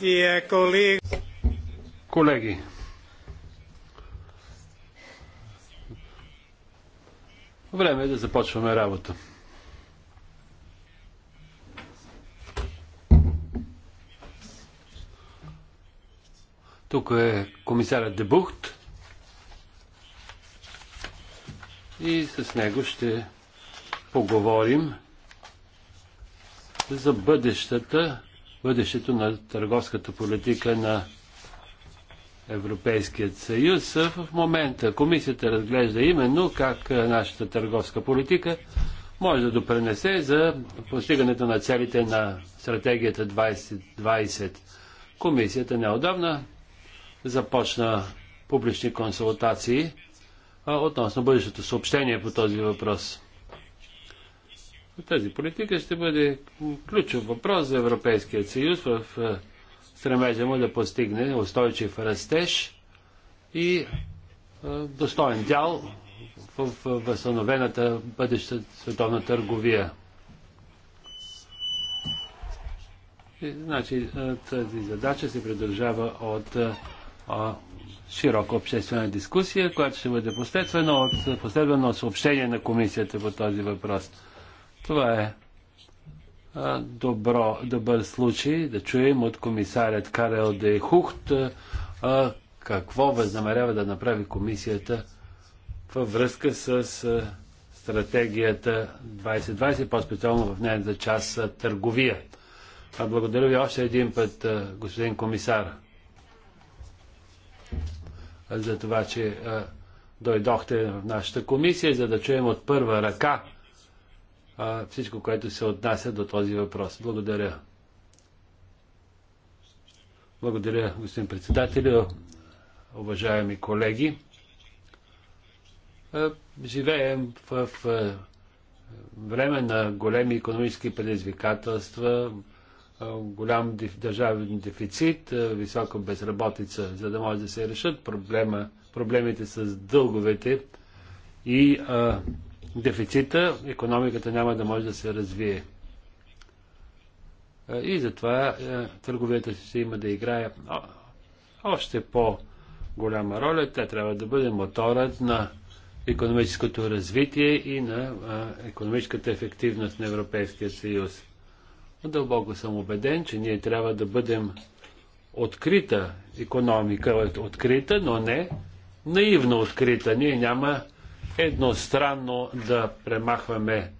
Колеги, време е да започваме работа. Тук е комисарът Дебухт и с него ще поговорим за бъдещата бъдещето на търговската политика на Европейският съюз. В момента комисията разглежда именно как е, нашата търговска политика може да допренесе за постигането на целите на стратегията 2020. Комисията неодавна започна публични консултации относно бъдещето съобщение по този въпрос. Тази политика ще бъде ключов въпрос за Европейския съюз в е, стремежа му да постигне устойчив растеж и е, достоен дял в възстановената бъдеща световна търговия. И, значи, е, тази задача се придържава от а, широка обществена дискусия, която ще бъде последвана от, последвано от съобщение на комисията по този въпрос. Това е добро, добър случай да чуем от комисарят Карел Де Хухт какво възнамерява да направи комисията във връзка с стратегията 2020, по-специално в нейната част търговия. Благодаря ви още един път, господин комисар, за това, че дойдохте в нашата комисия, за да чуем от първа ръка а, всичко, което се отнася до този въпрос. Благодаря. Благодаря, господин председател, уважаеми колеги. Живеем в време на големи економически предизвикателства, голям държавен дефицит, висока безработица, за да може да се решат проблема, проблемите с дълговете и а, дефицита, економиката няма да може да се развие. И затова търговията ще има да играе още по-голяма роля. Тя трябва да бъде моторът на економическото развитие и на економическата ефективност на Европейския съюз. Дълбоко съм убеден, че ние трябва да бъдем открита економика, открита, но не наивно открита. Ние няма едностранно да премахваме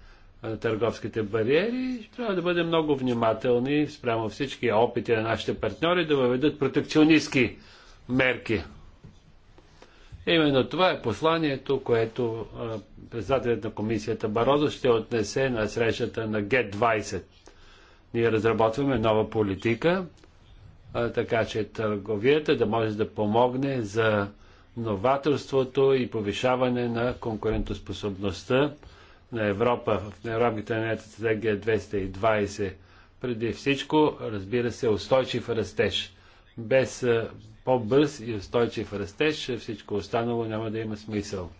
търговските бариери, трябва да бъдем много внимателни спрямо всички опити на нашите партньори да въведат протекционистски мерки. Именно това е посланието, което председателят на комисията Барозо ще отнесе на срещата на Г-20. Ние разработваме нова политика, така че търговията да може да помогне за новаторството и повишаване на конкурентоспособността на Европа в рамките на стратегия 220. Преди всичко, разбира се, устойчив растеж. Без по-бърз и устойчив растеж всичко останало няма да има смисъл.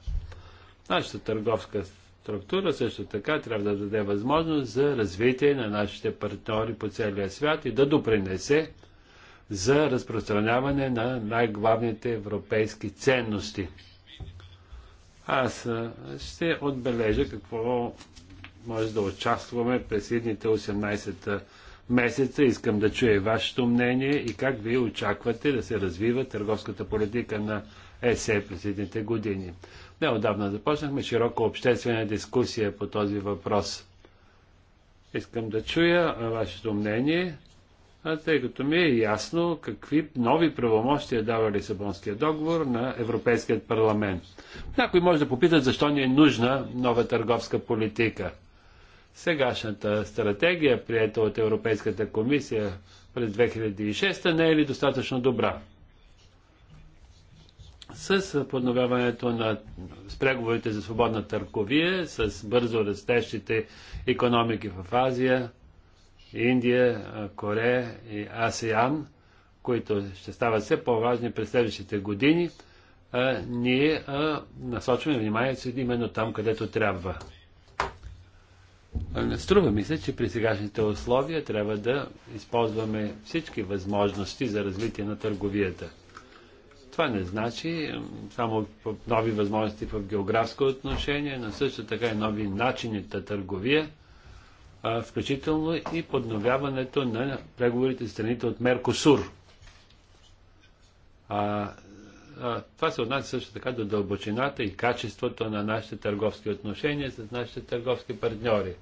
Нашата търговска структура също така трябва да даде възможност за развитие на нашите партньори по целия свят и да допринесе за разпространяване на най-главните европейски ценности. Аз ще отбележа какво може да участваме през едните 18 месеца. Искам да чуя вашето мнение и как вие очаквате да се развива търговската политика на ЕСЕ през едните години. Неодавна започнахме широка обществена дискусия по този въпрос. Искам да чуя вашето мнение тъй като ми е ясно какви нови правомощия дава Лисабонския договор на Европейският парламент. Някой може да попитат защо ни е нужна нова търговска политика. Сегашната стратегия, приета от Европейската комисия през 2006, не е ли достатъчно добра? С подновяването на спреговорите за свободна търговия, с бързо растещите економики в Азия, Индия, Корея и Асиан, които ще стават все по-важни през следващите години, ние насочваме вниманието си именно там, където трябва. Струва ми се, че при сегашните условия трябва да използваме всички възможности за развитие на търговията. Това не значи само нови възможности в географско отношение, но също така и нови начини на търговия включително и подновяването на преговорите с страните от Меркосур. А, а, това се отнася също така до дълбочината и качеството на нашите търговски отношения с нашите търговски партньори.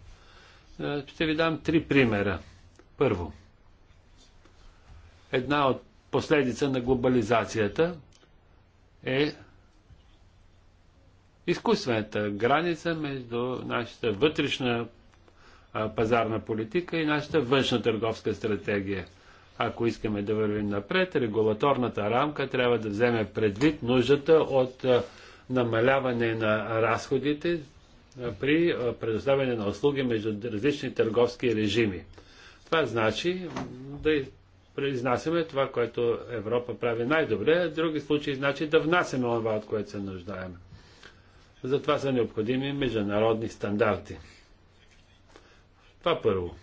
А, ще ви дам три примера. Първо, една от последица на глобализацията е изкуствената граница между нашата вътрешна пазарна политика и нашата външна търговска стратегия. Ако искаме да вървим напред, регулаторната рамка трябва да вземе предвид нуждата от намаляване на разходите при предоставяне на услуги между различни търговски режими. Това значи да произнасяме това, което Европа прави най-добре, а в други случаи значи да внасяме това, от което се нуждаем. Затова са необходими международни стандарти. Това първо.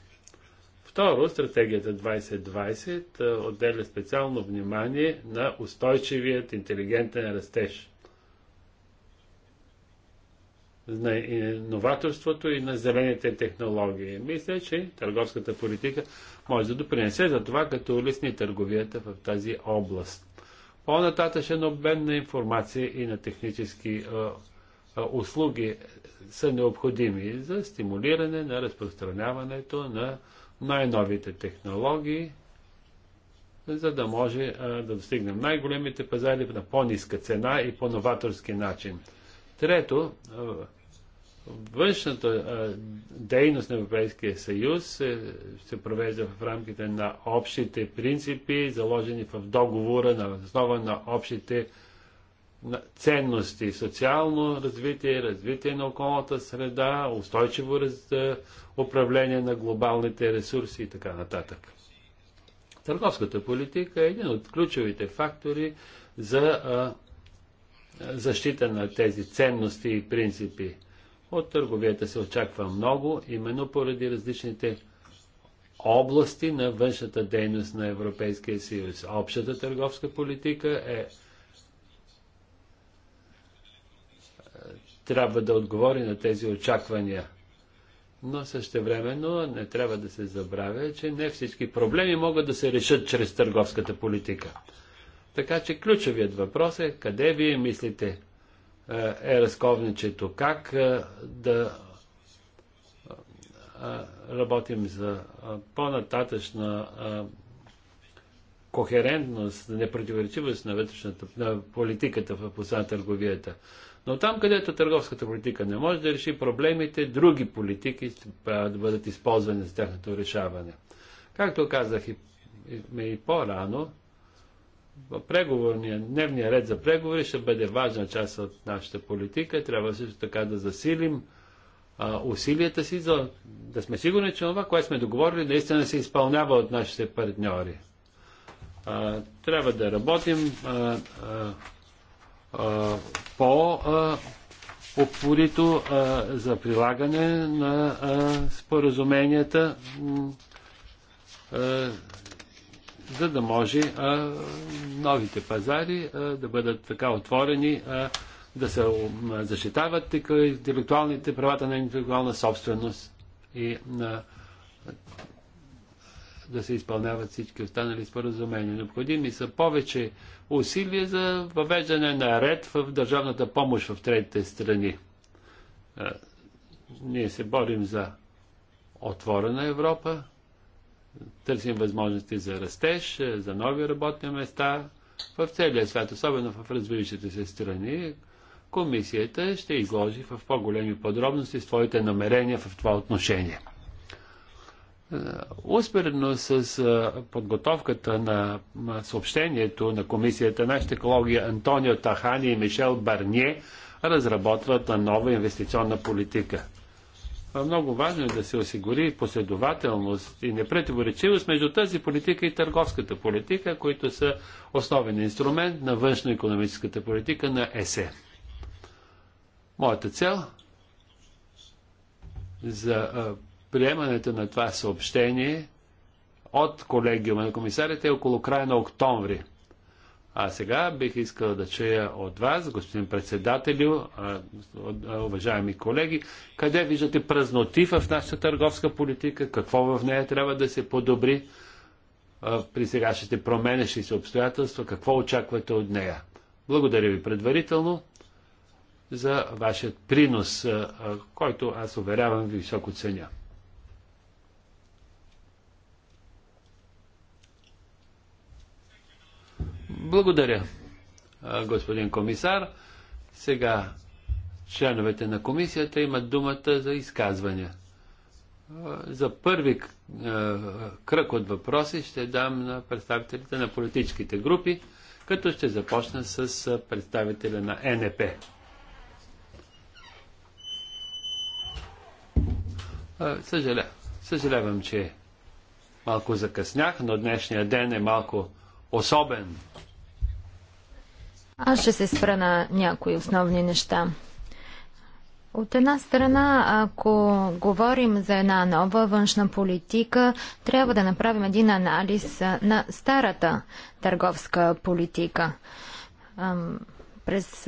Второ, стратегията 2020 отделя специално внимание на устойчивият интелигентен растеж, на новаторството и на зелените технологии. Мисля, че търговската политика може да допринесе за това, като улесни търговията в тази област. По-нататъчен обмен на информация и на технически услуги са необходими за стимулиране на разпространяването на най-новите технологии, за да може да достигнем най-големите пазари на по-ниска цена и по новаторски начин. Трето, външната дейност на Европейския съюз се, се провежда в рамките на общите принципи, заложени в договора на основа на общите принципи ценности социално развитие, развитие на околната среда, устойчиво раз... управление на глобалните ресурси и така нататък. Търговската политика е един от ключовите фактори за а, защита на тези ценности и принципи. От търговията се очаква много, именно поради различните области на външната дейност на Европейския съюз. Общата търговска политика е трябва да отговори на тези очаквания. Но същевременно не трябва да се забравя, че не всички проблеми могат да се решат чрез търговската политика. Така че ключовият въпрос е къде вие мислите е разковничето, как да работим за по-нататъчна кохерентност, непротиворечивост на, вътрешната, на политиката в посла търговията. Но там, където търговската политика не може да реши проблемите, други политики трябва да бъдат използвани за тяхното решаване. Както казах и, и, и по-рано, преговорния, дневния ред за преговори ще бъде важна част от нашата политика. Трябва също така да засилим а, усилията си, за да сме сигурни, че това, което сме договорили, наистина се изпълнява от нашите партньори. А, трябва да работим а, а, по-опорито за прилагане на споразуменията, за да може новите пазари да бъдат така отворени, да се защитават интелектуалните правата на интелектуална собственост и на да се изпълняват всички останали споразумения. Необходими са повече усилие за въвеждане на ред в държавната помощ в третите страни. Е, ние се борим за отворена Европа, търсим възможности за растеж, е, за нови работни места в целия свят, особено в развиващите се страни. Комисията ще изложи в по-големи подробности своите намерения в това отношение. Успоредно с подготовката на съобщението на комисията, нашите колеги Антонио Тахани и Мишел Барние разработват на нова инвестиционна политика. Много важно е да се осигури последователност и непретиворечивост между тази политика и търговската политика, които са основен инструмент на външно-економическата политика на ЕСЕ. Моята цел за приемането на това съобщение от колегиума на комисарите е около края на октомври. А сега бих искал да чуя от вас, господин председателю, уважаеми колеги, къде виждате празноти в нашата търговска политика, какво в нея трябва да се подобри при сегашните променещи се обстоятелства, какво очаквате от нея. Благодаря ви предварително за вашият принос, който аз уверявам ви високо ценя. Благодаря, господин комисар. Сега членовете на комисията имат думата за изказвания. За първи кръг от въпроси ще дам на представителите на политическите групи, като ще започна с представителя на НП. Съжаля, съжалявам, че малко закъснях, но днешния ден е малко особен аз ще се спра на някои основни неща. От една страна, ако говорим за една нова външна политика, трябва да направим един анализ на старата търговска политика. През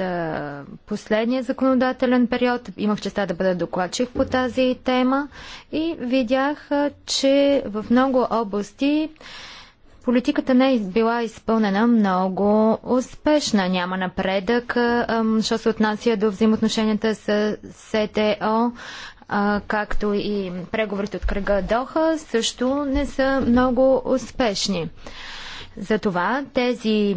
последния законодателен период имах честа да бъда докладчик по тази тема и видях, че в много области Политиката не е била изпълнена много успешна. Няма напредък, що се отнася до взаимоотношенията с СТО, както и преговорите от кръга Доха, също не са много успешни. Затова тези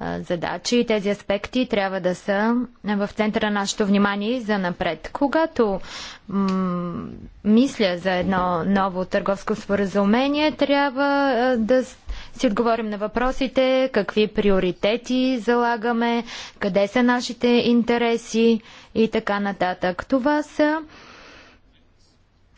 задачи и тези аспекти трябва да са в центъра на нашето внимание за напред. Когато мисля за едно ново търговско споразумение, трябва да си отговорим на въпросите, какви приоритети залагаме, къде са нашите интереси и така нататък. Това са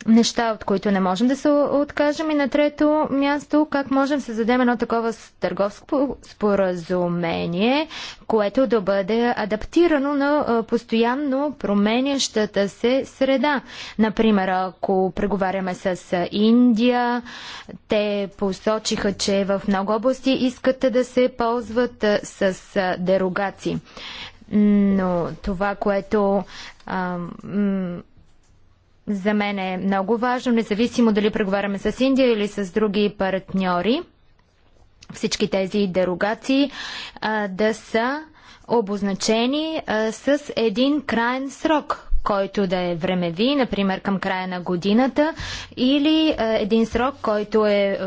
неща, от които не можем да се откажем. И на трето място, как можем да създадем едно такова търговско споразумение, което да бъде адаптирано на постоянно променящата се среда. Например, ако преговаряме с Индия, те посочиха, че в много области искат да се ползват с дерогации. Но това, което а, за мен е много важно, независимо дали преговаряме с Индия или с други партньори. Всички тези дерогации а, да са обозначени а, с един крайен срок, който да е времеви, например към края на годината, или а, един срок, който е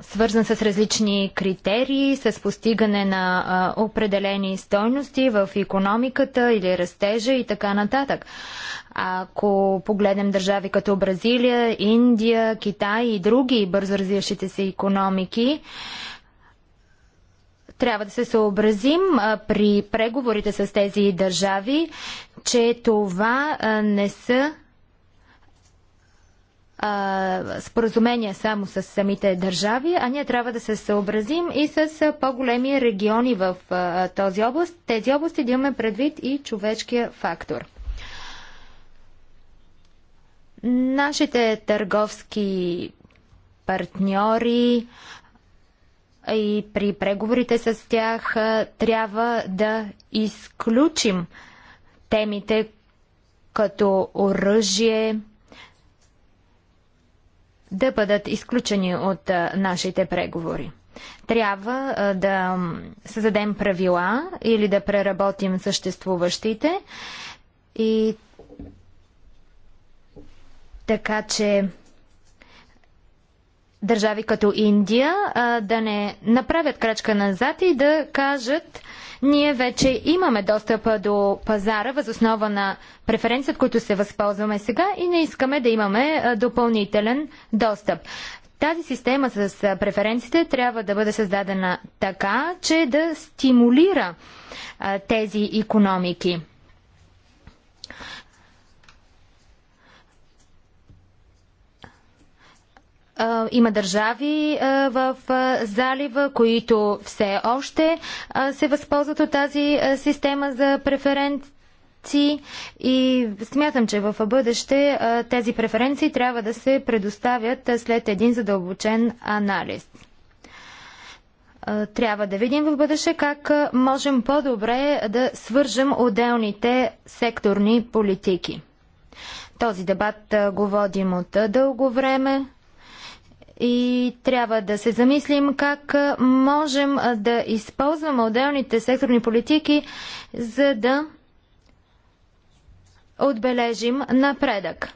свързан с различни критерии, с постигане на определени стойности в економиката или растежа и така нататък. Ако погледнем държави като Бразилия, Индия, Китай и други бързо развиващите се економики, трябва да се съобразим при преговорите с тези държави, че това не са а, споразумения само с самите държави, а ние трябва да се съобразим и с по-големи региони в а, този област. Тези области да имаме предвид и човешкия фактор. Нашите търговски партньори и при преговорите с тях трябва да изключим темите като оръжие, да бъдат изключени от нашите преговори. Трябва да създадем правила или да преработим съществуващите и така че държави като Индия да не направят крачка назад и да кажат ние вече имаме достъпа до пазара възоснова на преференцията, които се възползваме сега и не искаме да имаме е, допълнителен достъп. Тази система с е, преференците трябва да бъде създадена така, че да стимулира е, тези економики. Има държави в залива, които все още се възползват от тази система за преференции и смятам, че в бъдеще тези преференции трябва да се предоставят след един задълбочен анализ трябва да видим в бъдеще как можем по-добре да свържем отделните секторни политики. Този дебат го водим от дълго време и трябва да се замислим как можем да използваме отделните секторни политики, за да отбележим напредък.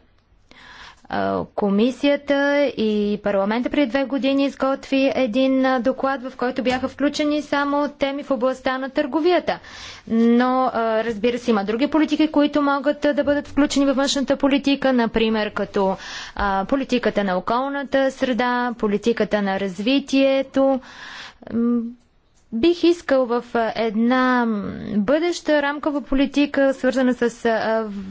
Комисията и парламента преди две години изготви един доклад, в който бяха включени само теми в областта на търговията. Но, разбира се, има други политики, които могат да бъдат включени във външната политика, например като политиката на околната среда, политиката на развитието Бих искал в една бъдеща рамкова политика, свързана с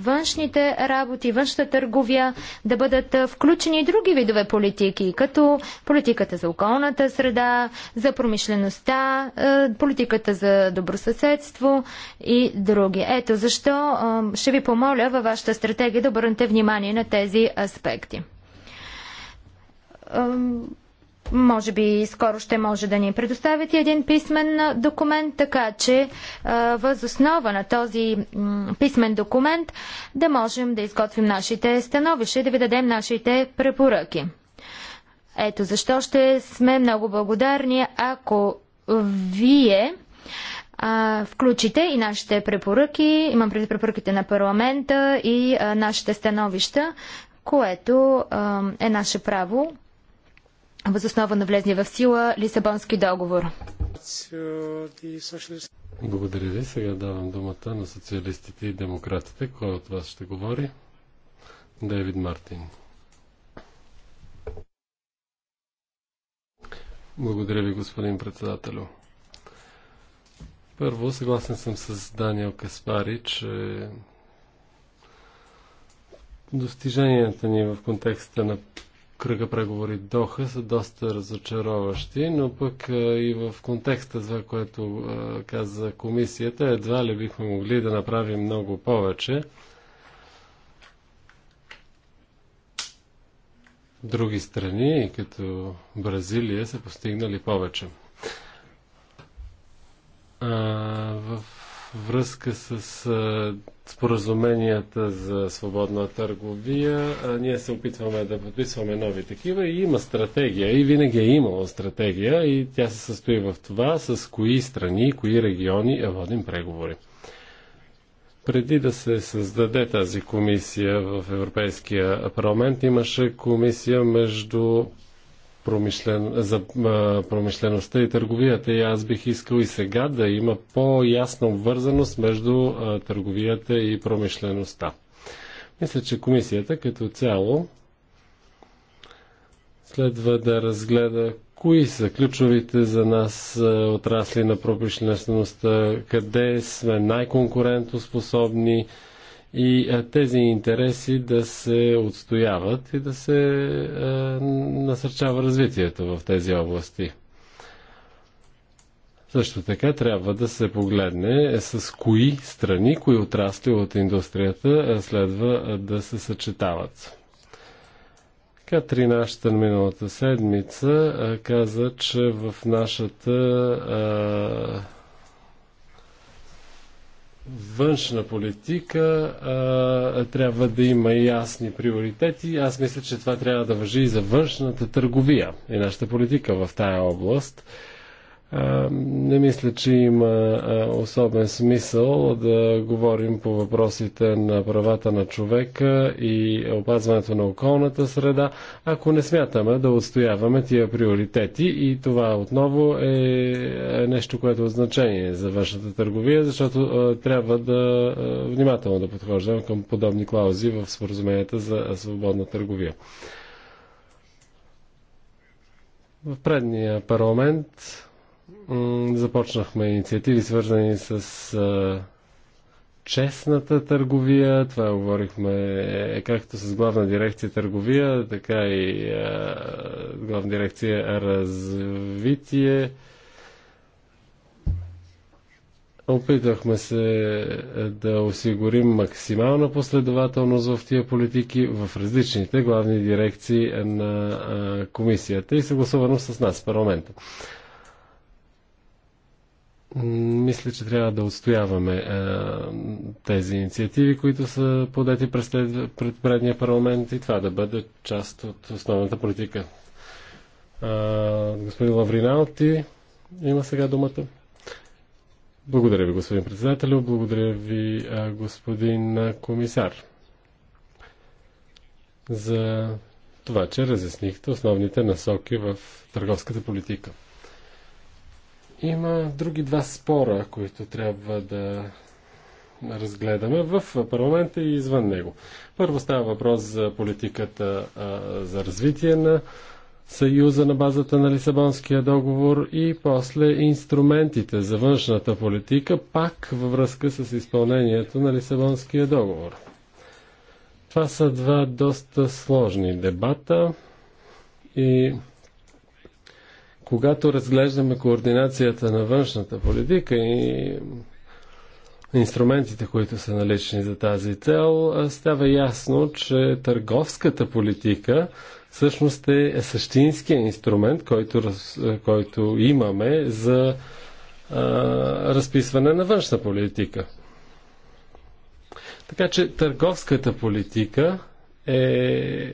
външните работи, външната търговия, да бъдат включени и други видове политики, като политиката за околната среда, за промишлеността, политиката за добросъседство и други. Ето защо ще ви помоля във вашата стратегия да обърнете внимание на тези аспекти. Може би скоро ще може да ни предоставите един писмен документ, така че възоснова на този писмен документ да можем да изготвим нашите становища и да ви дадем нашите препоръки. Ето защо ще сме много благодарни, ако вие а, включите и нашите препоръки, имам преди препоръките на парламента и а, нашите становища, което а, е наше право възоснова на влезния в сила Лисабонски договор. Благодаря ви. Сега давам думата на социалистите и демократите. Кой от вас ще говори? Дейвид Мартин. Благодаря ви, господин председателю. Първо, съгласен съм с Даниел Каспари, че достиженията ни в контекста на кръга преговори Доха са доста разочароващи, но пък и в контекста за което каза комисията, едва ли бихме могли да направим много повече. Други страни, като Бразилия, са постигнали повече. А, в връзка с споразуменията за свободна търговия, ние се опитваме да подписваме нови такива и има стратегия и винаги е имала стратегия и тя се състои в това с кои страни, кои региони водим преговори. Преди да се създаде тази комисия в Европейския парламент, имаше комисия между промишлен, за промишлеността и търговията. И аз бих искал и сега да има по-ясна обвързаност между търговията и промишлеността. Мисля, че комисията като цяло следва да разгледа кои са ключовите за нас отрасли на промишлеността, къде сме най-конкурентоспособни, способни и е, тези интереси да се отстояват и да се е, насърчава развитието в тези области. Също така трябва да се погледне е, с кои страни, кои отрасли от индустрията следва да се съчетават. Катрин Аштън миналата седмица каза, че в нашата външна политика а, трябва да има ясни приоритети. Аз мисля, че това трябва да въжи и за външната търговия и нашата политика в тая област. Не мисля, че има особен смисъл да говорим по въпросите на правата на човека и опазването на околната среда, ако не смятаме да отстояваме тия приоритети. И това отново е, е нещо, което е значение за вашата търговия, защото трябва да внимателно да подхождаме към подобни клаузи в споразуменията за свободна търговия. В предния парламент започнахме инициативи, свързани с честната търговия. Това говорихме е, както с главна дирекция търговия, така и главна дирекция развитие. Опитахме се да осигурим максимална последователност в тия политики в различните главни дирекции на комисията и съгласувано с нас, парламента мисля, че трябва да отстояваме е, тези инициативи, които са подети през пред предния парламент и това да бъде част от основната политика. Е, господин Лавриналти има сега думата. Благодаря ви, господин председател, Благодаря ви, е, господин комисар, за това, че разяснихте основните насоки в търговската политика. Има други два спора, които трябва да разгледаме в парламента и извън него. Първо става въпрос за политиката за развитие на Съюза на базата на Лисабонския договор и после инструментите за външната политика, пак във връзка с изпълнението на Лисабонския договор. Това са два доста сложни дебата и когато разглеждаме координацията на външната политика и инструментите, които са налични за тази цел, става ясно, че търговската политика всъщност е, е същинския инструмент, който, е, който имаме за а, разписване на външна политика. Така че търговската политика е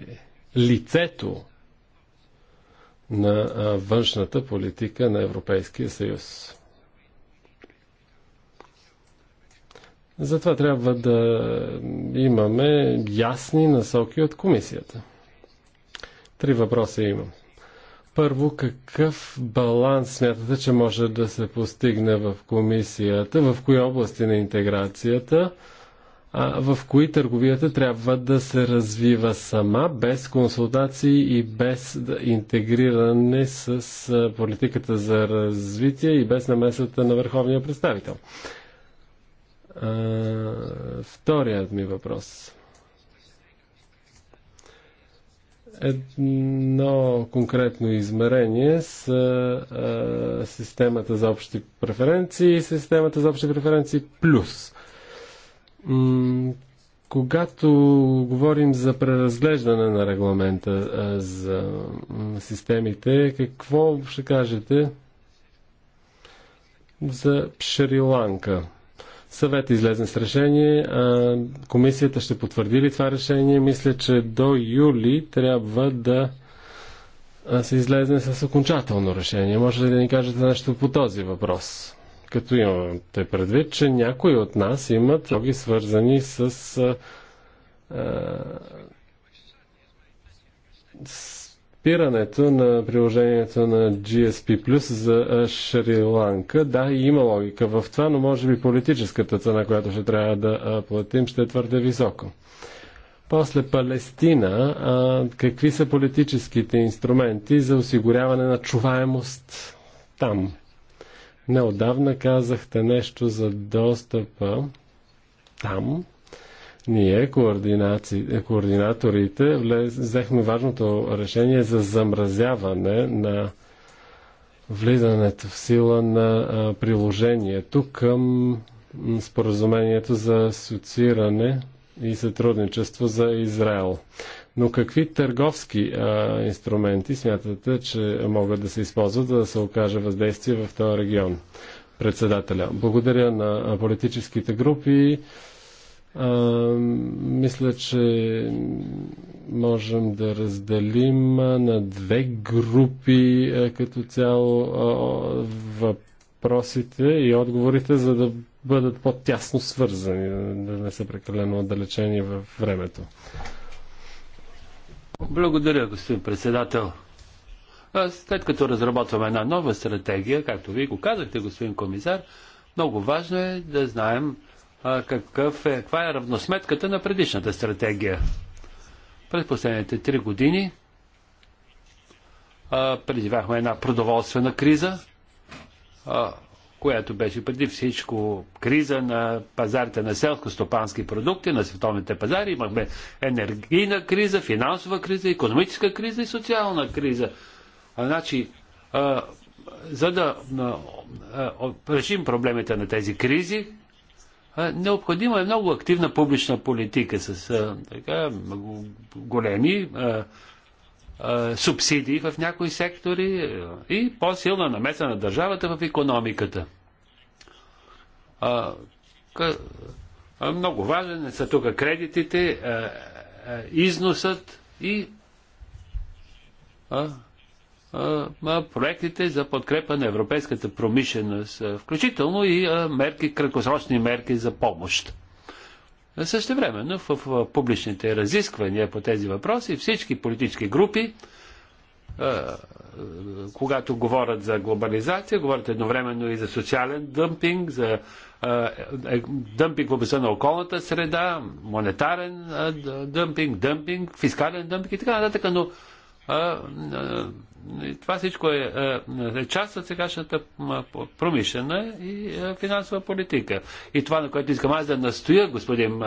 лицето на външната политика на Европейския съюз. Затова трябва да имаме ясни насоки от комисията. Три въпроса имам. Първо, какъв баланс смятате, че може да се постигне в комисията? В кои области на интеграцията? в кои търговията трябва да се развива сама, без консултации и без интегриране с политиката за развитие и без намесата на върховния представител. Вторият ми въпрос. Едно конкретно измерение с а, системата за общи преференции и системата за общи преференции плюс когато говорим за преразглеждане на регламента за системите, какво ще кажете за Шри-Ланка? Съвет излезе с решение. Комисията ще потвърди ли това решение? Мисля, че до юли трябва да се излезе с окончателно решение. Може ли да ни кажете нещо по този въпрос? като имате предвид, че някои от нас имат други свързани с спирането на приложението на GSP Plus за Шри-Ланка. Да, има логика в това, но може би политическата цена, която ще трябва да платим, ще е твърде високо. После Палестина, а, какви са политическите инструменти за осигуряване на чуваемост там? Неодавна казахте нещо за достъпа там. Ние, координаторите, взехме важното решение за замразяване на влизането в сила на приложението към споразумението за асоцииране и сътрудничество за Израел. Но какви търговски а, инструменти смятате, че могат да се използват, за да се окаже въздействие в този регион? Председателя. Благодаря на политическите групи. А, мисля, че можем да разделим на две групи а, като цяло а, въпросите и отговорите, за да бъдат по-тясно свързани, да не са прекалено отдалечени във времето. Благодаря, господин председател. След като разработваме една нова стратегия, както вие го казахте, господин комисар, много важно е да знаем какъв е, каква е равносметката на предишната стратегия. През последните три години преживяхме една продоволствена криза, която беше преди всичко криза на пазарите на селско-стопански продукти, на световните пазари. Имахме енергийна криза, финансова криза, економическа криза и социална криза. А, значи, а, за да а, а, решим проблемите на тези кризи, необходима е много активна публична политика с а, така, големи а, субсидии в някои сектори и по-силна намеса на държавата в економиката. Много важен са тук кредитите, износът и проектите за подкрепа на европейската промишленост, включително и мерки, краткосрочни мерки за помощ. Също но в, в публичните разисквания по тези въпроси всички политически групи, е, когато говорят за глобализация, говорят едновременно и за социален дъмпинг, за е, е, дъмпинг в областта на околната среда, монетарен дъмпинг, дъмпинг, фискален дъмпинг и така нататък, но това всичко е, е, е част от сегашната промишлена и е, финансова политика. И това, на което искам аз да настоя, господин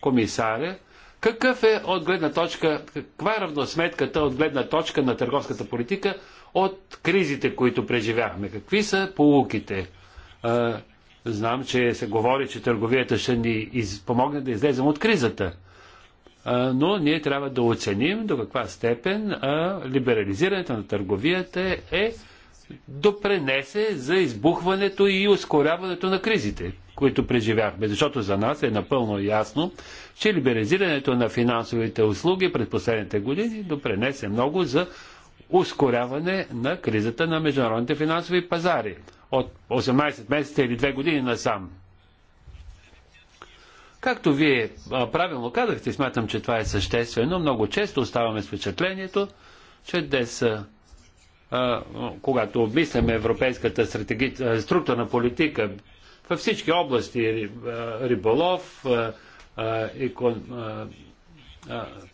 комисаре, какъв е от гледна точка, каква е равносметката от гледна точка на търговската политика от кризите, които преживяхме? Какви са полуките? Знам, че се говори, че търговията ще ни помогне да излезем от кризата но ние трябва да оценим до каква степен либерализирането на търговията е допренесе за избухването и ускоряването на кризите, които преживяхме. Защото за нас е напълно ясно, че либерализирането на финансовите услуги през последните години допренесе много за ускоряване на кризата на международните финансови пазари от 18 месеца или 2 години насам. Както вие правилно казахте, смятам, че това е съществено, много често оставаме с впечатлението, че днес, когато обмисляме европейската структурна политика във всички области, риболов,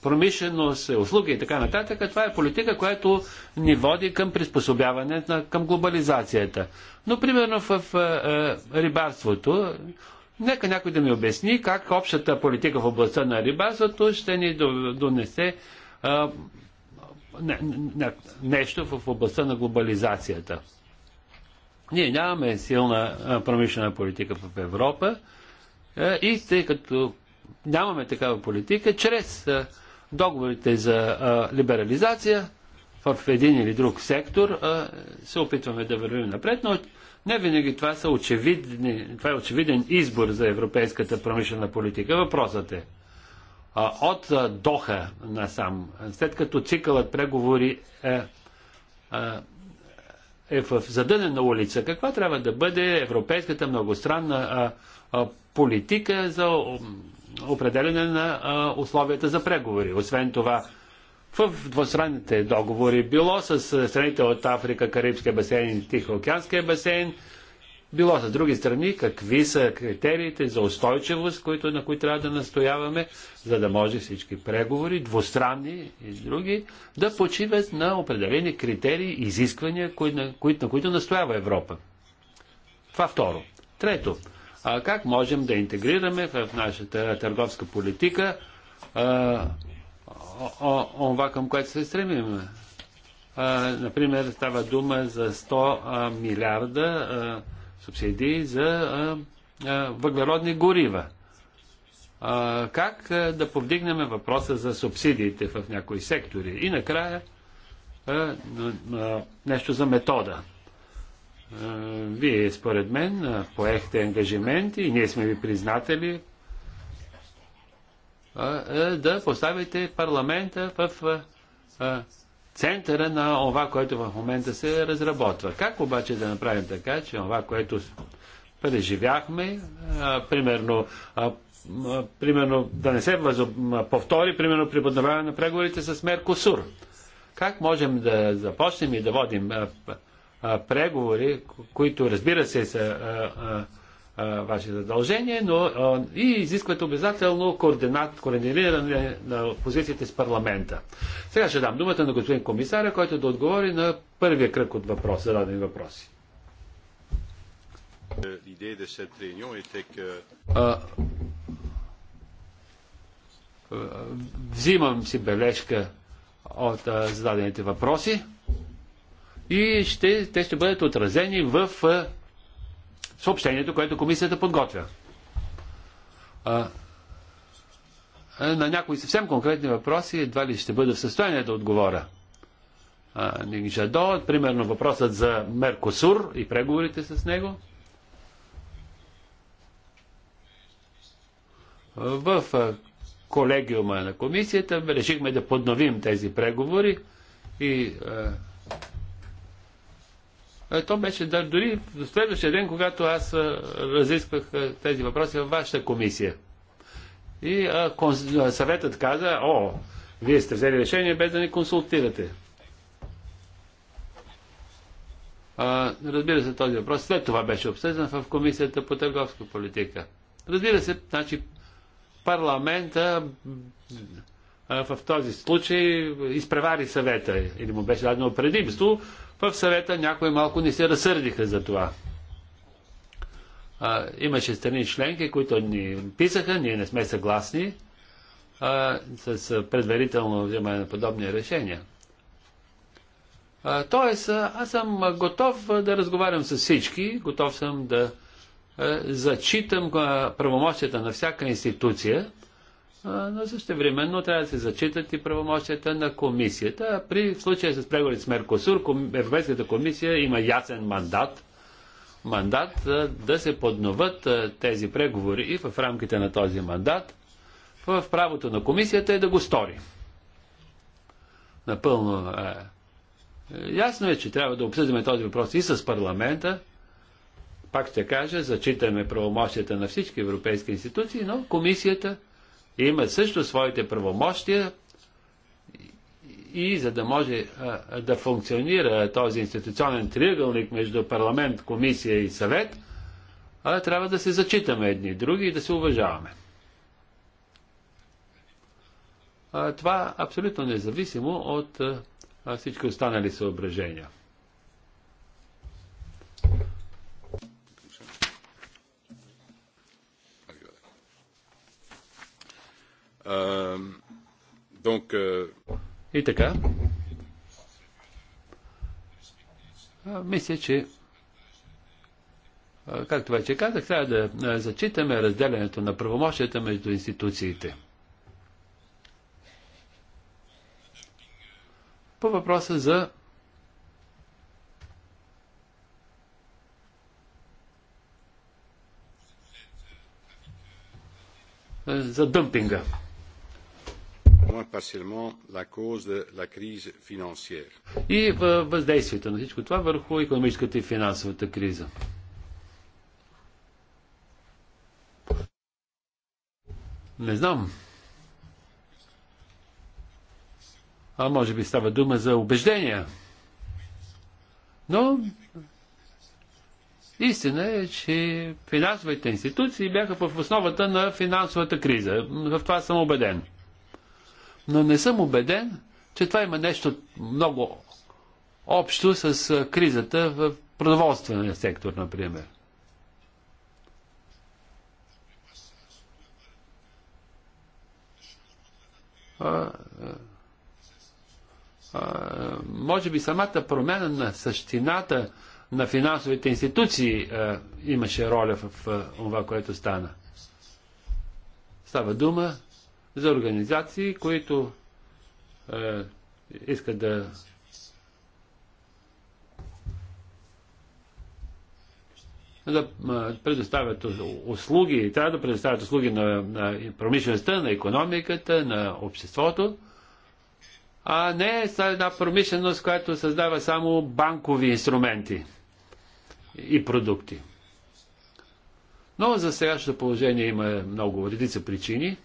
промишленост, услуги и така нататък, това е политика, която ни води към приспособяване към глобализацията. Но, примерно, в рибарството Нека някой да ми обясни как общата политика в областта на рибарството ще ни донесе а, не, не, нещо в областта на глобализацията. Ние нямаме силна промишлена политика в Европа и тъй като нямаме такава политика, чрез договорите за либерализация в един или друг сектор се опитваме да вървим напред, но не винаги това, са очевидни, това е очевиден избор за европейската промишлена политика. Въпросът е от Доха насам, след като цикълът преговори е, е в задънена улица, каква трябва да бъде европейската многостранна политика за определене на условията за преговори? Освен това, в двустранните договори, било с е, страните от Африка, Карибския басейн и Тихоокеанския басейн, било с други страни, какви са критериите за устойчивост, които, на които трябва да настояваме, за да може всички преговори, двустранни и други, да почиват на определени критерии, изисквания, кои, на, кои, на които настоява Европа. Това второ. Трето, а как можем да интегрираме в нашата търговска политика а, това, към което се стремим. А, например, става дума за 100 а, милиарда а, субсидии за въглеродни горива. Как да повдигнем въпроса за субсидиите в някои сектори? И накрая нещо за метода. Вие, според мен, поехте ангажименти, и ние сме ви признатели е, да поставите парламента в центъра на това, което в момента се разработва. Как обаче да направим така, че това, което преживяхме, примерно примерно, да не се повтори, примерно при подновяване на преговорите с Меркосур. Как можем да започнем и да водим преговори, които разбира се са Ваше задължение, но и изискват обязателно координат, координиране на позициите с парламента. Сега ще дам думата на господин комисаря, който да отговори на първия кръг от въпрос, зададени въпроси. взимам си бележка от зададените въпроси и ще, те ще бъдат отразени в съобщението, което комисията подготвя. А, на някои съвсем конкретни въпроси едва ли ще бъда в състояние да отговоря. Жадо, примерно въпросът за Меркосур и преговорите с него. В колегиума на комисията решихме да подновим тези преговори и то беше дори до следващия ден, когато аз разисквах тези въпроси във вашата комисия. И а, конс... съветът каза, о, вие сте взели решение без да ни консултирате. А, разбира се, този въпрос след това беше обсъждан в Комисията по търговска политика. Разбира се, значи парламента в този случай изпревари съвета или му беше дадено предимство. В съвета някои малко не се разсърдиха за това. А, имаше страни членки, които ни писаха, ние не сме съгласни а, с предварително вземане на подобни решения. А, тоест, аз съм готов да разговарям с всички, готов съм да а, зачитам правомощията на всяка институция, но също времено трябва да се зачитат и правомощията на комисията. При случая с преговори с Меркосур, Европейската комисия има ясен мандат, мандат да се подноват тези преговори и в рамките на този мандат в правото на комисията е да го стори. Напълно е, ясно е, че трябва да обсъждаме този въпрос и с парламента, пак ще кажа, зачитаме правомощията на всички европейски институции, но комисията имат също своите правомощия и за да може а, да функционира този институционен триъгълник между парламент, комисия и съвет, а, трябва да се зачитаме едни други и да се уважаваме. А, това абсолютно независимо от а, всички останали съображения. Euh, donc, euh, и така. Мисля, че както вече казах, трябва да зачитаме разделянето на правомощията между институциите. По въпроса за за дъмпинга moins partiellement la cause de la crise financière. И е, въздействието на всичко това върху економическата и финансовата криза. Не знам. А може би става дума за убеждения. Но истина е, че финансовите институции бяха в основата на финансовата криза. В това съм убеден но не съм убеден, че това има нещо много общо с кризата в продоволствения сектор, например. А, а, може би самата промяна на същината на финансовите институции а, имаше роля в, в това, което стана. Става дума за организации, които е, искат да да е, предоставят услуги, трябва да предоставят услуги на, на промишлеността, на економиката, на обществото, а не една промишленост, която създава само банкови инструменти и продукти. Но за сегашното положение има много редица причини.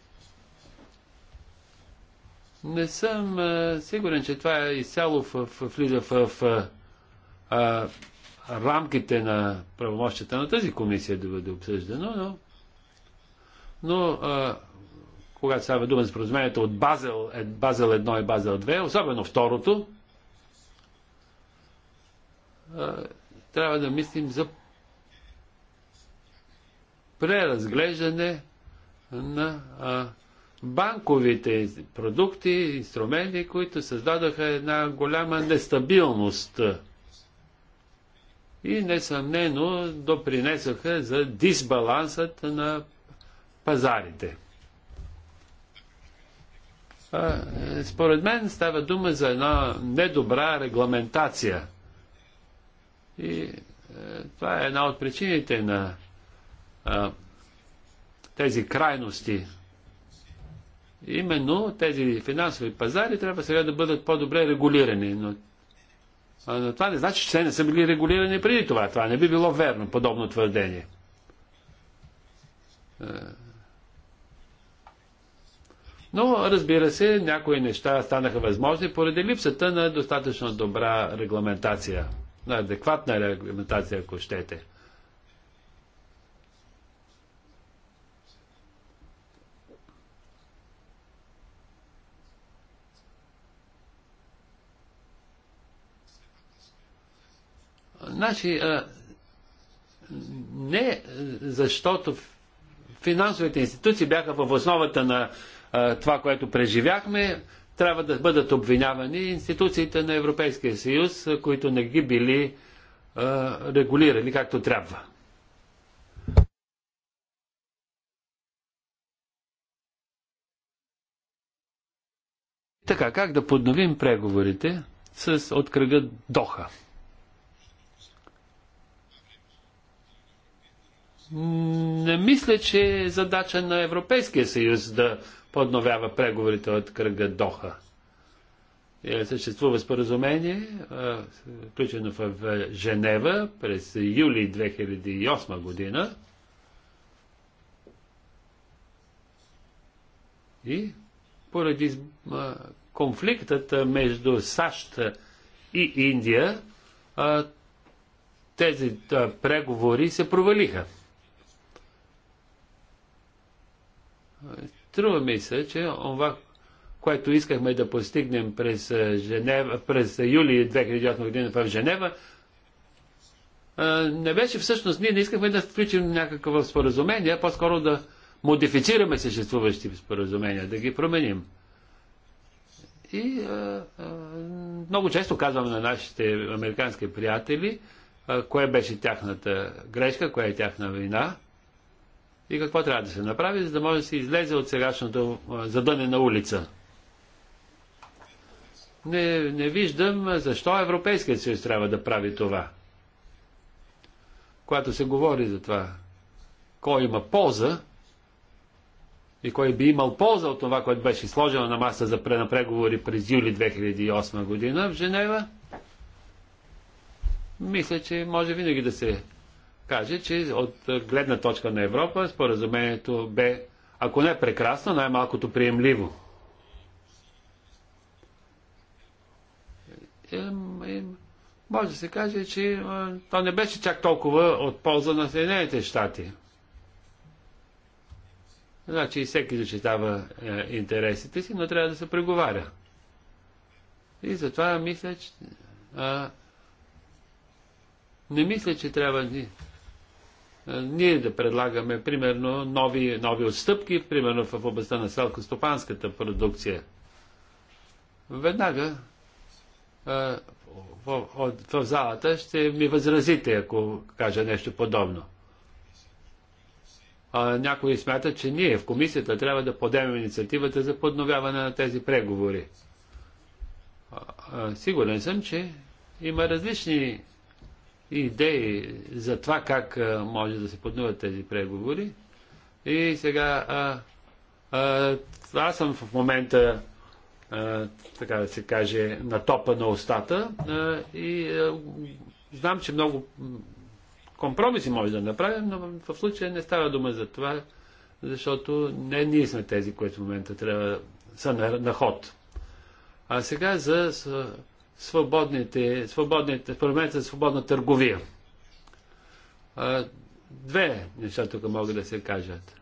Не съм а, сигурен, че това е изцяло в, в, влиза в, в а, рамките на правомощията на тази комисия да бъде обсъждано, но, но а, когато става дума за споразумението от Базел, е, Базел 1 и Базел 2, особено второто, а, трябва да мислим за преразглеждане на а, банковите продукти, инструменти, които създадоха една голяма нестабилност и несъмнено допринесоха за дисбалансът на пазарите. Според мен става дума за една недобра регламентация. И е, това е една от причините на тези крайности Именно тези финансови пазари трябва сега да бъдат по-добре регулирани. Но, а, но това не значи, че те не са били регулирани преди това. Това не би било верно, подобно твърдение. Е. Но, разбира се, някои неща станаха възможни поради липсата на достатъчно добра регламентация, на адекватна регламентация, ако щете. Значи, а, не защото финансовите институции бяха в основата на а, това, което преживяхме, трябва да бъдат обвинявани институциите на Европейския съюз, които не ги били а, регулирали както трябва. Така, как да подновим преговорите с от кръга Доха? Не мисля, че е задача на Европейския съюз да подновява преговорите от кръга Доха. Е, съществува споразумение, включено в Женева през юли 2008 година. И поради конфликтът между САЩ и Индия, тези преговори се провалиха. Трува ми се, че това, което искахме да постигнем през, Женева, през юли 2008 година в Женева, не беше всъщност, ние не искахме да включим някакво споразумение, по-скоро да модифицираме съществуващи споразумения, да ги променим. И а, а, много често казвам на нашите американски приятели, а, кое беше тяхната грешка, кое е тяхна вина – и какво трябва да се направи, за да може да се излезе от сегашното задънена улица. Не, не виждам защо Европейският съюз трябва да прави това. Когато се говори за това, кой има полза и кой би имал полза от това, което беше сложено на маса за пренапреговори през юли 2008 година в Женева, мисля, че може винаги да се каже, че от гледна точка на Европа споразумението бе, ако не прекрасно, най-малкото приемливо. може да се каже, че е, то не беше чак толкова от полза на Съединените щати. Значи всеки защитава е, интересите си, но трябва да се преговаря. И затова мисля, че, а, не мисля, че трябва е, ние да предлагаме, примерно, нови, нови отстъпки, примерно в областта на селкостопанската продукция. Веднага е, в, в, залата ще ми възразите, ако кажа нещо подобно. А, някои смятат, че ние в комисията трябва да подемем инициативата за подновяване на тези преговори. А, а, сигурен съм, че има различни идеи за това как може да се поднуват тези преговори. И сега а, а, аз съм в момента, а, така да се каже, на топа на устата а, и а, знам, че много компромиси може да направим, но в случая не става дума за това, защото не ние сме тези, които в момента трябва, са на, на ход. А сега за свободните, свободните, споразумението за свободна търговия. Две неща тук могат да се кажат.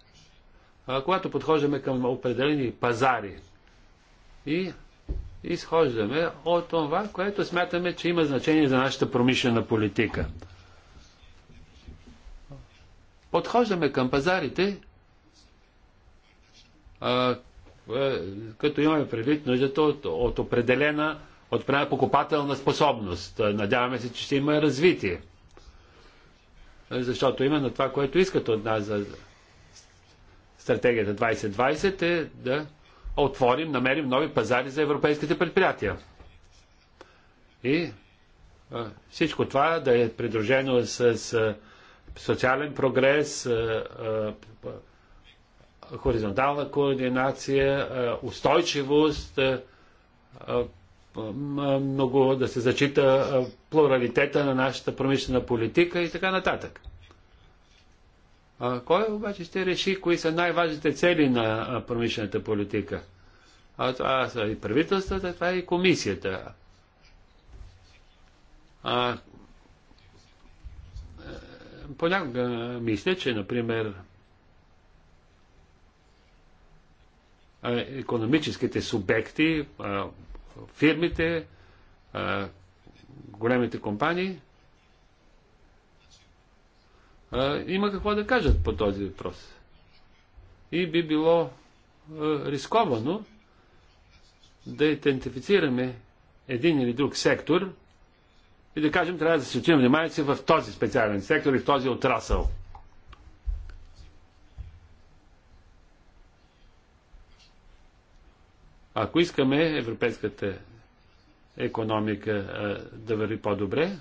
Когато подхождаме към определени пазари и изхождаме от това, което смятаме, че има значение за нашата промишлена политика. Подхождаме към пазарите, а, като имаме предвид нуждата от, от определена от покупателна способност. Надяваме се, че ще има развитие. Защото именно това, което искат от нас за стратегията 2020 е да отворим, намерим нови пазари за европейските предприятия. И всичко това да е придружено с, социален прогрес, хоризонтална координация, устойчивост, много да се зачита плуралитета на нашата промишлена политика и така нататък. Кой обаче ще реши кои са най-важните цели на промишлената политика? А това са и правителствата, това е и комисията. А, е, понякога мисля, че, например, е, економическите субекти, фирмите, големите компании, има какво да кажат по този въпрос. И би било рисковано да идентифицираме един или друг сектор и да кажем, трябва да се отчим внимание в този специален сектор и в този отрасъл. Ако искаме европейската економика а, да върви по-добре,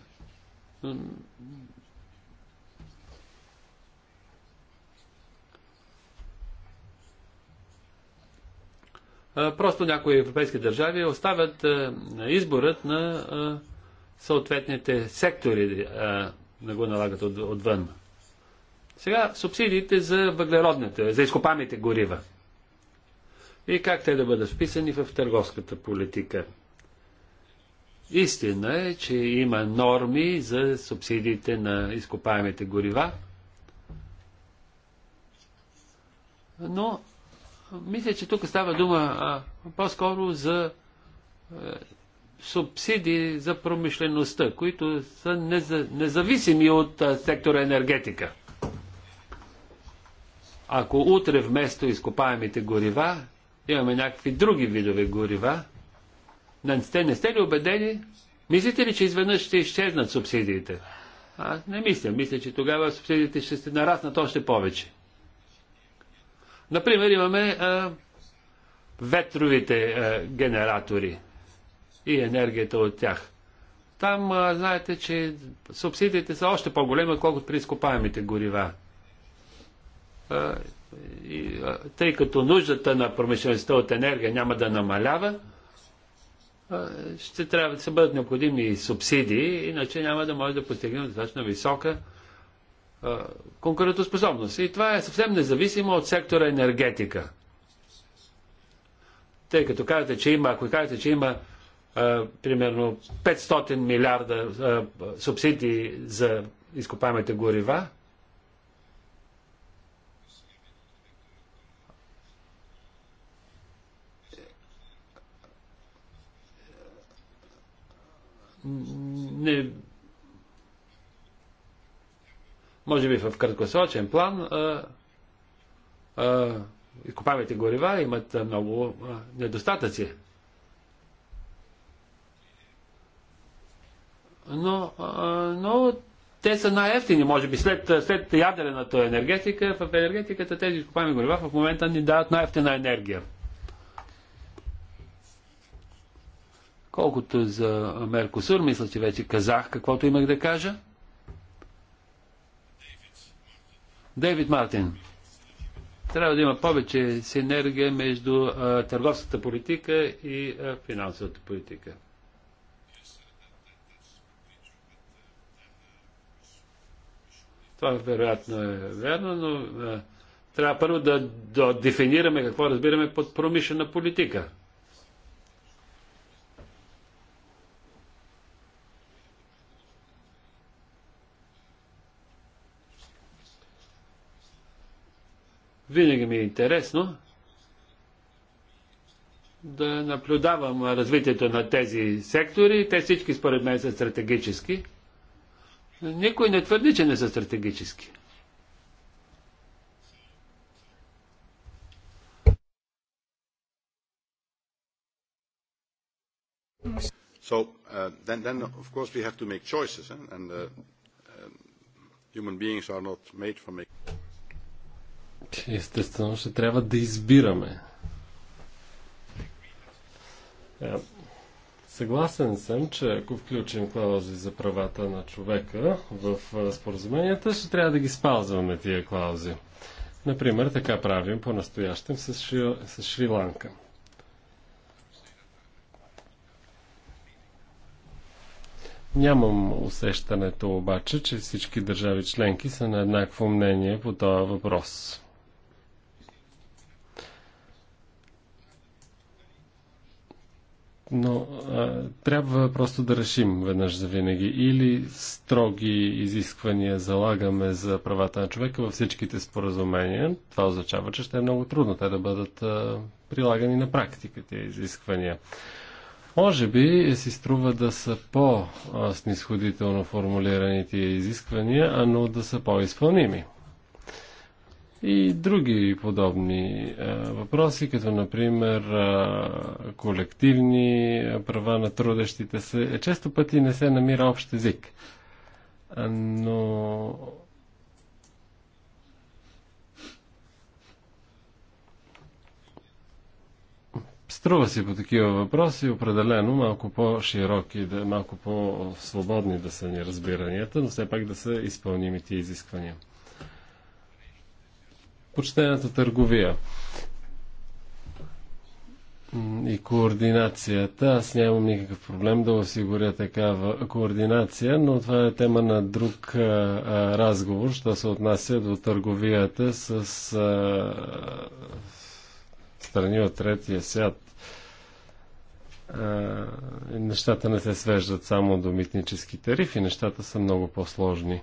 просто някои европейски държави оставят а, изборът на а, съответните сектори а, да го налагат от, отвън. Сега субсидиите за въглеродните, за изкопаните горива и как те да бъдат вписани в търговската политика. Истина е, че има норми за субсидиите на изкопаемите горива, но мисля, че тук става дума по-скоро за а, е, субсидии за промишлеността, които са неза, независими от а, сектора енергетика. Ако утре вместо изкопаемите горива имаме някакви други видове горива. Не сте, не сте ли убедени? Мислите ли, че изведнъж ще изчезнат субсидиите? Аз не мисля. Мисля, че тогава субсидиите ще се нараснат още повече. Например, имаме а, ветровите а, генератори и енергията от тях. Там а, знаете, че субсидиите са още по-големи, отколкото при изкопаемите горива. А, и, тъй като нуждата на промишлеността от енергия няма да намалява, ще трябва да се бъдат необходими субсидии, иначе няма да може да постигнем достатъчно висока конкурентоспособност. И това е съвсем независимо от сектора енергетика. Тъй като казвате, че има, ако казвате, че има а, примерно 500 милиарда а, субсидии за изкопаемите горива, не може би в краткосрочен план а, а, изкопаемите горива имат много а, недостатъци. Но, а, но те са най-ефтини, може би след, след ядрената енергетика, в енергетиката тези изкопаеми горива в момента ни дават най-ефтина енергия. Колкото за Меркосур, мисля, че вече казах каквото имах да кажа. Дейвид Мартин. Трябва да има повече синергия между а, търговската политика и а, финансовата политика. Това вероятно е верно, но а, трябва първо да, да дефинираме какво разбираме под промишлена политика. Винаги ми е интересно да наблюдавам развитието на тези сектори. Те всички според мен са стратегически. Никой не твърди, че не са стратегически. So uh, then, then of course we have to make choices, eh? and uh, um, human beings are not made for making. Естествено, ще трябва да избираме. Е, съгласен съм, че ако включим клаузи за правата на човека в е, споразуменията, ще трябва да ги спазваме тия клаузи. Например, така правим по-настоящем с, Шри... с Шри-Ланка. Нямам усещането обаче, че всички държави членки са на еднакво мнение по този въпрос. но а, трябва просто да решим веднъж за винаги. Или строги изисквания залагаме за правата на човека във всичките споразумения. Това означава, че ще е много трудно те да бъдат а, прилагани на практика тези изисквания. Може би си струва да са по-снисходително формулираните изисквания, а но да са по-изпълними и други подобни е, въпроси, като например е, колективни е, права на трудещите се. Често пъти не се намира общ език. но Струва си по такива въпроси, определено малко по-широки, да, малко по-свободни да са ни разбиранията, но все пак да са изпълнимите изисквания почтената търговия и координацията. Аз нямам никакъв проблем да осигуря такава координация, но това е тема на друг а, разговор, що се отнася до търговията с а, страни от третия свят. А, нещата не се свеждат само до митнически тарифи, нещата са много по-сложни.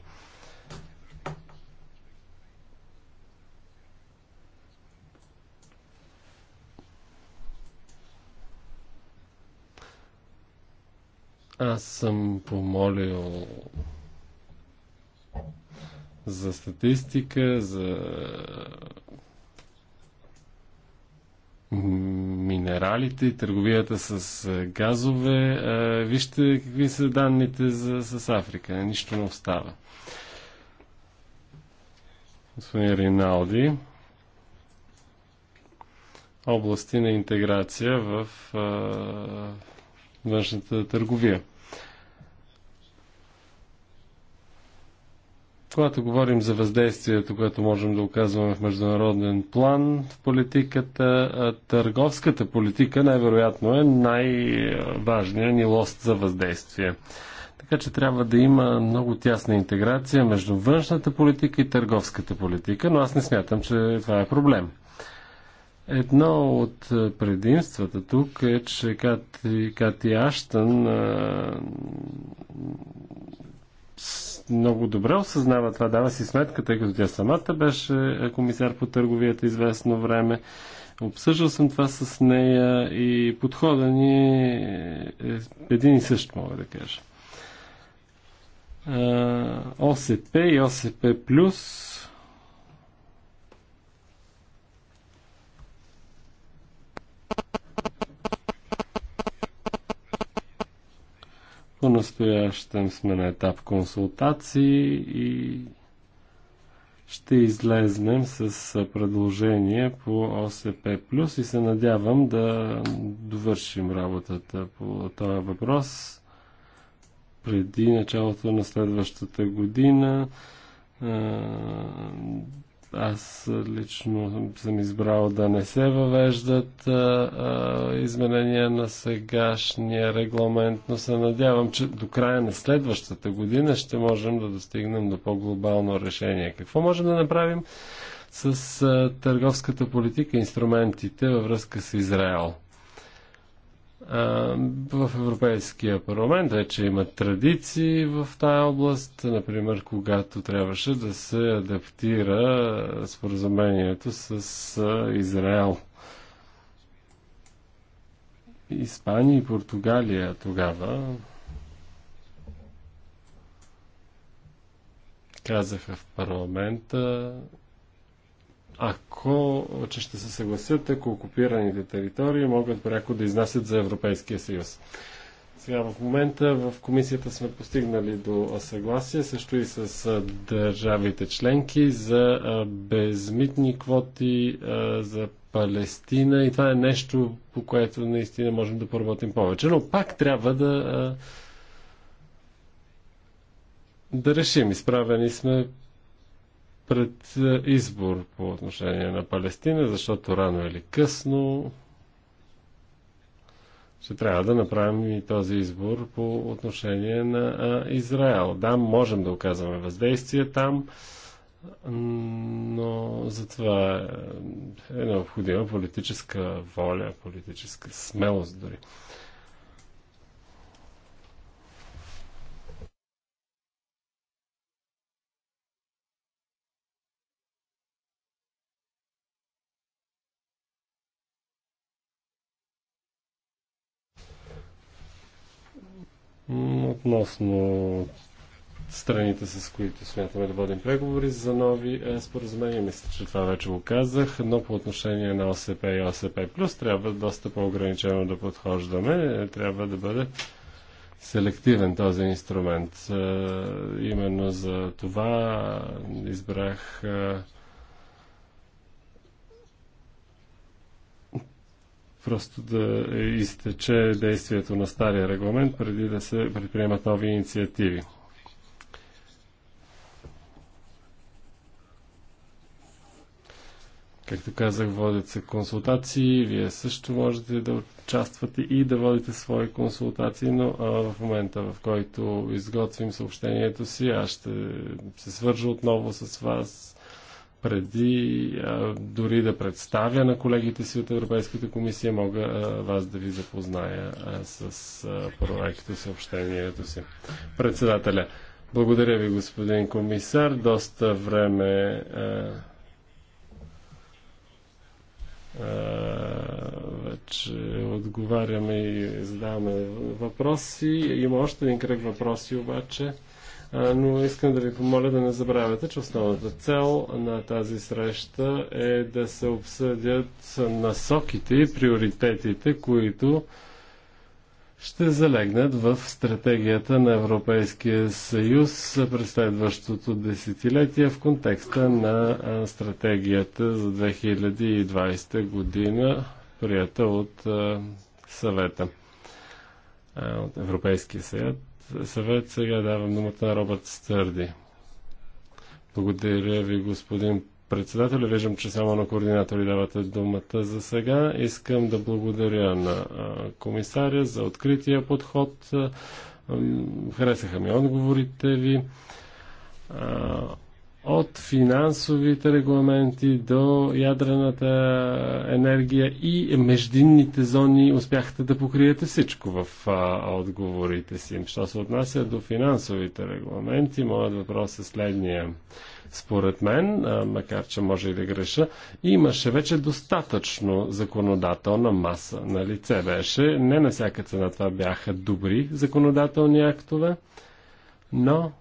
Аз съм помолил за статистика, за минералите и търговията с газове. Вижте какви са данните за, с Африка. Нищо не остава. Господин Риналди. Области на интеграция в външната търговия. Когато говорим за въздействието, което можем да оказваме в международен план в политиката, търговската политика най-вероятно е най-важният ни лост за въздействие. Така че трябва да има много тясна интеграция между външната политика и търговската политика, но аз не смятам, че това е проблем. Едно от е, предимствата тук е, че Кати, Кати Аштън а, е, много добре осъзнава това, дава си сметка, тъй като тя самата беше е, комисар по търговията известно време. Обсъждал съм това с нея и подхода ни е един и същ, мога да кажа. ОСП и ОСП Плюс По-настоящем сме на етап консултации и ще излезнем с предложение по ОСП+, и се надявам да довършим работата по този въпрос преди началото на следващата година аз лично съм избрал да не се въвеждат а, а, изменения на сегашния регламент, но се надявам, че до края на следващата година ще можем да достигнем до по-глобално решение. Какво можем да направим с а, търговската политика, инструментите във връзка с Израел? В Европейския парламент вече има традиции в тая област, например, когато трябваше да се адаптира споразумението с Израел. Испания и Португалия тогава казаха в парламента ако, че ще се съгласят, ако окупираните територии могат пряко да изнасят за Европейския съюз. Сега в момента в комисията сме постигнали до съгласие също и с държавите членки за безмитни квоти за Палестина и това е нещо, по което наистина можем да поработим повече. Но пак трябва да да решим. Изправени сме пред е, избор по отношение на Палестина, защото рано или късно ще трябва да направим и този избор по отношение на е, Израел. Да, можем да оказваме въздействие там, но затова е, е необходима политическа воля, политическа смелост дори. относно страните, с които смятаме да водим преговори за нови е, споразумения. Мисля, че това вече го казах, но по отношение на ОСП и ОСП Плюс трябва доста по-ограничено да подхождаме. Трябва да бъде селективен този инструмент. Е, именно за това избрах е, просто да изтече действието на стария регламент преди да се предприемат нови инициативи. Както казах, водят се консултации, вие също можете да участвате и да водите свои консултации, но а, в момента, в който изготвим съобщението си, аз ще се свържа отново с вас преди а, дори да представя на колегите си от Европейската комисия, мога а, вас да ви запозная а, с а, проекта, съобщението си. Председателя, благодаря ви, господин комисар. Доста време а, а, вече отговаряме и задаваме въпроси. Има още един кръг въпроси обаче но искам да ви помоля да не забравяте, че основната цел на тази среща е да се обсъдят насоките и приоритетите, които ще залегнат в стратегията на Европейския съюз през следващото десетилетие в контекста на стратегията за 2020 година, прията от съвета от Европейския съюз съвет. Сега давам думата на Робърт Стърди. Благодаря ви, господин председател. Виждам, че само на координатори давате думата за сега. Искам да благодаря на комисаря за открития подход. Харесаха ми отговорите ви от финансовите регламенти до ядрената енергия и междинните зони успяхте да покриете всичко в а, отговорите си. Що се отнася до финансовите регламенти, моят въпрос е следния. Според мен, а, макар че може и да греша, имаше вече достатъчно законодателна маса на лице беше. Не на всяка цена това бяха добри законодателни актове, но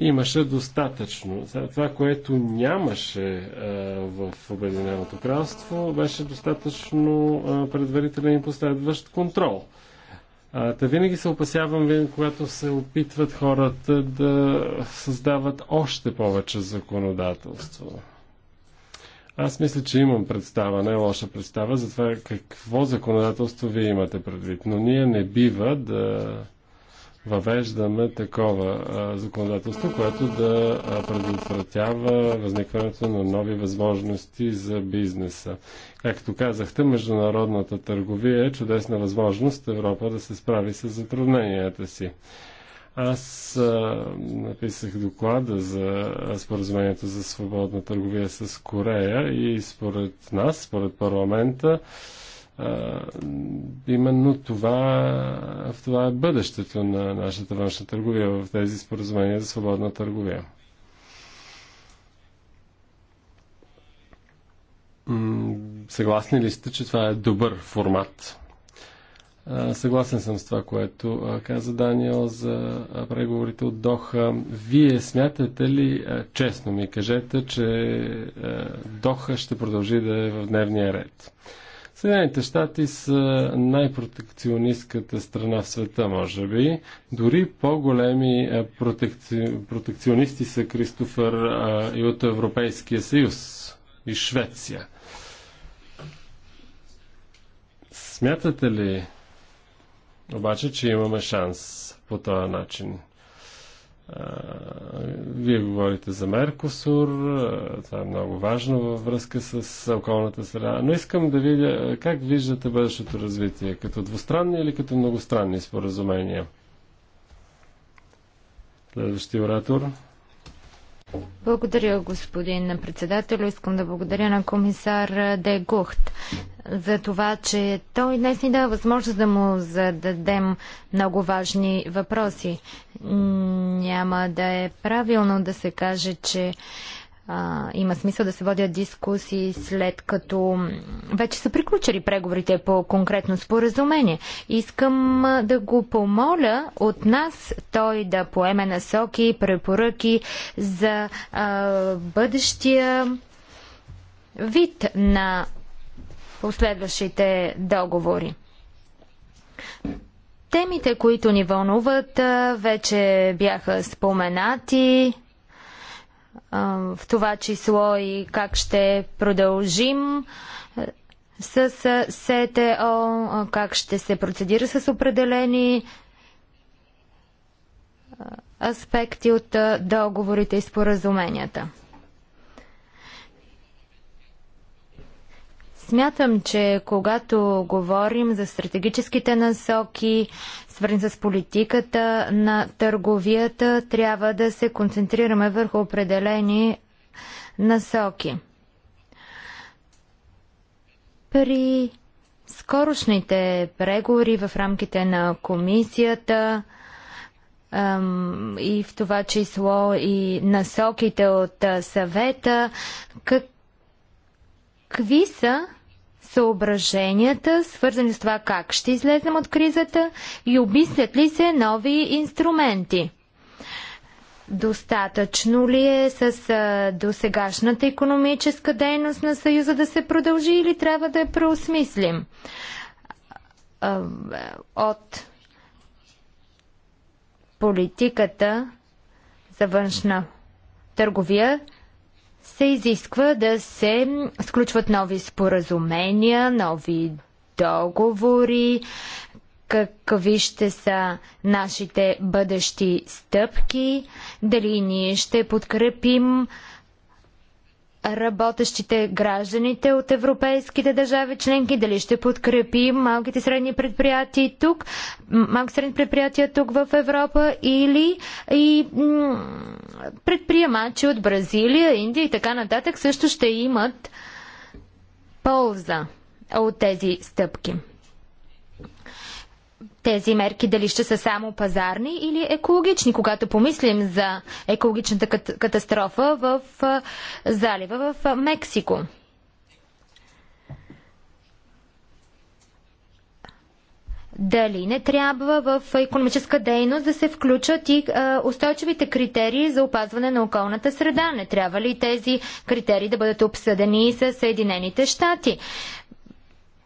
имаше достатъчно. Това, което нямаше в Обединеното кралство, беше достатъчно предварителен и последващ контрол. та винаги се опасявам, винаги, когато се опитват хората да създават още повече законодателство. Аз мисля, че имам представа, не лоша представа за това какво законодателство вие имате предвид, но ние не бива да въвеждаме такова а, законодателство, което да предотвратява възникването на нови възможности за бизнеса. Както казахте, международната търговия е чудесна възможност Европа да се справи с затрудненията си. Аз а, написах доклада за споразумението за свободна търговия с Корея и според нас, според парламента, а, именно това, това е бъдещето на нашата външна търговия в тези споразумения за свободна търговия. Съгласни ли сте, че това е добър формат? Съгласен съм с това, което каза Даниел за преговорите от Доха. Вие смятате ли, честно ми кажете, че Доха ще продължи да е в дневния ред? Съединените щати са най-протекционистката страна в света, може би. Дори по-големи е, протекци... протекционисти са Кристофър а, е, и от Европейския съюз и Швеция. Смятате ли обаче, че имаме шанс по този начин? Вие говорите за Меркосур, това е много важно във връзка с околната среда, но искам да видя как виждате бъдещето развитие, като двустранни или като многостранни споразумения. Следващия оратор. Благодаря, господин председател. Искам да благодаря на комисар Дегухт за това, че той днес ни дава възможност да му зададем много важни въпроси. Няма да е правилно да се каже, че а, има смисъл да се водят дискусии след като вече са приключили преговорите по конкретно споразумение. Искам да го помоля от нас той да поеме насоки, препоръки за а, бъдещия вид на последващите договори. Темите, които ни вълнуват, вече бяха споменати в това число и как ще продължим с СТО, как ще се процедира с определени аспекти от договорите и споразуменията. Смятам, че когато говорим за стратегическите насоки, свързани с политиката на търговията, трябва да се концентрираме върху определени насоки. При скорошните преговори в рамките на комисията ем, и в това число и насоките от съвета, какви са съображенията, свързани с това как ще излезем от кризата и обмислят ли се нови инструменти. Достатъчно ли е с а, досегашната економическа дейност на Съюза да се продължи или трябва да я преосмислим? А, от политиката за външна търговия се изисква да се сключват нови споразумения, нови договори, какви ще са нашите бъдещи стъпки, дали ние ще подкрепим работещите гражданите от европейските държави членки, дали ще подкрепи малките и средни предприятия тук, малки средни предприятия тук в Европа или и предприемачи от Бразилия, Индия и така нататък също ще имат полза от тези стъпки тези мерки дали ще са само пазарни или екологични, когато помислим за екологичната катастрофа в залива в Мексико. Дали не трябва в економическа дейност да се включат и устойчивите критерии за опазване на околната среда? Не трябва ли тези критерии да бъдат обсъдени и с Съединените щати?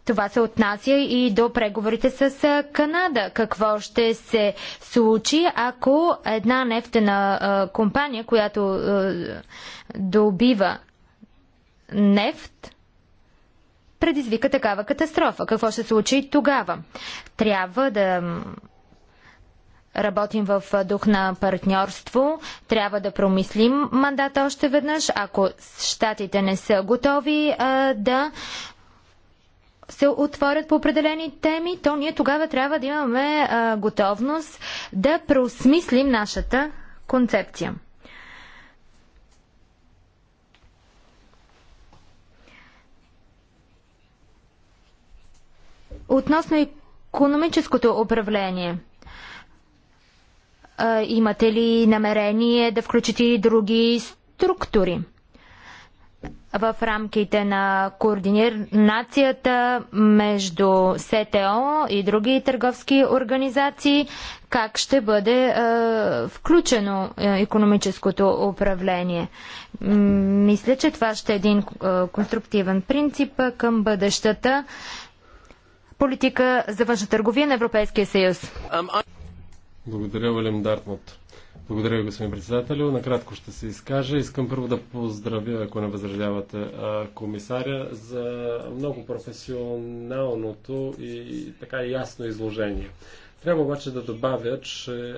Това се отнася и до преговорите с Канада. Какво ще се случи, ако една нефтена компания, която добива нефт, предизвика такава катастрофа? Какво ще се случи тогава? Трябва да работим в дух на партньорство. Трябва да промислим мандата още веднъж. Ако щатите не са готови а, да се отворят по определени теми, то ние тогава трябва да имаме а, готовност да преосмислим нашата концепция. Относно економическото управление, а, имате ли намерение да включите и други структури? в рамките на координацията между СТО и други търговски организации, как ще бъде е, включено економическото управление. Мисля, че това ще е един е, конструктивен принцип е, към бъдещата политика за външна търговия на Европейския съюз. Благодаря, Валим Дартмут. Благодаря, господин председател. Накратко ще се изкажа. Искам първо да поздравя, ако не възразявате, комисаря за много професионалното и така ясно изложение. Трябва обаче да добавя, че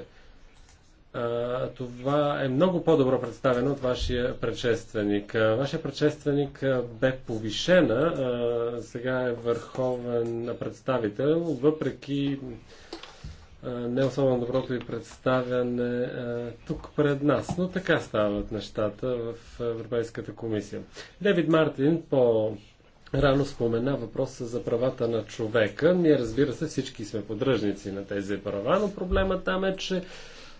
а, това е много по-добро представено от вашия предшественик. Вашия предшественик бе повишена, а, сега е върховен представител, въпреки не особено доброто и представяне тук пред нас. Но така стават нещата в Европейската комисия. Девид Мартин по Рано спомена въпроса за правата на човека. Ние, разбира се, всички сме подръжници на тези права, но проблема там е, че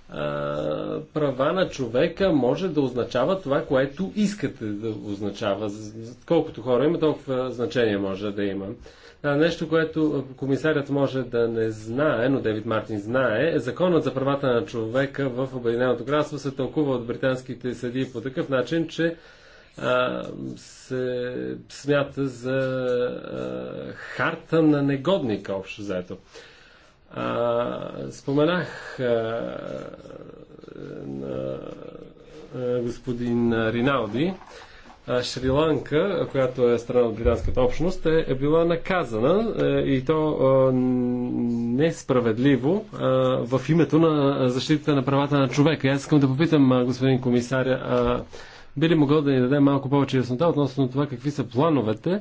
а, права на човека може да означава това, което искате да означава. Колкото хора има, толкова значение може да има. Нещо, което комисарят може да не знае, но Девид Мартин знае, е законът за правата на човека в Обединеното кралство се тълкува от британските съдии по такъв начин, че а, се смята за а, харта на негодника общо заето. А, споменах а, на господин Риналди Шри-Ланка, която е страна от британската общност, е, е била наказана е, и то е, несправедливо е, в името на защита на правата на човека. И аз искам да попитам, господин комисаря, е, би ли могъл да ни даде малко повече яснота относно това какви са плановете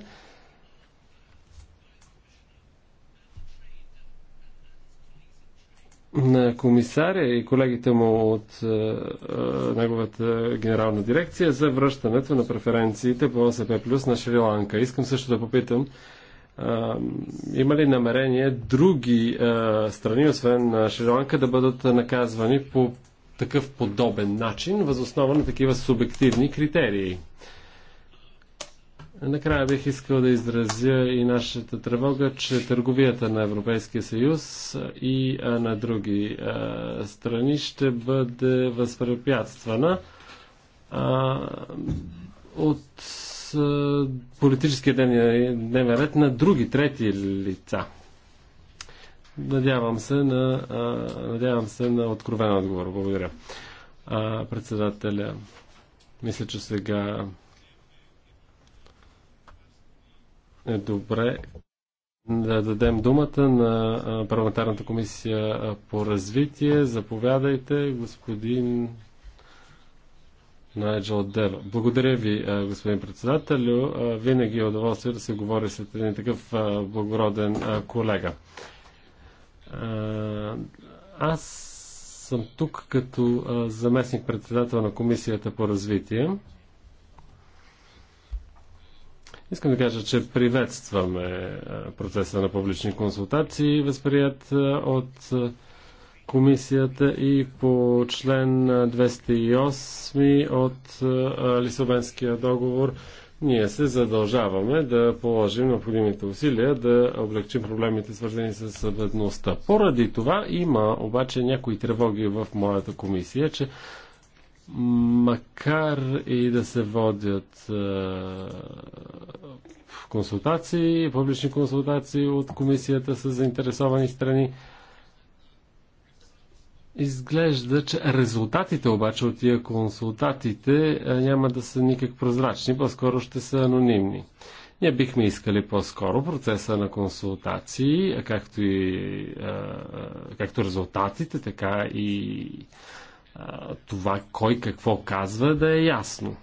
на комисаря и колегите му от е, е, неговата генерална дирекция за връщането на преференциите по ОСП Плюс на Шри-Ланка. Искам също да попитам, е, има ли намерение други е, страни, освен на Шри-Ланка, да бъдат наказвани по такъв подобен начин, възоснова на такива субективни критерии? Накрая бих искал да изразя и нашата тревога, че търговията на Европейския съюз и на други страни ще бъде възпрепятствана от политическия ден, дневен ред на други трети лица. Надявам се на, надявам се на откровен отговор. Благодаря. председателя, мисля, че сега е добре да дадем думата на парламентарната комисия по развитие. Заповядайте, господин Найджел Дева. Благодаря ви, господин председателю. Винаги е удоволствие да се говори с един такъв благороден колега. Аз съм тук като заместник председател на Комисията по развитие. Искам да кажа, че приветстваме е, процеса на публични консултации, възприят е, от е, комисията и по член 208 от Лисабенския договор ние се задължаваме да положим необходимите усилия да облегчим проблемите свързани с бедността. Поради това има обаче някои тревоги в моята комисия, че макар и да се водят консултации, публични консултации от комисията с заинтересовани страни, Изглежда, че резултатите обаче от тия консултатите няма да са никак прозрачни, по-скоро ще са анонимни. Ние бихме искали по-скоро процеса на консултации, както и както резултатите, така и това кой какво казва да е ясно.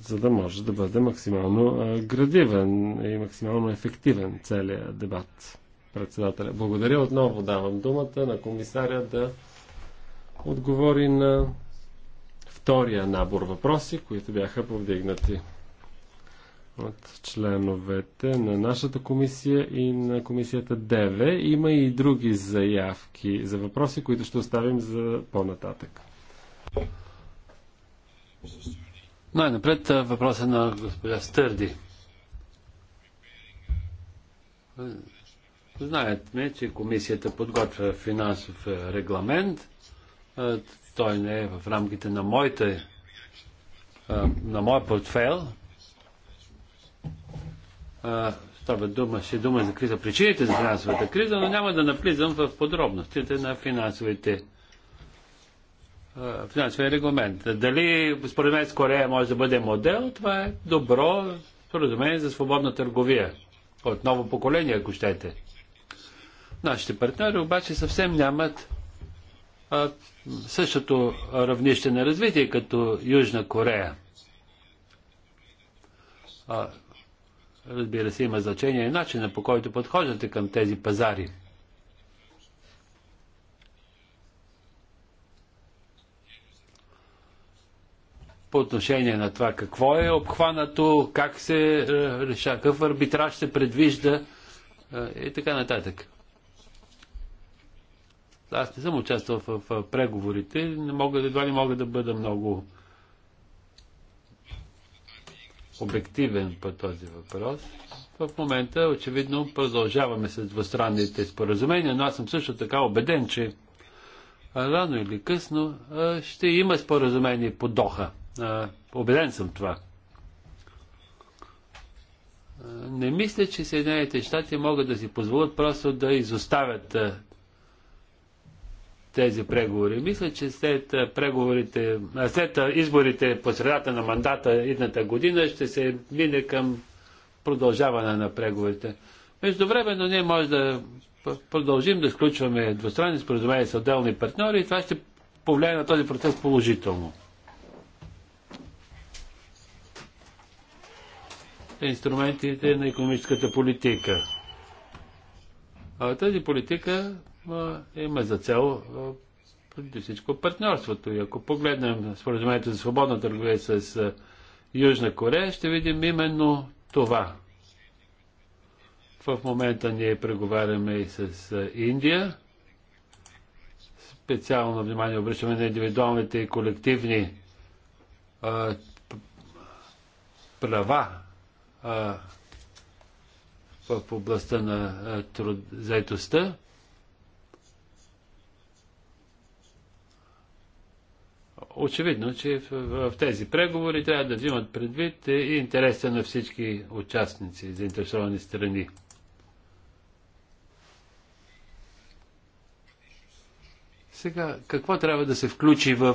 За да може да бъде максимално градивен и максимално ефективен целият дебат. Председателя. Благодаря отново. Давам думата на комисаря да отговори на втория набор въпроси, които бяха повдигнати от членовете на нашата комисия и на комисията ДВ. Има и други заявки за въпроси, които ще оставим за по-нататък. Най-напред въпроса е на госпожа Стърди. Знаете, че комисията подготвя финансов регламент. Той не е в рамките на моите на моя портфел, става дума, ще дума за криза, причините за финансовата криза, но няма да навлизам в подробностите на финансовите финансовия регламент. Дали според мен с Корея може да бъде модел, това е добро споразумение за свободна търговия. От ново поколение, ако щете. Нашите партньори обаче съвсем нямат а, същото равнище на развитие като Южна Корея. А, Разбира се, има значение и начина по който подхождате към тези пазари. По отношение на това какво е обхванато, как се е, реша, какъв арбитраж се предвижда е, и така нататък. Аз не съм участвал в, в преговорите, не мога, едва ли мога да бъда много обективен по този въпрос. В момента очевидно продължаваме с двустранните споразумения, но аз съм също така убеден, че рано или късно ще има споразумение по Доха. Обеден съм това. Не мисля, че Съединените щати могат да си позволят просто да изоставят тези преговори. Мисля, че след, преговорите, след изборите по средата на мандата едната година ще се мине към продължаване на преговорите. Междувременно ние може да продължим да сключваме двустранни споразумения с отделни партньори и това ще повлияе на този процес положително. Инструментите на економическата политика. А тази политика има за цел преди всичко партньорството. И ако погледнем споразумението за свободна търговия с Южна Корея, ще видим именно това. В момента ние преговаряме и с Индия. Специално внимание обръщаме на индивидуалните и колективни а, права а, в областта на а, труд, заетостта. очевидно, че в, в, тези преговори трябва да взимат предвид и интереса на всички участници, заинтересовани страни. Сега, какво трябва да се включи в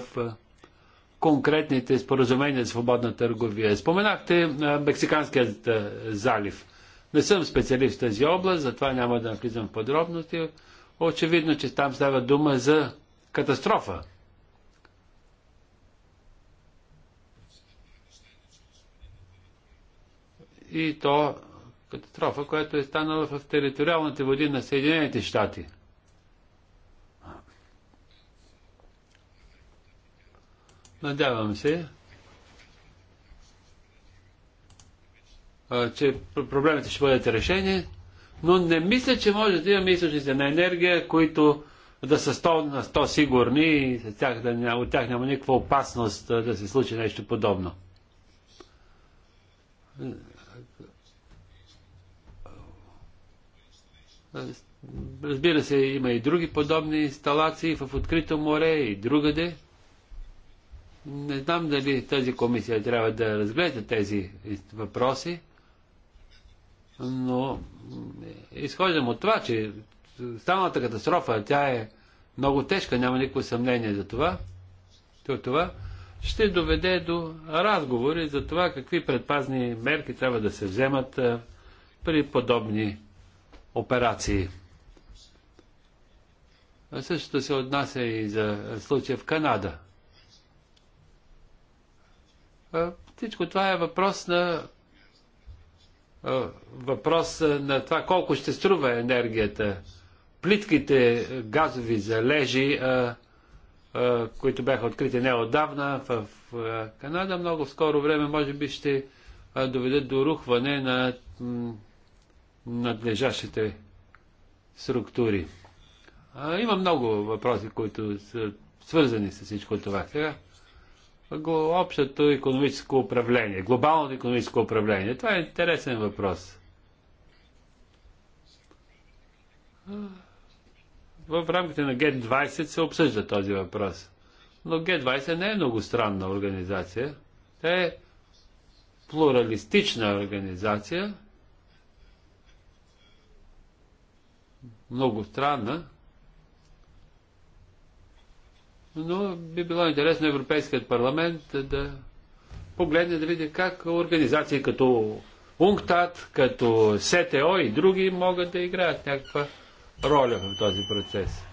конкретните споразумения за свободна търговия? Споменахте Мексиканският залив. Не съм специалист в тази област, затова няма да навлизам в подробности. Очевидно, че там става дума за катастрофа, и то катастрофа, която е станала в териториалните води на Съединените щати. Надявам се, че проблемите ще бъдат решени, но не мисля, че може да имаме източници на енергия, които да са 100 на 100 сигурни и от тях, да, от тях няма никаква опасност да се случи нещо подобно. Разбира се, има и други подобни инсталации в открито море и другаде. Не знам дали тази комисия трябва да разгледа тези въпроси, но изхождам от това, че станалата катастрофа, тя е много тежка, няма никакво съмнение за това, то това ще доведе до разговори за това какви предпазни мерки трябва да се вземат при подобни операции. Същото се отнася и за случая в Канада. Всичко това е въпрос на въпрос на това колко ще струва енергията. Плитките газови залежи, които бяха открити неодавна в Канада, много скоро време може би ще доведат до рухване на надлежащите структури. А, има много въпроси, които са свързани с всичко това. Сега, общото економическо управление, глобалното економическо управление. Това е интересен въпрос. В рамките на Г20 се обсъжда този въпрос. Но Г20 не е много странна организация. Тя е плуралистична организация – много странна, но би било интересно Европейският парламент да погледне да види как организации като УНКТАТ, като СТО и други могат да играят някаква роля в този процес.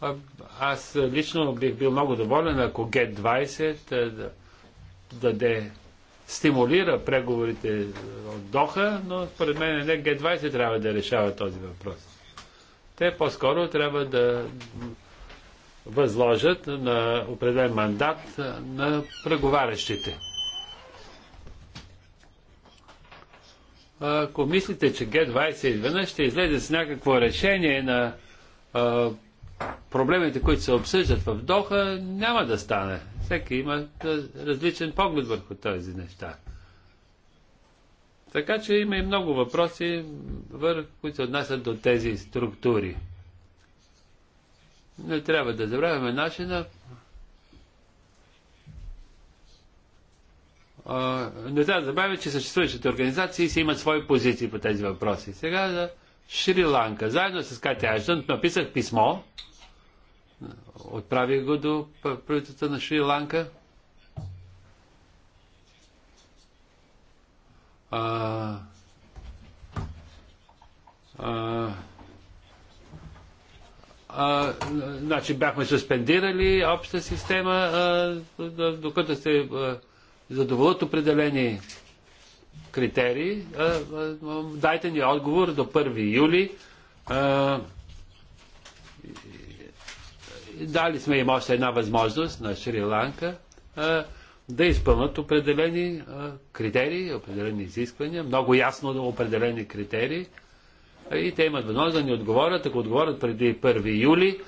А, аз лично бих бил много доволен, ако G20 да, да даде стимулира преговорите е, от Доха, но според мен не Г-20 трябва да решава този въпрос. Те по-скоро трябва да възложат на определен мандат е, на преговарящите. Ако мислите, че Г-21 ще излезе с някакво решение на е, проблемите, които се обсъждат в Доха, няма да стане. Всеки има различен поглед върху тези неща. Така че има и много въпроси, върху които се отнасят до тези структури. Не трябва да забравяме начина. А, не трябва да забравяме, че съществуващите организации си имат свои позиции по тези въпроси. Сега да. Шри-Ланка. Заедно с Катя Аждан написах писмо, отправих го до правителството на Шри-Ланка. А, а, а, значи бяхме суспендирали обща система, а, докато се задоволят определени критерии. Дайте ни отговор до 1 юли. Дали сме им още една възможност на Шри-Ланка да изпълнат определени критерии, определени изисквания, много ясно определени критерии. И те имат възможност да ни отговорят. Ако отговорят преди 1 юли,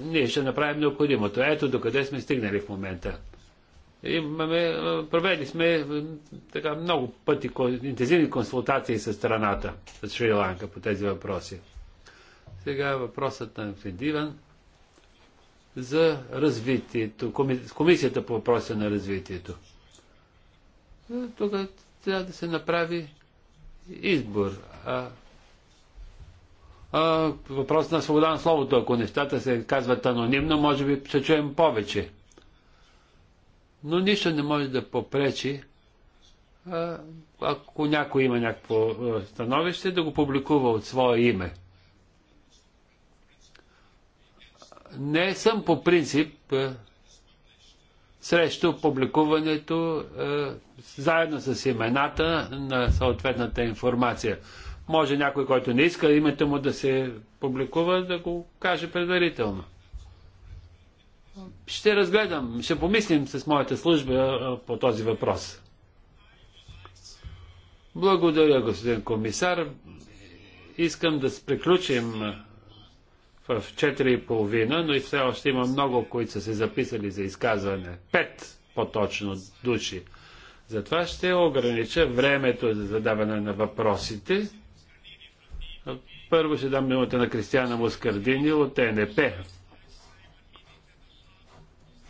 ние ще направим необходимото. Ето докъде сме стигнали в момента. Имаме, провели сме така, много пъти интензивни консултации с страната, с Шри-Ланка по тези въпроси. Сега въпросът на Федиван за развитието, комисията по въпроса на развитието. Тук трябва да се направи избор. А, а, въпрос на свобода на словото. Ако нещата се казват анонимно, може би ще чуем повече но нищо не може да попречи, ако някой има някакво становище, да го публикува от свое име. Не съм по принцип срещу публикуването заедно с имената на съответната информация. Може някой, който не иска името му да се публикува, да го каже предварително. Ще разгледам, ще помислим с моята служба по този въпрос. Благодаря, господин комисар. Искам да приключим в 4.30, но и все още има много, които са се записали за изказване. Пет по-точно души. Затова ще огранича времето за задаване на въпросите. Първо ще дам минута на Кристиана Мускардини от ЕНП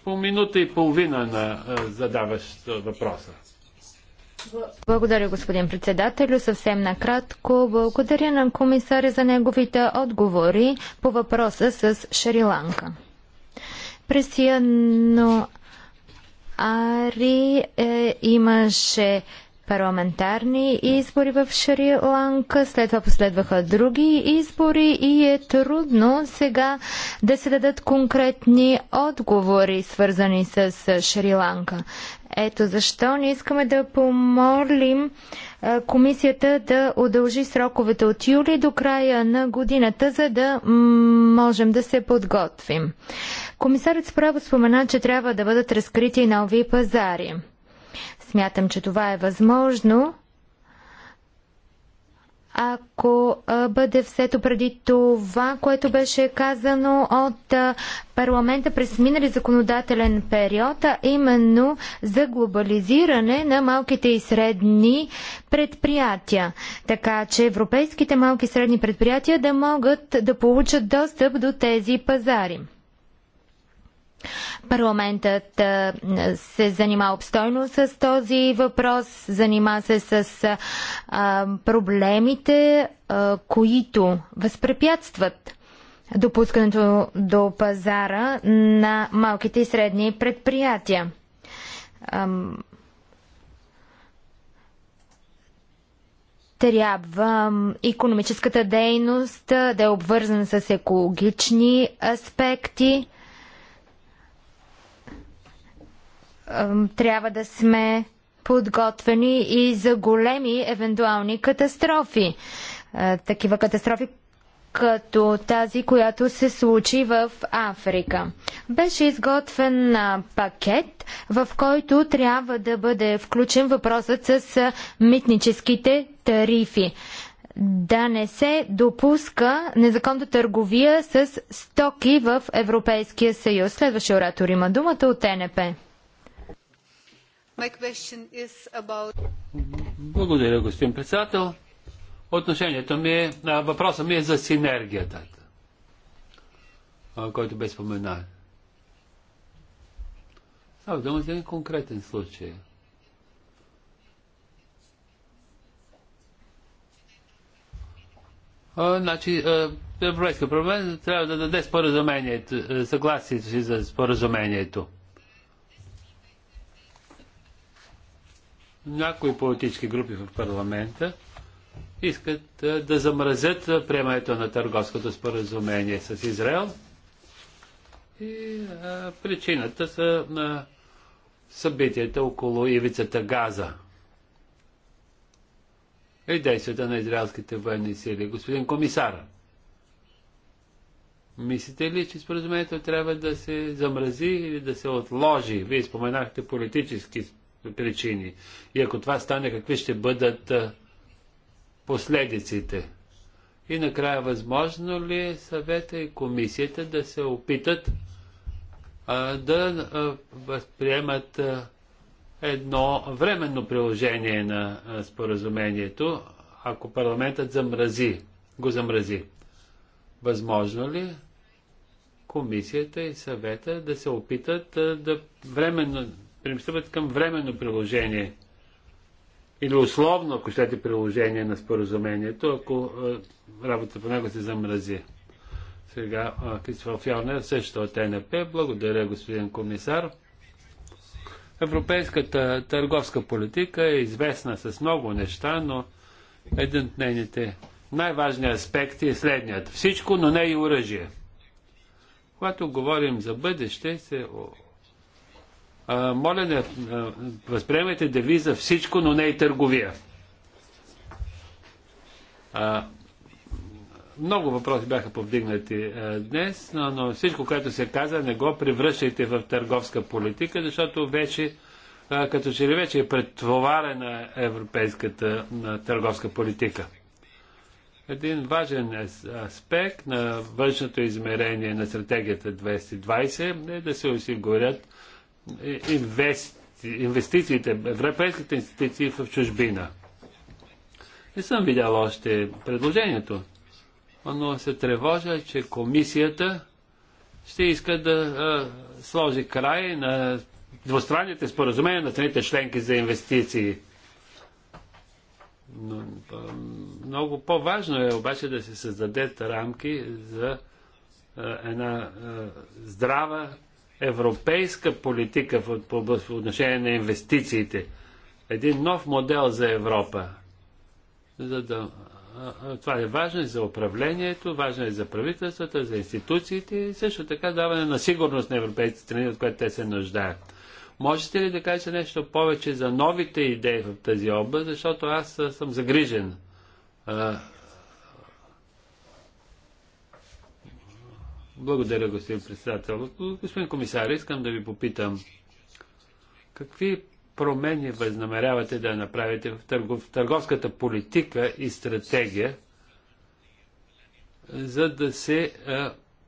по минута и половина на задаващ въпроса. Благодаря, господин председателю. Съвсем накратко благодаря на комисаря за неговите отговори по въпроса с Шри-Ланка. През януари е, имаше парламентарни избори в Шри-Ланка, след това последваха други избори и е трудно сега да се дадат конкретни отговори, свързани с Шри-Ланка. Ето защо ние искаме да помолим комисията да удължи сроковете от юли до края на годината, за да можем да се подготвим. Комисарът справо спомена, че трябва да бъдат разкрити нови пазари. Смятам, че това е възможно, ако бъде всето преди това, което беше казано от парламента през минали законодателен период, а именно за глобализиране на малките и средни предприятия. Така че европейските малки и средни предприятия да могат да получат достъп до тези пазари. Парламентът се занима обстойно с този въпрос, занима се с проблемите, които възпрепятстват допускането до пазара на малките и средни предприятия. Трябва економическата дейност да е обвързана с екологични аспекти трябва да сме подготвени и за големи евентуални катастрофи. Такива катастрофи, като тази, която се случи в Африка. Беше изготвен пакет, в който трябва да бъде включен въпросът с митническите тарифи. Да не се допуска незаконна търговия с стоки в Европейския съюз. Следващия оратор има думата от ТНП. Благодаря, господин председател. Отношението ми е, въпросът ми е за синергията, който бе спомена. Става дума за един конкретен случай. значи, Европейска проблема трябва да даде споразумението, съгласието си за споразумението. някои политически групи в парламента искат да замразят приемането на търговското споразумение с Израел. И а, причината са на събитията около ивицата Газа и действията на израелските военни сили. Господин комисар, мислите ли, че споразумението трябва да се замрази или да се отложи? Вие споменахте политически причини. И ако това стане, какви ще бъдат последиците? И накрая, възможно ли е съвета и комисията да се опитат а, да а, възприемат а, едно временно приложение на а, споразумението, ако парламентът замрази, го замрази? Възможно ли е комисията и съвета да се опитат а, да временно пристъпват към временно приложение или условно, ако щете, приложение на споразумението, ако е, работа по него се замрази. Сега Кристофа Фионер също от ТНП. Благодаря, господин комисар. Европейската търговска политика е известна с много неща, но един от нейните най-важни аспекти е следният. Всичко, но не и оръжие. Когато говорим за бъдеще, се моля да възприемете девиза всичко, но не и търговия. много въпроси бяха повдигнати днес, но, всичко, което се каза, не го превръщайте в търговска политика, защото вече, като че ли вече е претоварена европейската търговска политика. Един важен аспект на външното измерение на стратегията 220 е да се осигурят инвести, инвестициите, европейските институции в чужбина. Не съм видял още предложението, но се тревожа, че комисията ще иска да а, сложи край на двустранните споразумения на страните членки за инвестиции. Но, много по-важно е обаче да се създадат рамки за една здрава европейска политика в, по, по, отношение на инвестициите. Един нов модел за Европа. За да, това е важно и за управлението, важно и е за правителствата, за институциите и също така даване на сигурност на европейските страни, от което те се нуждаят. Можете ли да кажете нещо повече за новите идеи в тази област, защото аз съм загрижен Благодаря, господин председател. Господин комисар, искам да ви попитам. Какви промени възнамерявате да направите в, търгов, в търговската политика и стратегия, за да се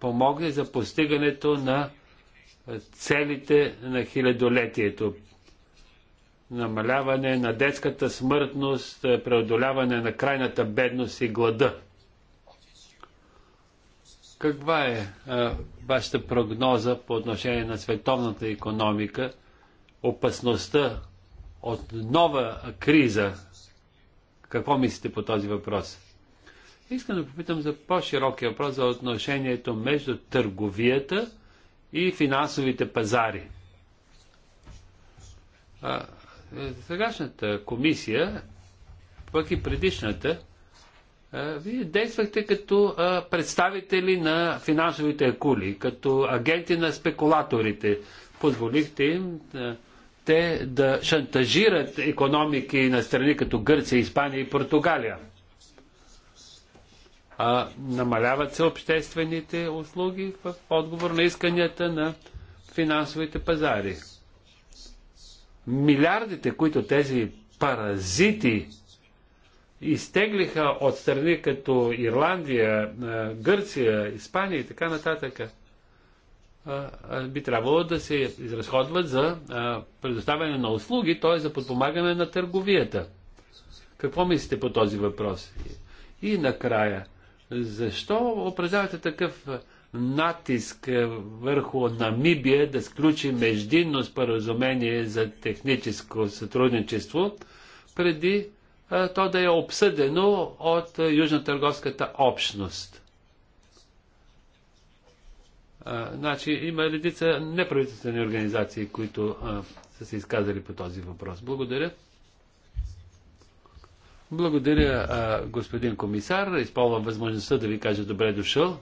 помогне за постигането на целите на хилядолетието? Намаляване на детската смъртност, преодоляване на крайната бедност и глада. Каква е а, вашата прогноза по отношение на световната економика, опасността от нова криза? Какво мислите по този въпрос? Искам да попитам за по-широкия въпрос за отношението между търговията и финансовите пазари. А, е, сегашната комисия, пък и предишната, вие действахте като представители на финансовите акули, като агенти на спекулаторите. Позволихте им те да шантажират економики на страни като Гърция, Испания и Португалия. А, намаляват се обществените услуги в отговор на исканията на финансовите пазари. Милиардите, които тези паразити изтеглиха от страни като Ирландия, Гърция, Испания и така нататък, би трябвало да се изразходват за предоставяне на услуги, т.е. за подпомагане на търговията. Какво мислите по този въпрос? И накрая, защо упражнявате такъв натиск върху Намибия да сключи междинно споразумение за техническо сътрудничество преди то да е обсъдено от Южно-търговската общност. Значи има редица неправителствени организации, които са се изказали по този въпрос. Благодаря. Благодаря, господин комисар. Използвам възможността да ви кажа добре дошъл.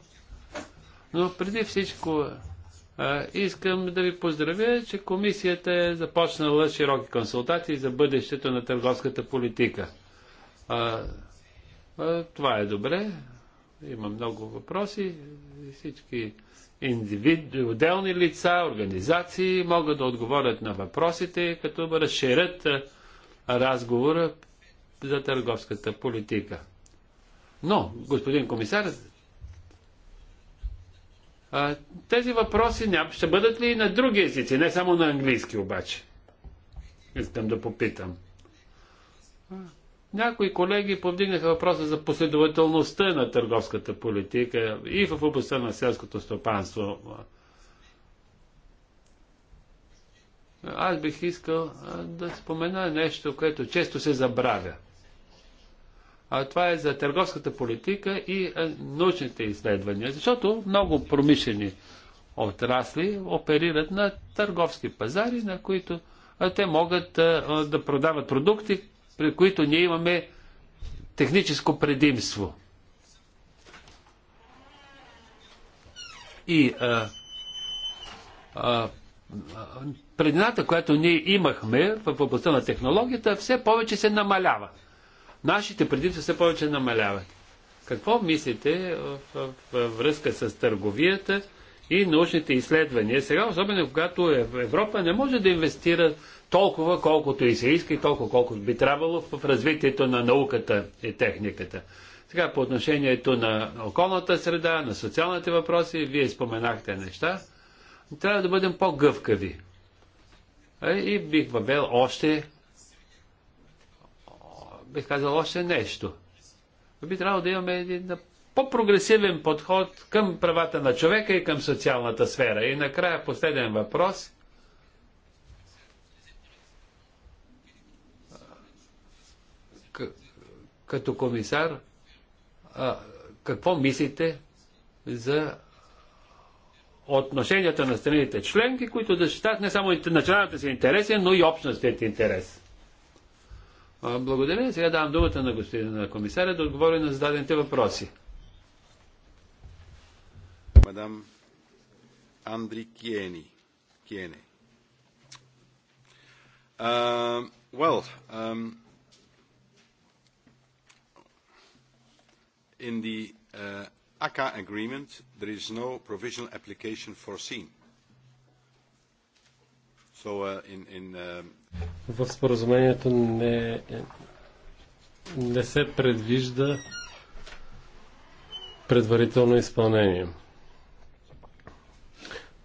Но преди всичко Искам да ви поздравя, че комисията е започнала широки консултации за бъдещето на търговската политика. Това е добре. Има много въпроси. Всички индивиди, отделни лица, организации могат да отговорят на въпросите, като разширят разговора за търговската политика. Но, господин комисар, а, тези въпроси ням, ще бъдат ли и на други езици, не само на английски обаче? Искам да попитам. Някои колеги повдигнаха въпроса за последователността на търговската политика и в областта на селското стопанство. Аз бих искал да спомена нещо, което често се забравя. А, това е за търговската политика и научните изследвания, защото много промишлени отрасли оперират на търговски пазари, на които те могат да продават продукти, при които ние имаме техническо предимство. И а, а, предината, която ние имахме в областта на технологията, все повече се намалява нашите предимства все повече намаляват. Какво мислите в, в, в връзка с търговията и научните изследвания сега, особено когато Европа не може да инвестира толкова, колкото и се иска и толкова, колкото би трябвало в развитието на науката и техниката? Сега по отношението на околната среда, на социалните въпроси, вие споменахте неща. Трябва да бъдем по-гъвкави. Е, и бих въвел още бих казал още нещо. Би трябвало да имаме един по-прогресивен подход към правата на човека и към социалната сфера. И накрая последен въпрос. К като комисар, а, какво мислите за отношенията на страните членки, които защитават не само националните си интереси, но и общностите интерес? Благодаря. Сега давам думата на господина комисаря да отговори на зададените въпроси. Мадам Андри Киени. Киене. Uh, well, um, in the uh, ACA agreement, there is no provisional application foreseen. So uh, in, in um, в споразумението не, не се предвижда предварително изпълнение.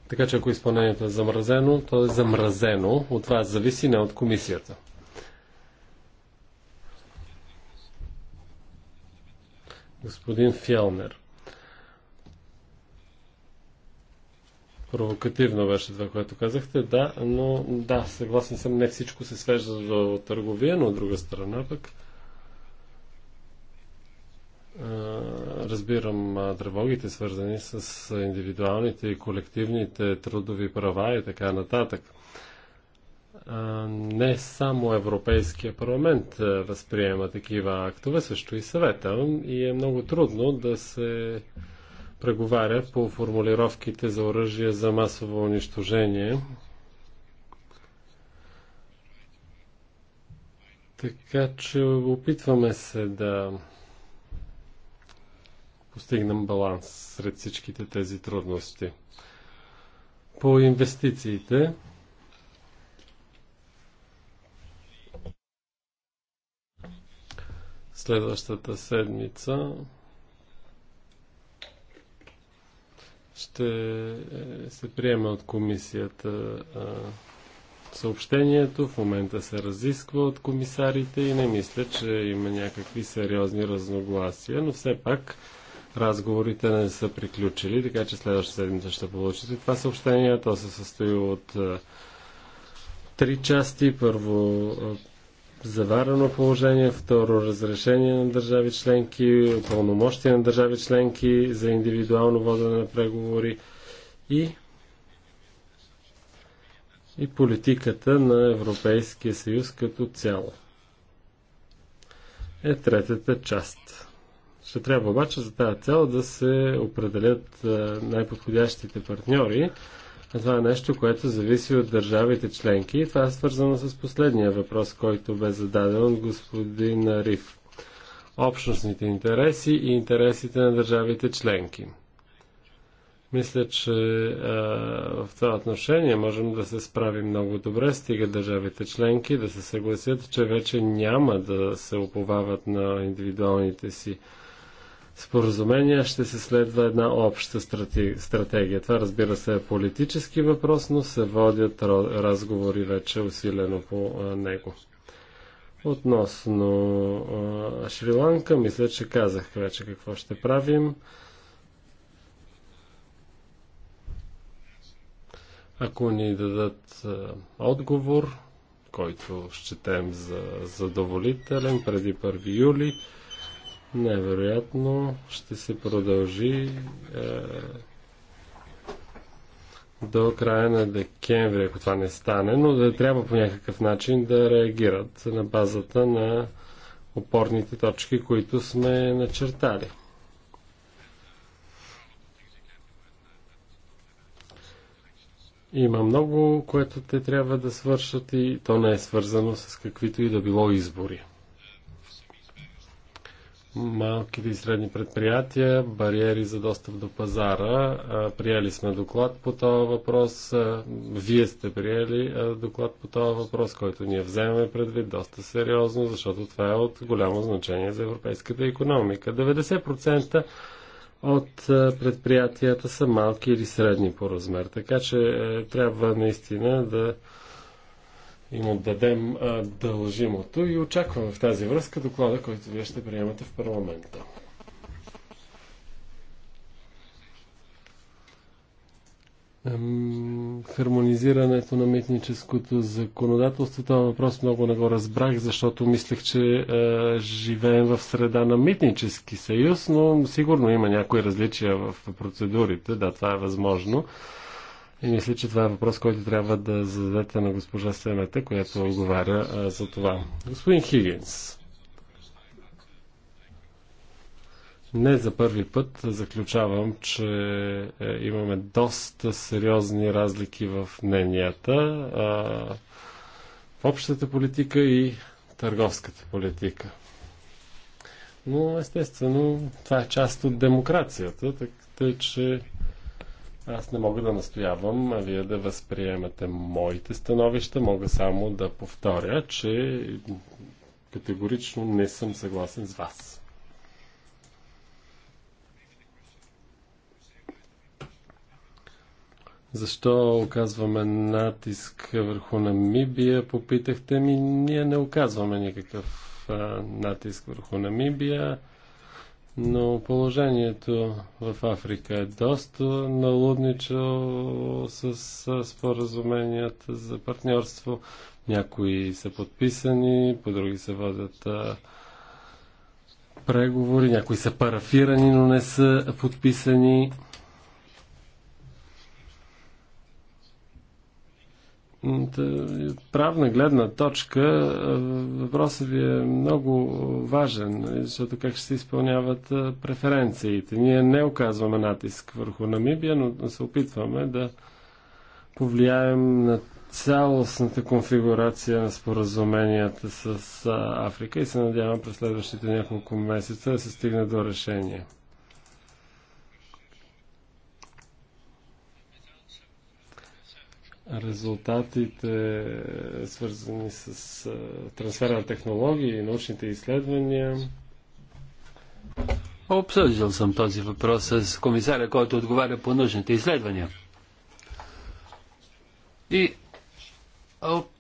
Така че ако изпълнението е замразено, то е замразено. От това зависи не от комисията. Господин Фелнер. Провокативно беше това, което казахте, да, но да, съгласен съм, не всичко се свежда до търговия, но от друга страна пък разбирам тревогите, свързани с индивидуалните и колективните трудови права и така нататък. Не само Европейския парламент възприема такива актове, също и съвета. И е много трудно да се преговаря по формулировките за оръжие за масово унищожение. Така че опитваме се да постигнем баланс сред всичките тези трудности. По инвестициите. Следващата седмица ще е, се приема от комисията е, съобщението. В момента се разисква от комисарите и не мисля, че има някакви сериозни разногласия, но все пак разговорите не са приключили, така че следващата седмица ще получите това съобщение. То се състои от е, три части. Първо заварено положение, второ разрешение на държави членки, пълномощие на държави членки за индивидуално водене на преговори и и политиката на Европейския съюз като цяло. Е третата част. Ще трябва обаче за тази цел да се определят най-подходящите партньори, това е нещо, което зависи от държавите членки и това е свързано с последния въпрос, който бе зададен от господин Риф. Общностните интереси и интересите на държавите членки. Мисля, че а, в това отношение можем да се справим много добре, стига държавите членки да се съгласят, че вече няма да се уповават на индивидуалните си споразумения ще се следва една обща стратегия. Това разбира се е политически въпрос, но се водят разговори вече усилено по него. Относно Шри-Ланка, мисля, че казах вече какво ще правим. Ако ни дадат отговор, който счетем за задоволителен преди 1 юли, невероятно ще се продължи е, до края на декември, ако това не стане, но да трябва по някакъв начин да реагират на базата на опорните точки, които сме начертали. Има много, което те трябва да свършат и то не е свързано с каквито и да било избори малките и средни предприятия, бариери за достъп до пазара. Приели сме доклад по този въпрос. Вие сте приели доклад по този въпрос, който ние вземаме предвид доста сериозно, защото това е от голямо значение за европейската економика. 90% от предприятията са малки или средни по размер, така че е, трябва наистина да им отдадем а, дължимото и очакваме в тази връзка доклада, който вие ще приемате в парламента. хармонизирането на митническото законодателство. Това е въпрос много не го разбрах, защото мислех, че е, живеем в среда на митнически съюз, но сигурно има някои различия в процедурите. Да, това е възможно. И мисля, че това е въпрос, който трябва да зададете на госпожа Семета, която отговаря за това. Господин Хигинс, не за първи път заключавам, че е, имаме доста сериозни разлики в мненията а, в общата политика и търговската политика. Но естествено това е част от демокрацията, тъй че аз не мога да настоявам, а вие да възприемате моите становища. Мога само да повторя, че категорично не съм съгласен с вас. Защо оказваме натиск върху Намибия, попитахте ми. Ние не оказваме никакъв натиск върху Намибия но положението в Африка е доста налудничо с споразуменията за партньорство. Някои са подписани, по други се водят преговори, някои са парафирани, но не са подписани. правна гледна точка въпросът ви е много важен, защото как ще се изпълняват преференциите. Ние не оказваме натиск върху Намибия, но се опитваме да повлияем на цялостната конфигурация на споразуменията с Африка и се надявам през следващите няколко месеца да се стигне до решение. резултатите, е, свързани с е, трансфера на технологии и научните изследвания. Обсъждал съм този въпрос с комисаря, който отговаря по научните изследвания. И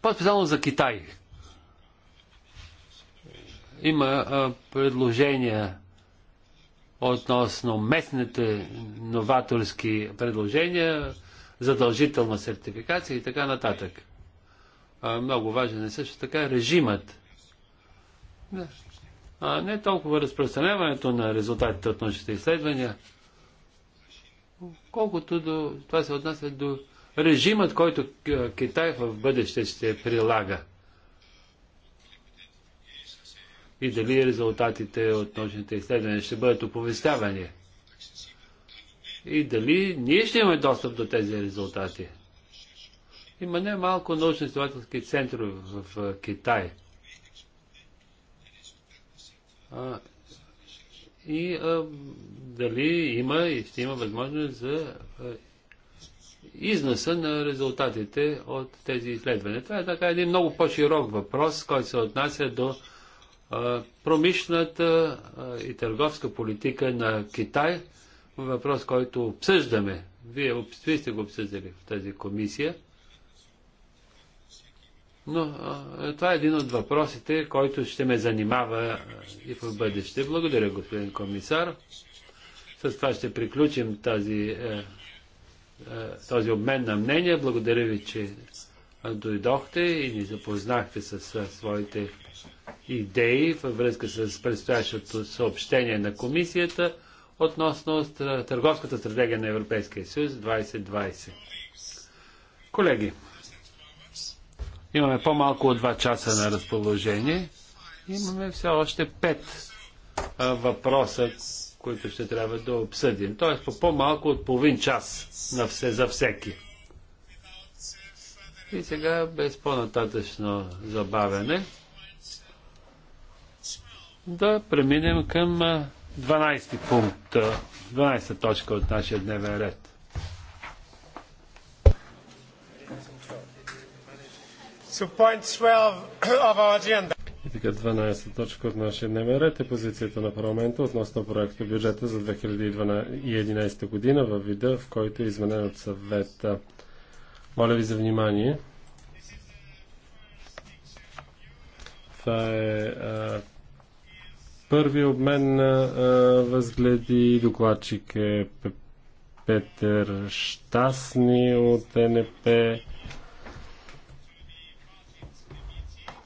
по-специално за Китай. Има а, предложения относно местните новаторски предложения, задължителна сертификация и така нататък. А, много важен е също така режимът. Да. А, не толкова разпространяването на резултатите от научните изследвания, колкото до, това се отнася до режимът, който Китай в бъдеще ще прилага. И дали резултатите от научните изследвания ще бъдат оповестявани и дали ние ще имаме достъп до тези резултати. Има не малко научно-изследователски центрове в, Китай. А, и а, дали има и ще има възможност за а, износа на резултатите от тези изследвания. Това е така един много по-широк въпрос, който се отнася до а, промишната а, и търговска политика на Китай – въпрос, който обсъждаме. Вие, вие сте го обсъждали в тази комисия. Но а, това е един от въпросите, който ще ме занимава и в бъдеще. Благодаря, господин комисар. С това ще приключим тази, е, е, този обмен на мнения. Благодаря ви, че дойдохте и ни запознахте с, с е, своите идеи във връзка с предстоящото съобщение на комисията относно търговската стратегия на Европейския съюз 2020. Колеги, имаме по-малко от 2 часа на разположение. Имаме все още 5 а, въпроса, които ще трябва да обсъдим. Тоест по по-малко от половин час на все, за всеки. И сега без по-нататъчно забавяне да преминем към 12 пункт, 12 точка от нашия дневен ред. So point 12 of our agenda. И така 12 точка от нашия дневен ред е позицията на парламента относно проекта бюджета за 2011 година във вида, в който е изменен от съвета. Моля ви за внимание. Това е а, Първи обмен на възгледи докладчик е Петър Штасни от НП.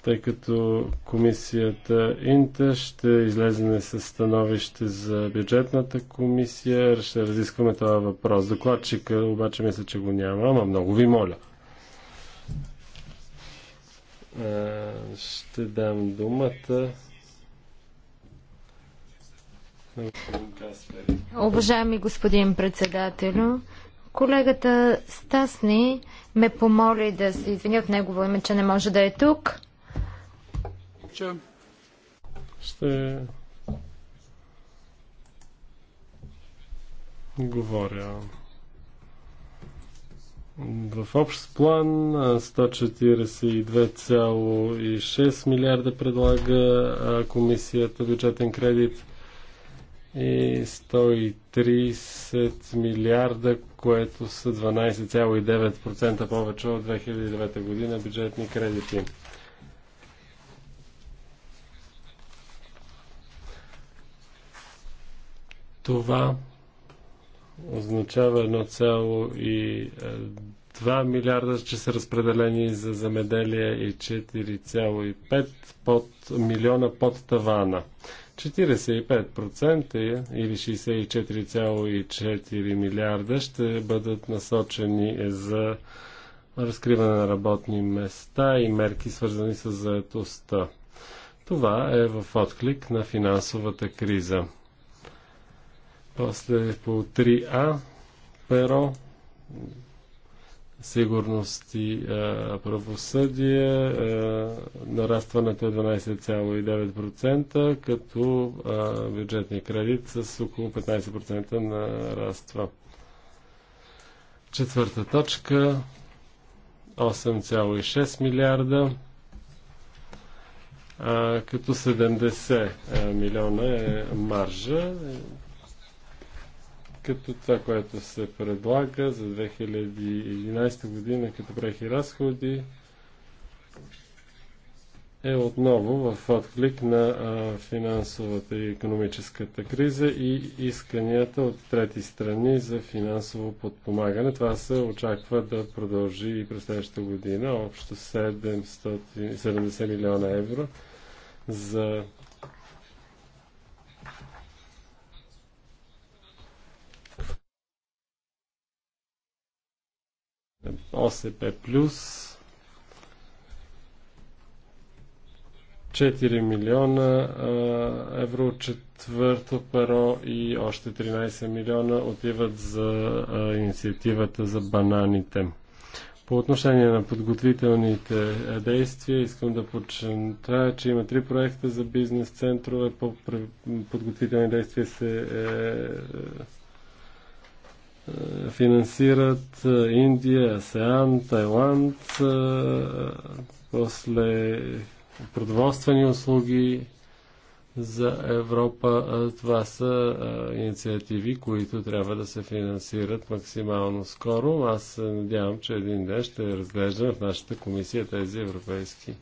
тъй като комисията Инта ще излезне с становище за бюджетната комисия. Ще разискваме това въпрос. Докладчика обаче мисля, че го няма, ама много ви моля. Ще дам думата Уважаеми господин председателю, колегата Стасни ме помоли да се извиня от негово име, че не може да е тук. Ще говоря в общ план 142,6 милиарда предлага комисията бюджетен кредит и 130 милиарда, което са 12,9% повече от 2009 година бюджетни кредити. Това означава 1,2 милиарда, че са разпределени за замеделие и 4,5 под, милиона под тавана. 45% или 64,4 милиарда ще бъдат насочени за разкриване на работни места и мерки свързани с заетостта. Това е в отклик на финансовата криза. После по 3А перо сигурност и е, правосъдие. А, нарастването е 12,9%, като е, бюджетния кредит с около 15% нараства. Четвърта точка 8,6 милиарда като 70 милиона е маржа като това, което се предлага за 2011 година като прехи разходи е отново в отклик на а, финансовата и економическата криза и исканията от трети страни за финансово подпомагане. Това се очаква да продължи и през следващата година. Общо 770 милиона евро за ОСП плюс 4 милиона евро четвърто перо и още 13 милиона отиват за инициативата за бананите. По отношение на подготвителните действия, искам да подчертая, че има три проекта за бизнес центрове. По подготвителни действия се е е, финансират е, Индия, АСЕАН, Тайланд, е, после продоволствени услуги за Европа. Това са инициативи, които трябва да се финансират максимално скоро. Аз се надявам, че един ден ще разглеждаме в нашата комисия тези европейски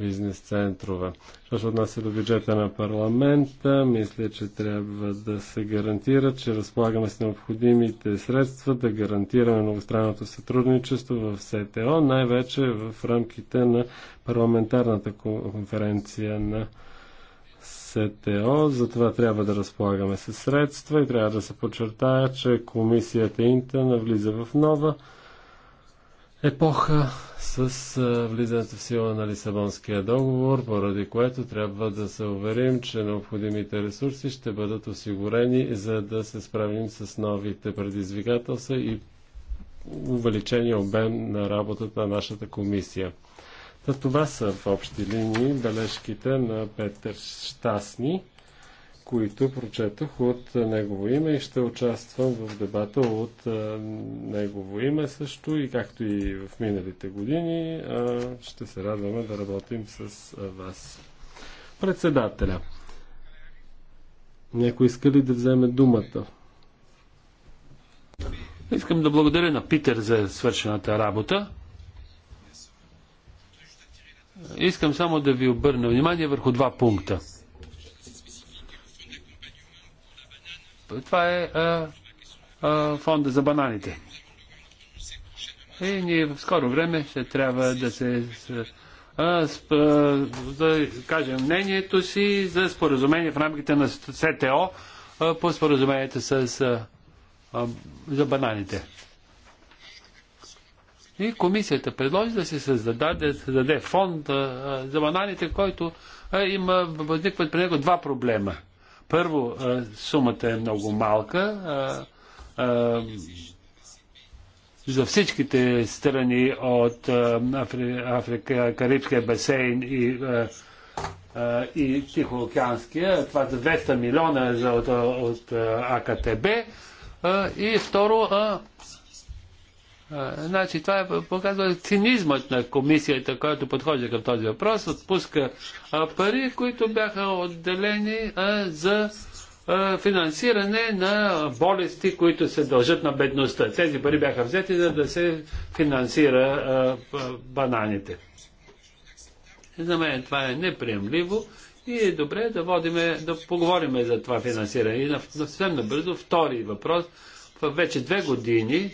бизнес центрове. Що се отнася до бюджета на парламента, мисля, че трябва да се гарантира, че разполагаме с необходимите средства да гарантираме многостранното сътрудничество в СТО, най-вече в рамките на парламентарната конференция на СТО, затова трябва да разполагаме с средства и трябва да се подчертая, че комисията Инта навлиза в нова епоха с влизането в сила на Лисабонския договор, поради което трябва да се уверим, че необходимите ресурси ще бъдат осигурени, за да се справим с новите предизвикателства и увеличени обем на работата на нашата комисия. Та това са в общи линии бележките на Петър Штасни които прочетох от негово име и ще участвам в дебата от негово име също и както и в миналите години ще се радваме да работим с вас. Председателя. Някой иска ли да вземе думата? Искам да благодаря на Питер за свършената работа. Искам само да ви обърна внимание върху два пункта. Това е а, а, фонда за бананите. И ние в скоро време ще трябва да се а, сп, а, да кажем мнението си за споразумение в рамките на СТО а, по споразумението с, а, а, за бананите. И комисията предложи да се създаде, да създаде фонд а, за бананите, който а, има, възникват при него два проблема – първо, сумата е много малка. За всичките страни от Африка, Карибския басейн и, и Тихоокеанския, това за 200 милиона от, от АКТБ. И второ, Значи, това е, показва цинизмът на комисията, която подходи към този въпрос, отпуска а, пари, които бяха отделени а, за а, финансиране на болести, които се дължат на бедността. Тези пари бяха взети, за да се финансира бананите. За мен това е неприемливо и е добре да, водиме, да поговорим за това финансиране. И съвсем набързо втори въпрос. вече две години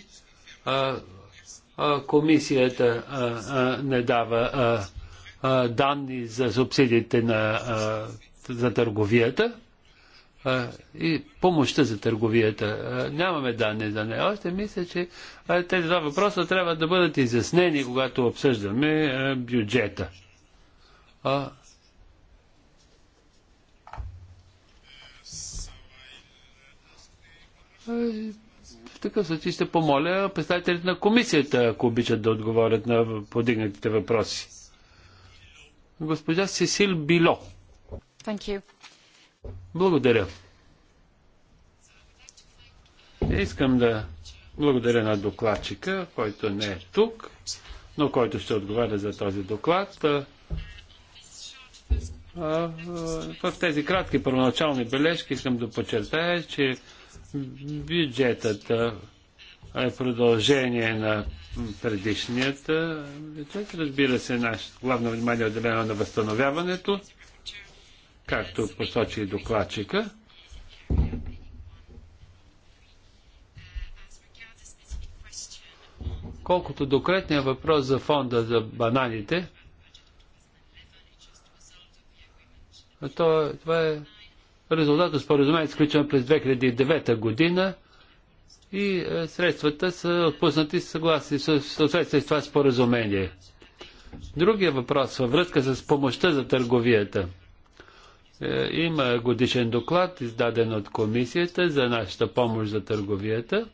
комисията не дава данни за субсидиите на, за търговията и помощта за търговията. Нямаме данни за нея. Още мисля, че тези два въпроса трябва да бъдат изяснени, когато обсъждаме бюджета такъв случай ще помоля представителите на комисията, ако обичат да отговорят на подигнатите въпроси. Госпожа Сесил Било. Благодаря. Искам да благодаря на докладчика, който не е тук, но който ще отговаря за този доклад. В тези кратки първоначални бележки искам да подчертая, че Бюджетът е продължение на предишният бюджет. Разбира се, наше главно внимание е отделено на възстановяването, както посочи и докладчика. Колкото до конкретния въпрос за фонда за бананите, то, това е Резултата споразумение е сключено през 2009 година и е, средствата са отпуснати съгласи с съответствие с това споразумение. Другия въпрос във връзка с помощта за търговията. Е, има годишен доклад, издаден от комисията за нашата помощ за търговията.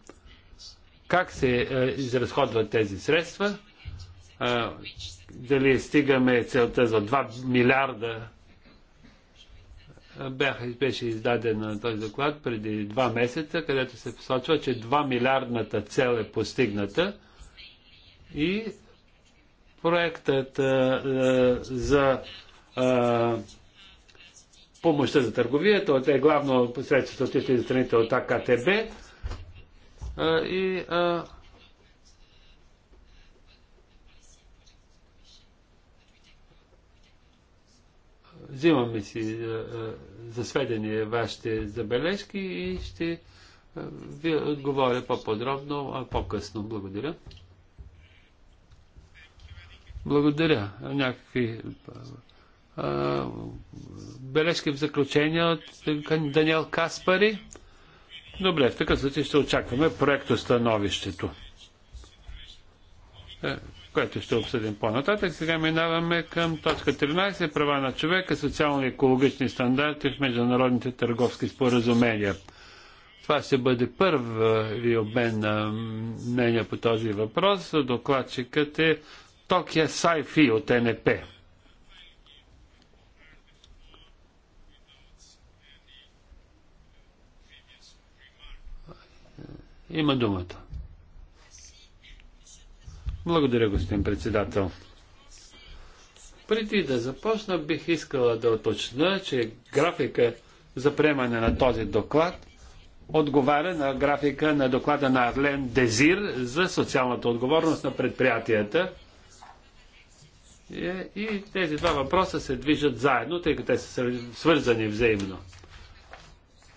Как се е, изразходват тези средства? Дали стигаме целта за 2 милиарда бях, беше издаден на този доклад преди два месеца, където се посочва, че 2 милиардната цел е постигната и проектът а, а, за а, помощта за търговията, е главно посредството от тези страните от АКТБ а, и а, взимаме си а, за сведение вашите забележки и ще ви отговоря по-подробно по-късно. Благодаря. Благодаря. Някакви бележки в заключение от Даниел Каспари. Добре, в такъв случай ще очакваме становището. Е, което ще обсъдим по-нататък. Сега минаваме към точка 13. Права на човека, социално-екологични стандарти в международните търговски споразумения. Това ще бъде ви обмен на мнение по този въпрос. Докладчикът е Токия Сайфи от НП. Има думата. Благодаря, господин председател. Преди да започна, бих искала да уточня, че графика за приемане на този доклад отговаря на графика на доклада на Арлен Дезир за социалната отговорност на предприятията. Е, и тези два въпроса се движат заедно, тъй като те са свързани взаимно.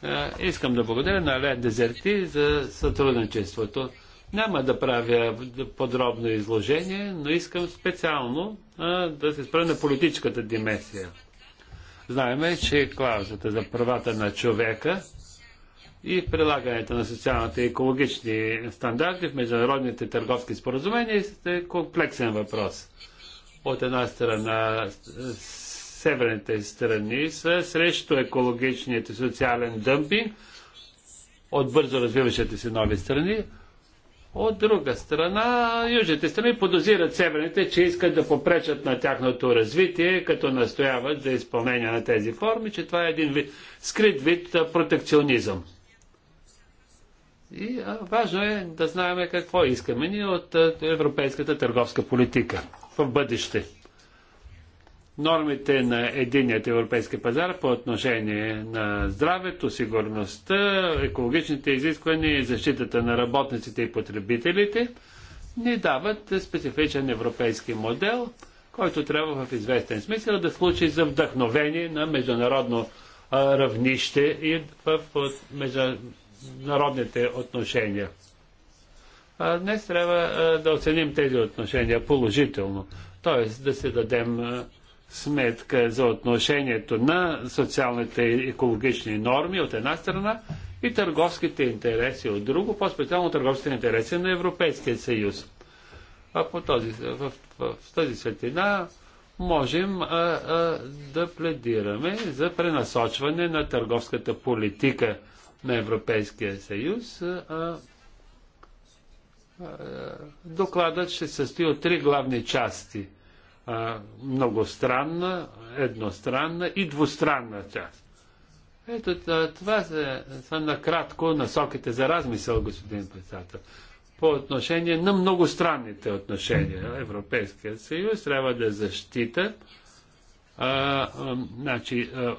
Е, искам да благодаря на Арлен Дезерти за сътрудничеството. Няма да правя подробно изложение, но искам специално а, да се спра на политическата димесия. Знаеме, че клаузата за правата на човека и прилагането на социалните и екологични стандарти в международните търговски споразумения е комплексен въпрос. От една страна северните страни са срещу екологичният и социален дъмпинг от бързо развиващите се нови страни, от друга страна, южните страни подозират северните, че искат да попречат на тяхното развитие, като настояват за изпълнение на тези форми, че това е един вид, скрит вид протекционизъм. И а, важно е да знаем какво искаме ние от европейската търговска политика в бъдеще нормите на единият европейски пазар по отношение на здравето, сигурността, екологичните изисквания и защитата на работниците и потребителите ни дават специфичен европейски модел, който трябва в известен смисъл да случи за вдъхновение на международно равнище и в международните отношения. Днес трябва да оценим тези отношения положително, т.е. да се дадем сметка за отношението на социалните и екологични норми от една страна и търговските интереси от друго, по-специално търговските интереси на Европейския съюз. А по този, в, в, в тази светлина можем а, а, да пледираме за пренасочване на търговската политика на Европейския съюз. А, а, докладът ще състои от три главни части – многостранна, едностранна и двустранна част. Ето това са, са накратко насоките за размисъл, господин председател. По отношение на многостранните отношения, Европейският съюз трябва да защита а, а, значи, а,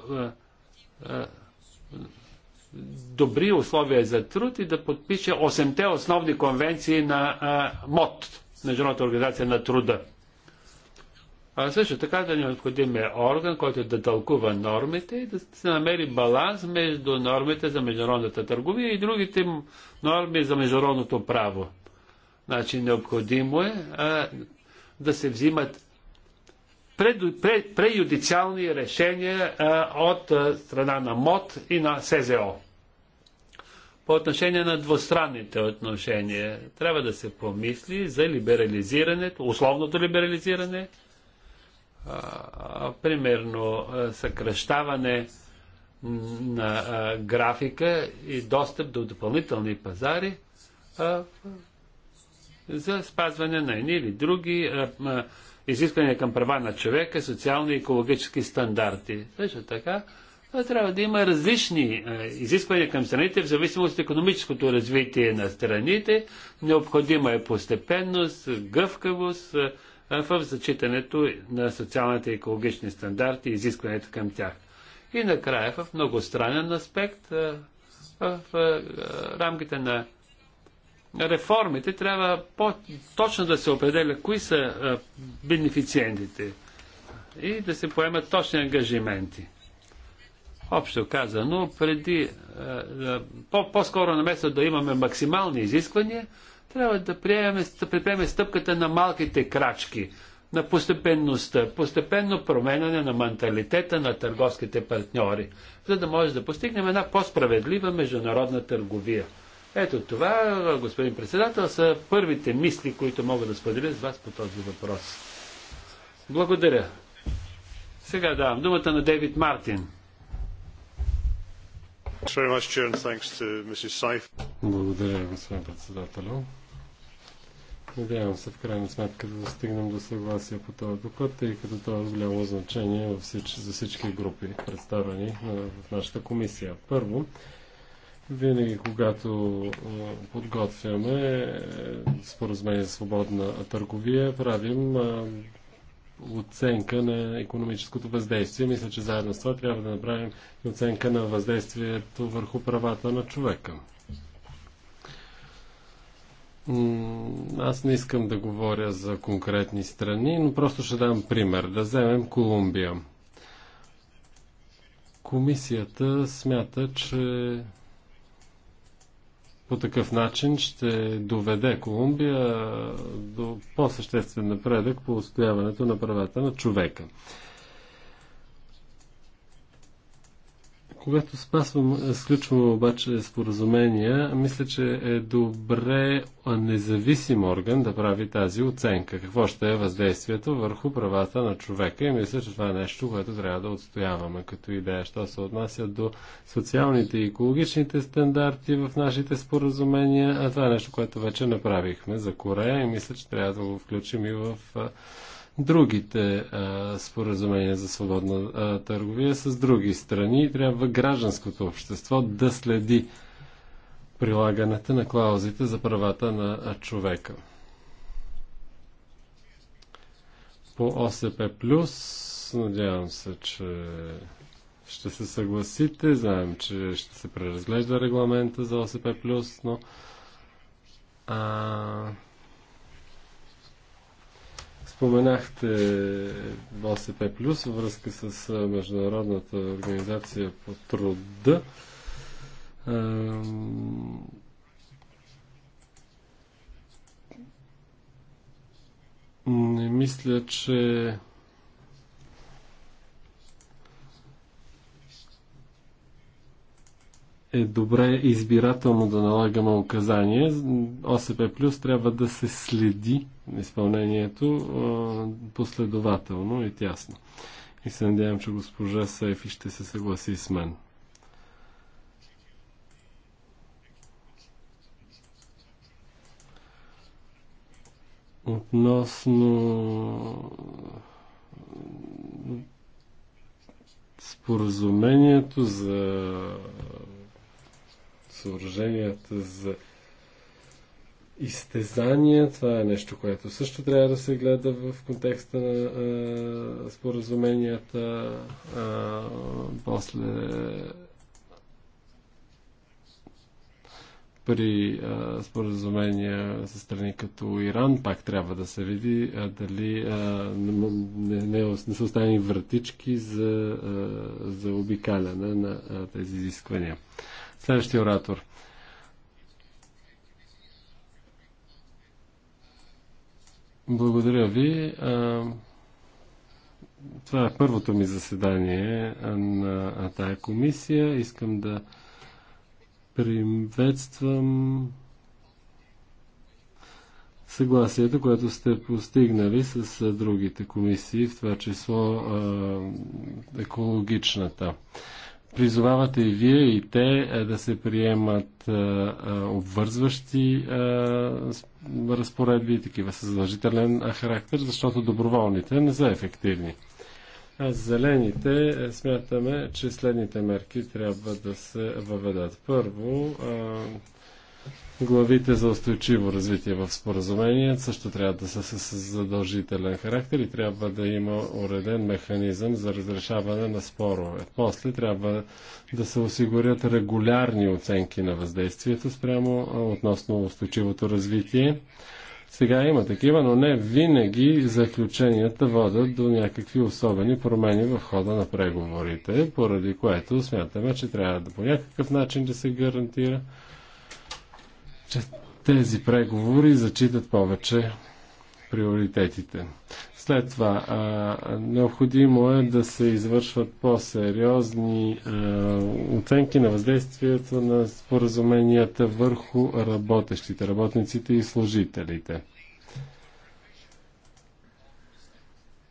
а, добри условия за труд и да подпише 8-те основни конвенции на а, МОД, Международната организация на труда. А също така да необходим е орган, който да тълкува нормите и да се намери баланс между нормите за международната търговия и другите норми за международното право. Значи необходимо е а, да се взимат пред, пред, преюдициални решения а, от а, страна на МОД и на СЗО. По отношение на двустранните отношения, трябва да се помисли за либерализирането, условното либерализиране – примерно съкръщаване на графика и достъп до допълнителни пазари за спазване на едни или други изисквания към права на човека, социални и екологически стандарти. Също така, трябва да има различни изисквания към страните в зависимост от економическото развитие на страните. Необходима е постепенност, гъвкавост, в зачитането на социалните и екологични стандарти и изискването към тях. И накрая, в многостранен аспект, в рамките на реформите трябва по-точно да се определя кои са бенефициентите и да се поемат точни ангажименти. Общо казано, преди, по-скоро на место да имаме максимални изисквания, трябва да, приемем, да приемем стъпката на малките крачки, на постепенността, постепенно променяне на менталитета на търговските партньори, за да може да постигнем една по-справедлива международна търговия. Ето това, господин председател, са първите мисли, които мога да споделя с вас по този въпрос. Благодаря. Сега давам думата на Дейвид Мартин. Благодаря, господин председател. Надявам се в крайна сметка да достигнем до съгласие по този доклад, тъй като това е голямо значение за всички групи, представени в нашата комисия. Първо, винаги когато подготвяме е, споразумение за свободна търговия, правим оценка на економическото въздействие. Мисля, че заедно с това трябва да направим оценка на въздействието върху правата на човека. Аз не искам да говоря за конкретни страни, но просто ще дам пример. Да вземем Колумбия. Комисията смята, че по такъв начин ще доведе Колумбия до по-съществен напредък по устояването на правата на човека. Когато спасвам, е, сключвам обаче споразумения, мисля, че е добре независим орган да прави тази оценка. Какво ще е въздействието върху правата на човека? И мисля, че това е нещо, което трябва да отстояваме като идея. Що се отнася до социалните и екологичните стандарти в нашите споразумения, а това е нещо, което вече направихме за Корея и мисля, че трябва да го включим и в другите а, споразумения за свободна а, търговия с други страни и трябва гражданското общество да следи прилагането на клаузите за правата на човека. По ОСП+, надявам се, че ще се съгласите. Знаем, че ще се преразглежда регламента за ОСП+, но а, Споменахте ОСП Плюс във връзка с Международната организация по труда. Не мисля, че е добре избирателно да налагаме указания. ОСП Плюс трябва да се следи изпълнението последователно и тясно. И се надявам, че госпожа Сайфи ще се съгласи с мен. Относно споразумението за съоръженията за изтезания. Това е нещо, което също трябва да се гледа в контекста на а, споразуменията. А, после при а, споразумения за страни като Иран, пак трябва да се види а, дали а, не, не, не са останали вратички за, а, за обикаляне на а, тези изисквания. Следващия оратор. Благодаря ви. Това е първото ми заседание на тая комисия. Искам да приветствам съгласието, което сте постигнали с другите комисии, в това число екологичната. Призовавате и вие и те е, да се приемат е, е, обвързващи разпоредби, такива с задължителен характер, защото доброволните не са ефективни. А зелените смятаме, че следните мерки трябва да се въведат. Първо, Главите за устойчиво развитие в споразумение също трябва да са с задължителен характер и трябва да има уреден механизъм за разрешаване на спорове. После трябва да се осигурят регулярни оценки на въздействието спрямо относно устойчивото развитие. Сега има такива, но не винаги заключенията водят до някакви особени промени в хода на преговорите, поради което смятаме, че трябва да по някакъв начин да се гарантира че тези преговори зачитат повече приоритетите. След това, а, необходимо е да се извършват по-сериозни оценки на въздействието на споразуменията върху работещите, работниците и служителите.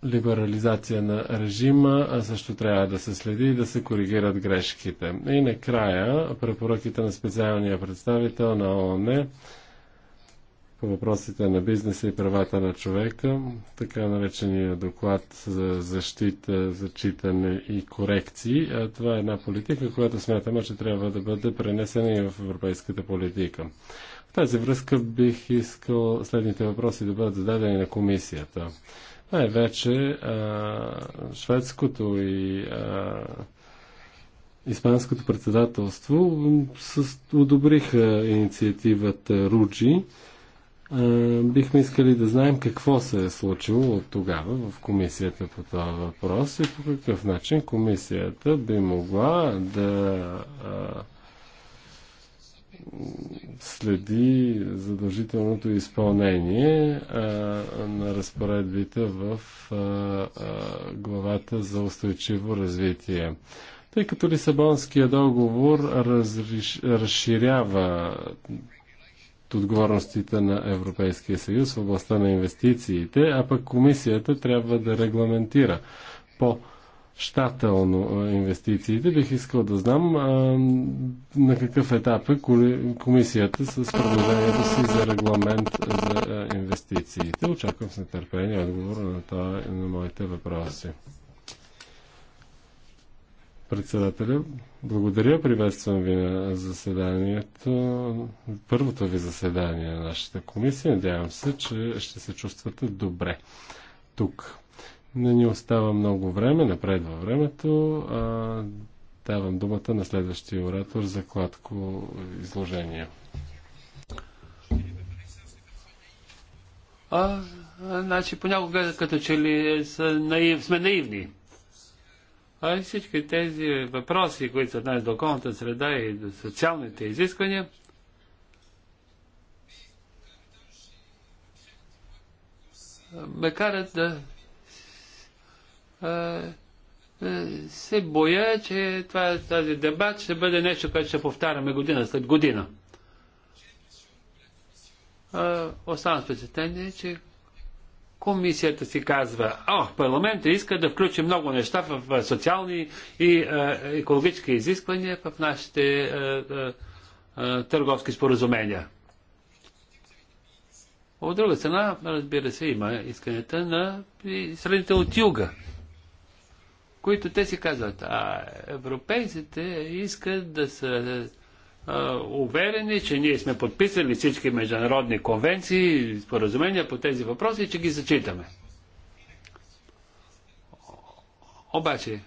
либерализация на режима, а също трябва да се следи и да се коригират грешките. И накрая препоръките на специалния представител на ООН по въпросите на бизнеса и правата на човека, така наречения доклад за защита, зачитане и корекции. А това е една политика, която смятаме, че трябва да бъде пренесена и в европейската политика. В тази връзка бих искал следните въпроси да бъдат зададени на комисията най-вече шведското и а, Испанското председателство с, одобриха инициативата Руджи. А, бихме искали да знаем какво се е случило от тогава в комисията по това въпрос и по какъв начин комисията би могла да а, следи задължителното изпълнение а, на разпоредбите в а, а, главата за устойчиво развитие. Тъй като Лисабонския договор разриш, разширява отговорностите на Европейския съюз в областта на инвестициите, а пък комисията трябва да регламентира по- щателно инвестициите. Бих искал да знам а, на какъв етап е комисията с предложението си за регламент за инвестициите. Очаквам с нетърпение отговор на, това, на моите въпроси. Председателя, благодаря. Приветствам ви на заседанието, първото ви заседание на нашата комисия. Надявам се, че ще се чувствате добре тук. Не ни остава много време, напред във времето. А, давам думата на следващия оратор за кладко изложение. А, значи понякога като че ли е, са наив, сме наивни. А всички тези въпроси, които са днес до околната среда и до социалните изисквания, ме карат да се боя, че това, тази дебат ще бъде нещо, което ще повтаряме година след година. Оставам впечатление, е, че комисията си казва, о, парламента иска да включи много неща в социални и екологически изисквания в нашите търговски споразумения. От друга страна, разбира се, има исканията на страните от юга които те си казват, а европейците искат да са а, уверени, че ние сме подписали всички международни конвенции, споразумения по тези въпроси и че ги зачитаме. Обаче,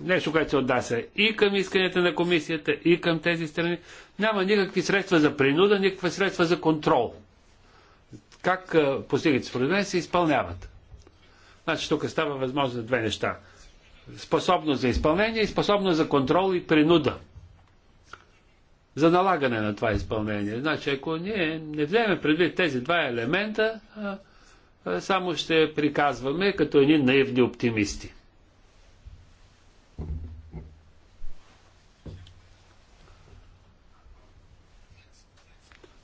нещо, което се отдася и към исканията на комисията, и към тези страни, няма никакви средства за принуда, никакви средства за контрол. Как постигат споразумения се изпълняват. Значи тук става възможно две неща. Способност за изпълнение и способност за контрол и принуда. За налагане на това изпълнение. Значи ако ние не вземем предвид тези два елемента, само ще приказваме като едни наивни оптимисти.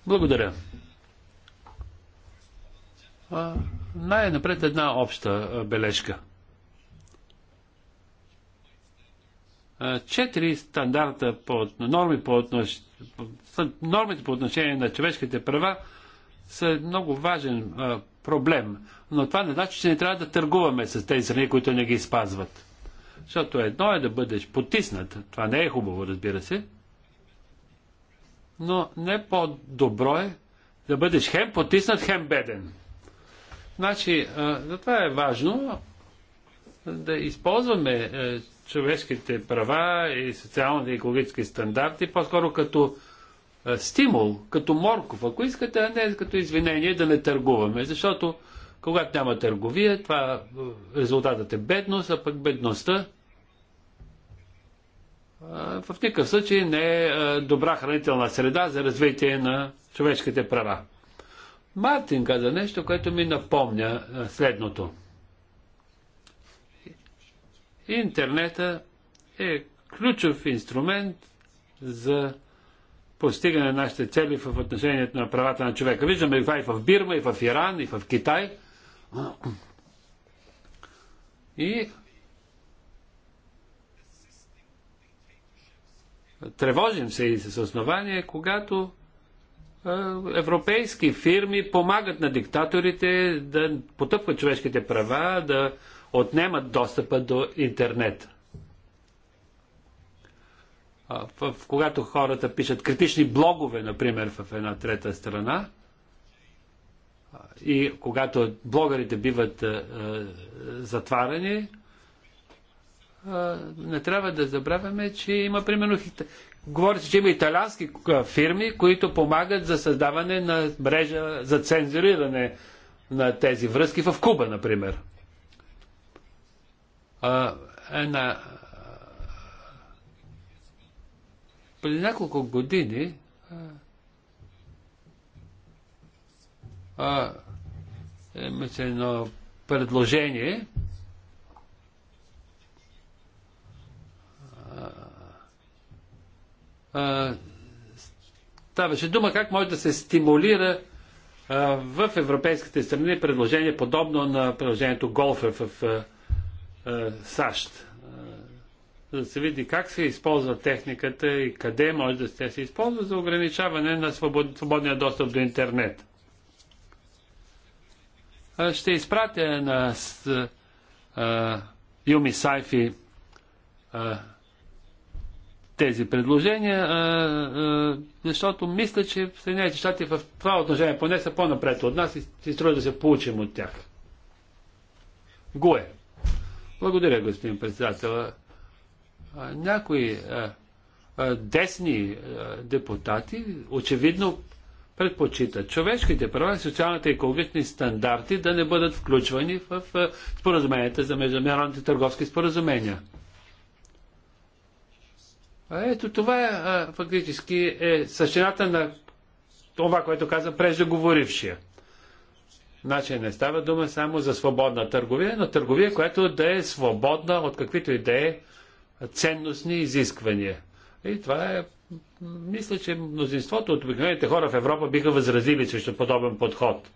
Благодаря. Най-напред една обща бележка. Четири стандарта по норми по отнош... нормите по отношение на човешките права са много важен проблем. Но това не значи, че не трябва да търгуваме с тези страни, които не ги спазват. Защото едно е да бъдеш потиснат. Това не е хубаво, разбира се. Но не по-добро е да бъдеш хем потиснат, хем беден. Значи, затова е важно да използваме е, човешките права и социалните и екологически стандарти, по-скоро като е, стимул, като морков, ако искате, а не като извинение да не търгуваме. Защото когато няма търговия, това е, резултатът е бедност, а пък бедността в никакъв случай не е добра хранителна среда за развитие на човешките права. Мартин каза нещо, което ми напомня е, следното. Интернета е ключов инструмент за постигане на нашите цели в отношението на правата на човека. Виждаме това и в Бирма, и в Иран, и в Китай. И тревожим се и с основание, когато европейски фирми помагат на диктаторите да потъпват човешките права, да отнемат достъпа до интернет. когато хората пишат критични блогове, например, в една трета страна, и когато блогърите биват затварени, затварани, не трябва да забравяме, че има примерно Говори се, че има италиански фирми, които помагат за създаване на мрежа за цензуриране на тези връзки в Куба, например. А, една... Преди няколко години а, имаше едно предложение а, ставаше дума как може да се стимулира в европейските страни предложение подобно на предложението Голфер в САЩ. За да се види как се използва техниката и къде може да се използва за ограничаване на свободния достъп до интернет. ще изпратя на Юми Сайфи тези предложения, а, а, защото мисля, че Съединените щати в това отношение поне са по-напред от нас и си струва да се получим от тях. Гуе. Благодаря, господин председател. А, някои а, а, десни а, депутати очевидно предпочитат човешките права и социалните и екологични стандарти да не бъдат включвани в, а, споразуменията за международните търговски споразумения. Ето това а, фактически е същината на това, което каза преждеговорившия. Значи не става дума само за свободна търговия, но търговия, която да е свободна от каквито и да е ценностни изисквания. И това е, мисля, че мнозинството от обикновените хора в Европа биха възразили срещу подобен подход.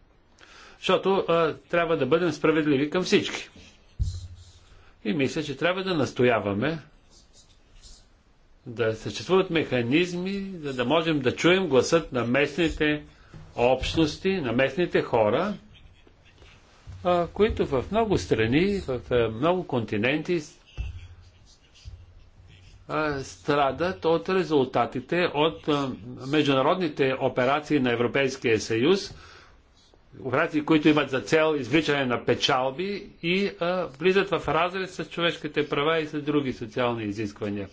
Защото а, трябва да бъдем справедливи към всички. И мисля, че трябва да настояваме да съществуват механизми, за да можем да чуем гласът на местните общности, на местните хора, които в много страни, в е, много континенти страдат от резултатите от е, международните операции на Европейския съюз, операции, които имат за цел извличане на печалби и влизат в разрез с човешките права и с други социални изисквания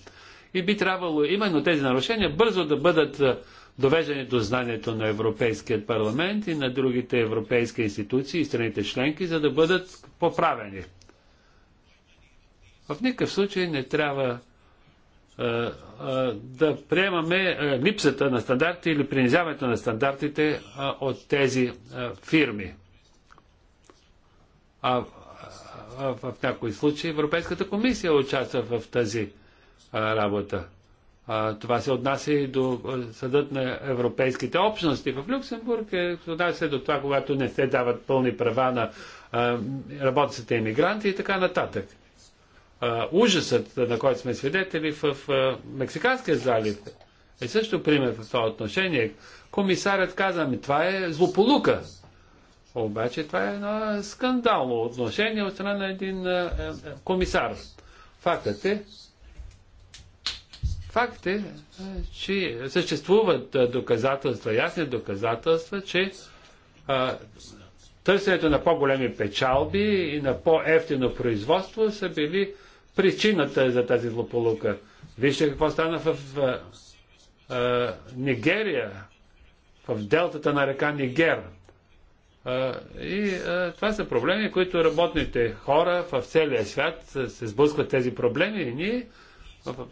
и би трябвало именно тези нарушения бързо да бъдат е, довеждани до знанието на Европейският парламент и на другите европейски институции и страните членки, за да бъдат поправени. В никакъв случай не трябва а, е, а, е, да приемаме а, липсата на стандарти или принизяването на стандартите от тези фирми. А в някои случаи Европейската комисия участва в тази работа. Това се отнася и до съдът на европейските общности в Люксембург. Е, се до това, когато не се дават пълни права на работниците иммигранти и така нататък. Ужасът, на който сме свидетели в Мексиканския залив, е също пример в това отношение. Комисарят каза, ми това е злополука. Обаче това е едно скандално отношение от страна на един комисар. Фактът е, Факт е, че съществуват доказателства, ясни доказателства, че а, търсенето на по-големи печалби и на по-ефтино производство са били причината за тази злополука. Вижте какво стана в а, Нигерия, в делтата на река Нигер. А, и а, това са проблеми, които работните хора в целия свят се сблъскват тези проблеми и ние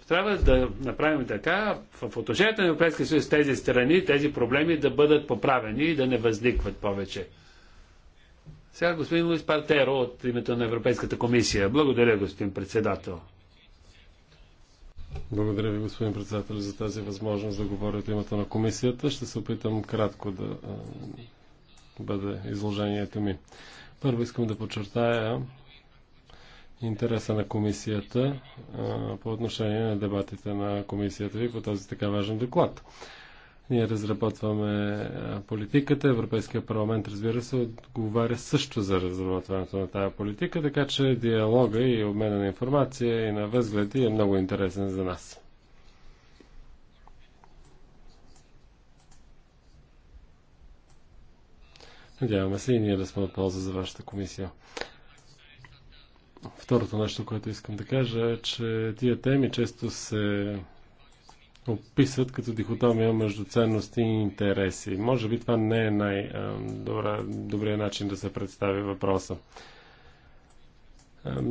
трябва да направим така в отношението на Европейския съюз тези страни, тези проблеми да бъдат поправени и да не възникват повече. Сега господин Луис Партеро от името на Европейската комисия. Благодаря, господин председател. Благодаря ви, господин председател, за тази възможност да говоря от името на комисията. Ще се опитам кратко да бъде изложението ми. Първо искам да подчертая, интереса на комисията а, по отношение на дебатите на комисията ви по този така важен доклад. Ние разработваме политиката, Европейския парламент, разбира се, отговаря също за разработването на тази политика, така че диалога и обмена на информация и на възгледи е много интересен за нас. Надяваме се и ние да сме от полза за вашата комисия. Второто нещо, което искам да кажа е, че тия теми често се описват като дихотомия между ценности и интереси. Може би това не е най-добрият начин да се представи въпроса.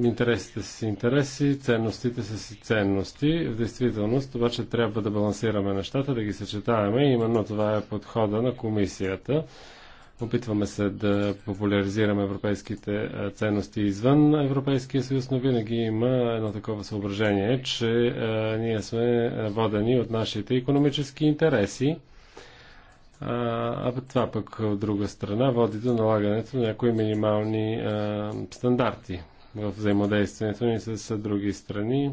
Интересите са си интереси, ценностите са си ценности. В действителност обаче трябва да балансираме нещата, да ги съчетаваме. Именно това е подхода на комисията Опитваме се да популяризираме европейските ценности извън Европейския съюз, но винаги има едно такова съображение, че ние сме водени от нашите економически интереси. А, а това пък от друга страна води до налагането на някои минимални а, стандарти в взаимодействието ни с други страни,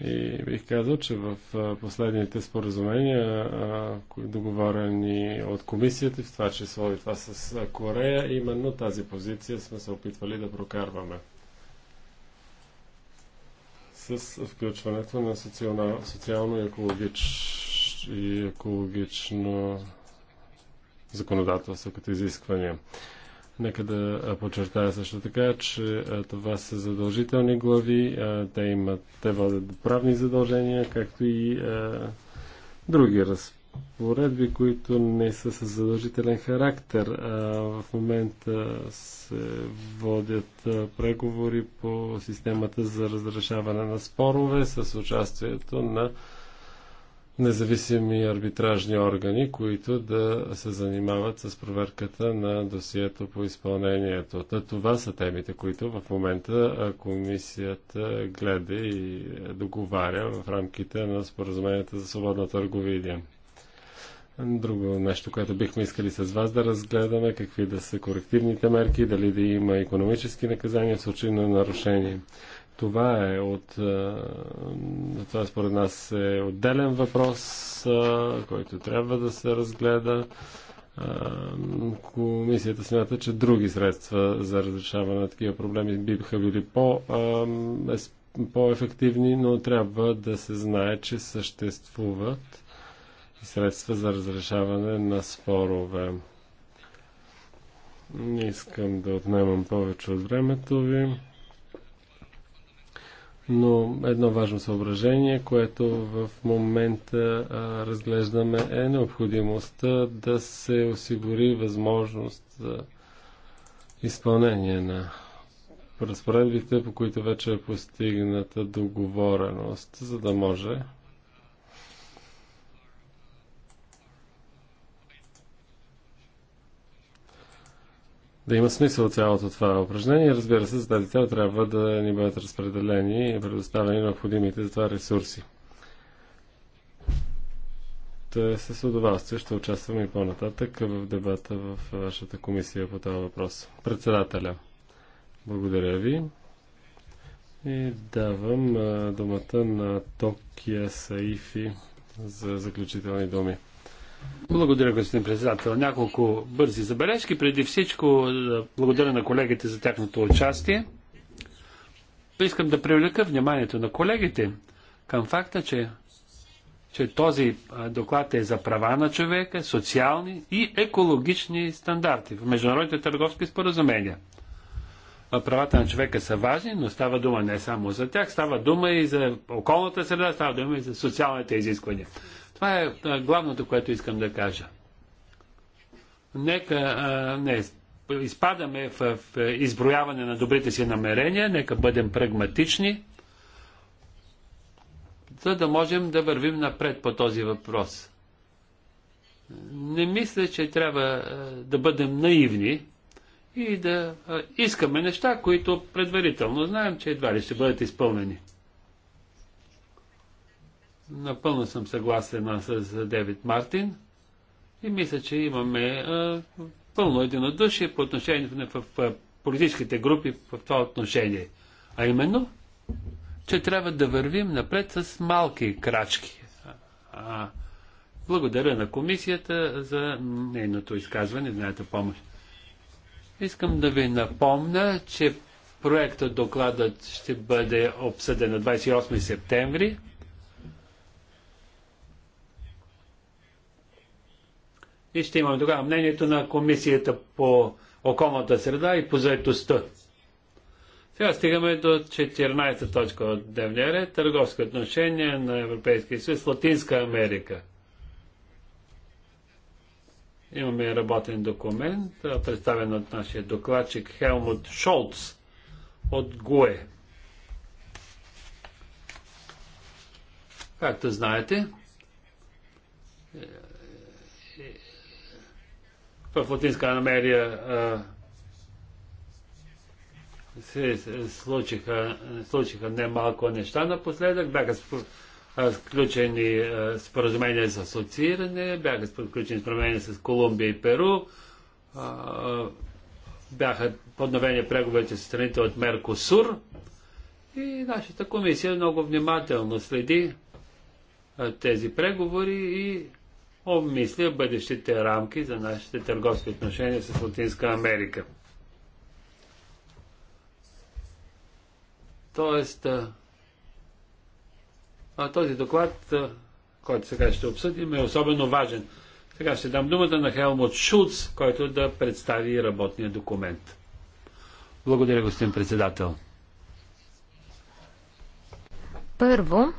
И бих казал, че в последните споразумения, договорени от комисията, в това число и това с Корея, именно тази позиция сме се опитвали да прокарваме с включването на социално, и, екологич, и екологично законодателство като изисквания. Нека да подчертая също така, че това са задължителни глави, те, имат, те водят правни задължения, както и други разпоредби, които не са с задължителен характер. В момента се водят преговори по системата за разрешаване на спорове с участието на независими арбитражни органи, които да се занимават с проверката на досието по изпълнението. Та това са темите, които в момента комисията гледа и договаря в рамките на споразуменията за свободна търговия. Друго нещо, което бихме искали с вас да разгледаме, какви да са корективните мерки, дали да има економически наказания в случай на нарушение. Това е от... Това според нас е отделен въпрос, който трябва да се разгледа. Комисията смята, че други средства за разрешаване на такива проблеми биха били по, по-ефективни, но трябва да се знае, че съществуват средства за разрешаване на спорове. Не искам да отнемам повече от времето ви. Но едно важно съображение, което в момента а, разглеждаме е необходимостта да се осигури възможност за изпълнение на разпоредбите, по които вече е постигната договореност, за да може да има смисъл цялото това упражнение. Разбира се, за тази цел трябва да ни бъдат разпределени и предоставени необходимите за това ресурси. Та с удоволствие ще участвам и по-нататък в дебата в вашата комисия по този въпрос. Председателя, благодаря ви. И давам думата на Токия Саифи за заключителни думи. Благодаря, господин председател. Няколко бързи забележки. Преди всичко, е, благодаря на колегите за тяхното участие. Искам да привлека вниманието на колегите към факта, че, че този доклад е за права на човека, социални и екологични стандарти в международните търговски споразумения. Правата на човека са важни, но става дума не само за тях, става дума и за околната среда, става дума и за социалните изисквания. Това е главното, което искам да кажа. Нека а, не изпадаме в, в изброяване на добрите си намерения, нека бъдем прагматични, за да можем да вървим напред по този въпрос. Не мисля, че трябва а, да бъдем наивни и да а, искаме неща, които предварително знаем, че едва ли ще бъдат изпълнени. Напълно съм съгласен с Девид Мартин и мисля, че имаме а, пълно единодушие по отношение в, в, в политическите групи в това отношение. А именно, че трябва да вървим напред с малки крачки. А, благодаря на комисията за нейното изказване, нейната помощ. Искам да ви напомня, че проектът докладът ще бъде обсъден на 28 септември. И ще имаме тогава мнението на Комисията по околната среда и по заедостта. Сега стигаме до 14 точка от дневния ред. Търговски отношения на Европейския съюз с Латинска Америка. Имаме работен документ, представен от нашия докладчик Хелмут Шолц от ГУЕ. Както знаете, е, в Латинска Америя се случиха, случиха немалко неща напоследък. Бяха сключени споразумения с асоцииране, бяха сключени споразумения с Колумбия и Перу, бяха подновени преговорите с страните от Меркосур и нашата комисия много внимателно следи тези преговори и обмисля бъдещите рамки за нашите търговски отношения с Латинска Америка. Тоест, а, този доклад, който сега ще обсъдим, е особено важен. Сега ще дам думата на Хелмут Шулц, който да представи работния документ. Благодаря, господин председател. Първо,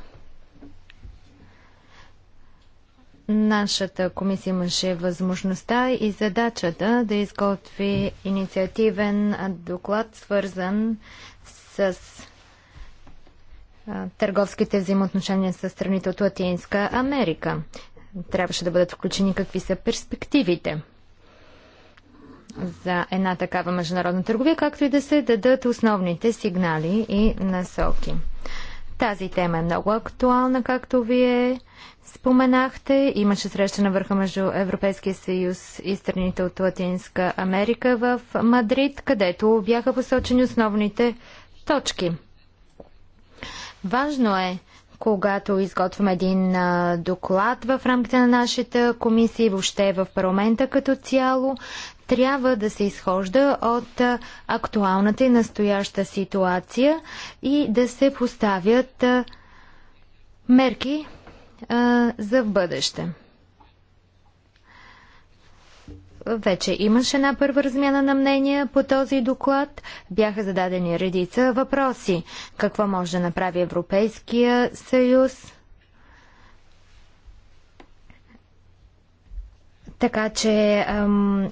Нашата комисия имаше възможността и задачата да изготви инициативен доклад, свързан с търговските взаимоотношения с страните от Латинска Америка. Трябваше да бъдат включени какви са перспективите за една такава международна търговия, както и да се дадат основните сигнали и насоки. Тази тема е много актуална, както вие споменахте. Имаше среща на върха между Европейския съюз и страните от Латинска Америка в Мадрид, където бяха посочени основните точки. Важно е когато изготвим един а, доклад в рамките на нашата комисия и въобще в парламента като цяло, трябва да се изхожда от а, актуалната и настояща ситуация и да се поставят а, мерки за в бъдеще. Вече имаше една първа размяна на мнения по този доклад. Бяха зададени редица въпроси. Какво може да направи Европейския съюз? Така че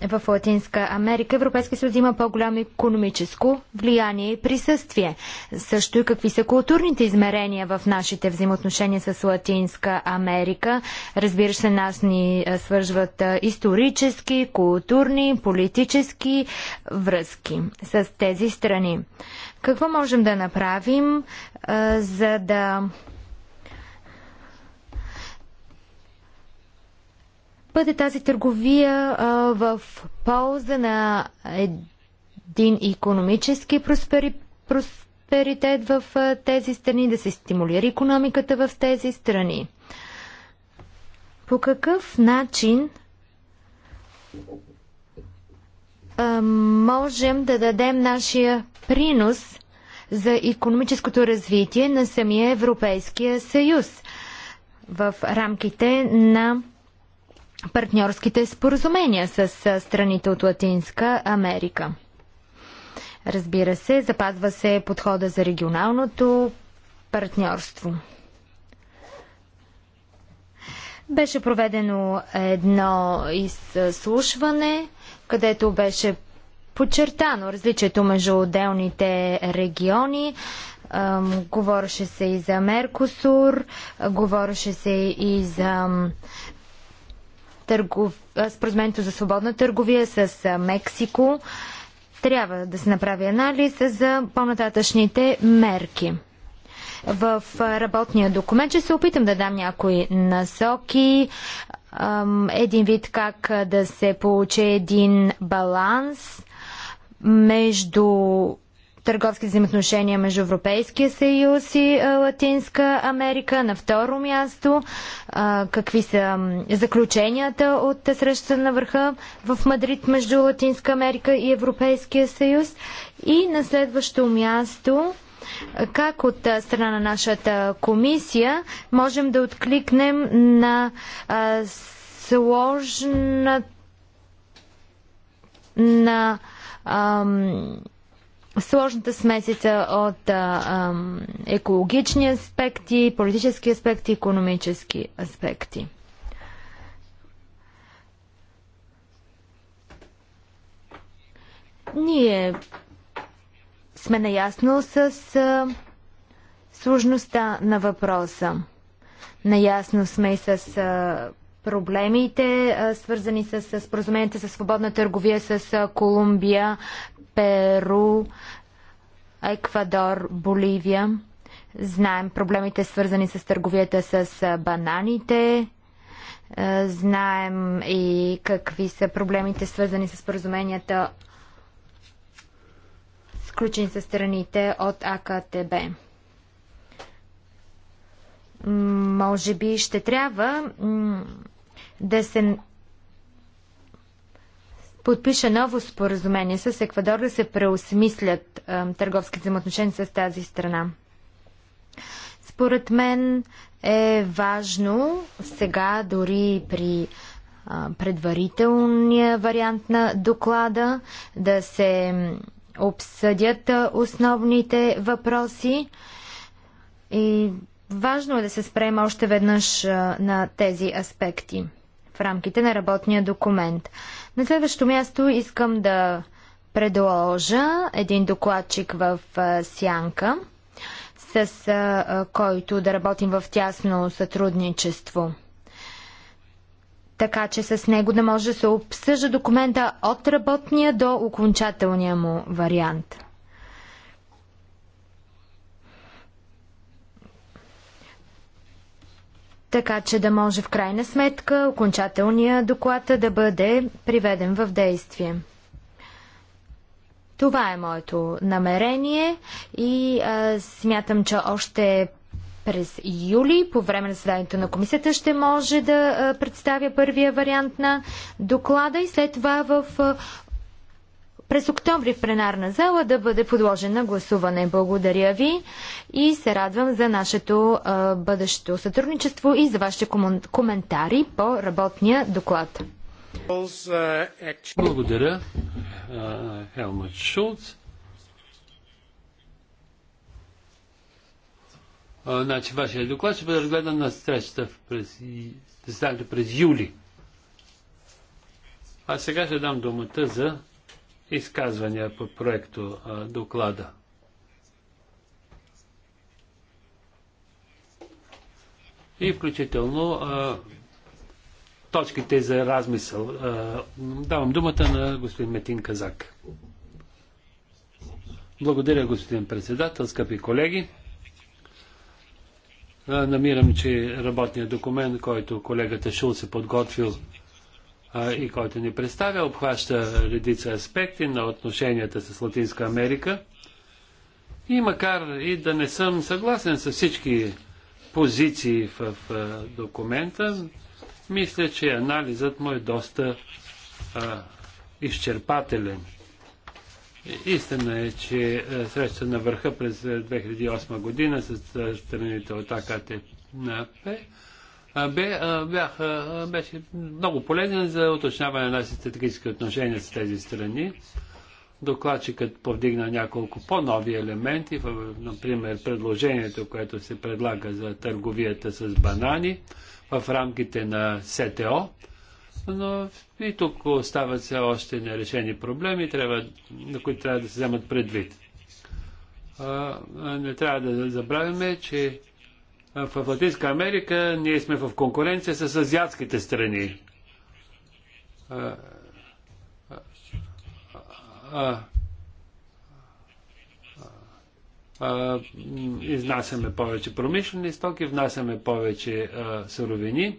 в Латинска Америка Европейския съюз има по-голямо економическо влияние и присъствие. Също и какви са културните измерения в нашите взаимоотношения с Латинска Америка. Разбира се, нас ни свържват исторически, културни, политически връзки с тези страни. Какво можем да направим, за да бъде тази търговия а, в полза на един економически проспери, просперитет в а, тези страни, да се стимулира економиката в тези страни. По какъв начин а, можем да дадем нашия принос за економическото развитие на самия Европейския съюз в рамките на партньорските споразумения с страните от Латинска Америка. Разбира се, запазва се подхода за регионалното партньорство. Беше проведено едно изслушване, където беше подчертано различието между отделните региони. Говореше се и за Меркосур, говореше се и за търгов... споразумението за свободна търговия с Мексико. Трябва да се направи анализ за по-нататъчните мерки. В работния документ ще се опитам да дам някои насоки, един вид как да се получи един баланс между търговски взаимоотношения между Европейския съюз и Латинска Америка. На второ място, какви са заключенията от срещата на върха в Мадрид между Латинска Америка и Европейския съюз. И на следващо място, как от страна на нашата комисия можем да откликнем на сложна на ам, сложната смесица от а, а, екологични аспекти, политически аспекти, економически аспекти. Ние сме наясно с а, сложността на въпроса. Наясно сме и с а, проблемите, свързани с споразумените за свободна търговия с Колумбия, Перу, Еквадор, Боливия. Знаем проблемите свързани с търговията с бананите. Знаем и какви са проблемите свързани с поразуменията сключени с страните от АКТБ. Може би ще трябва да се подпише ново споразумение с Еквадор да се преосмислят е, търговските взаимоотношения с тази страна. Според мен е важно сега, дори при предварителния вариант на доклада, да се обсъдят основните въпроси и важно е да се спрем още веднъж на тези аспекти в рамките на работния документ. На следващо място искам да предложа един докладчик в Сянка, с който да работим в тясно сътрудничество така че с него да може да се обсъжда документа от работния до окончателния му вариант. така че да може в крайна сметка окончателния доклад да бъде приведен в действие. Това е моето намерение и а, смятам, че още през юли, по време на заседанието на комисията, ще може да представя първия вариант на доклада и след това в през октомври в пленарна зала да бъде подложен на гласуване. Благодаря ви и се радвам за нашето а, бъдещо сътрудничество и за вашите коментари по работния доклад. Благодаря, Хелмут Шулц. Значи, вашия доклад ще бъде разгледан на срещата през, през юли. А сега ще дам думата за изказвания по проекто доклада. И включително точките за размисъл. давам думата на господин Метин Казак. Благодаря, господин председател, скъпи колеги. намирам, че работният документ, който колегата Шул се подготвил и който ни представя, обхваща редица аспекти на отношенията с Латинска Америка. И макар и да не съм съгласен с всички позиции в документа, мисля, че анализът му е доста а, изчерпателен. Истина е, че среща на върха през 2008 година с страните от АКТ на П бе, бях, беше много полезен за уточняване на нашите стратегически отношения с тези страни. Докладчикът повдигна няколко по-нови елементи, например предложението, което се предлага за търговията с банани в рамките на СТО. Но и тук остават все още нерешени проблеми, трябва, на които трябва да се вземат предвид. Не трябва да забравяме, че в Латинска Америка ние сме в конкуренция с азиатските страни. изнасяме повече промишлени стоки, внасяме повече суровини.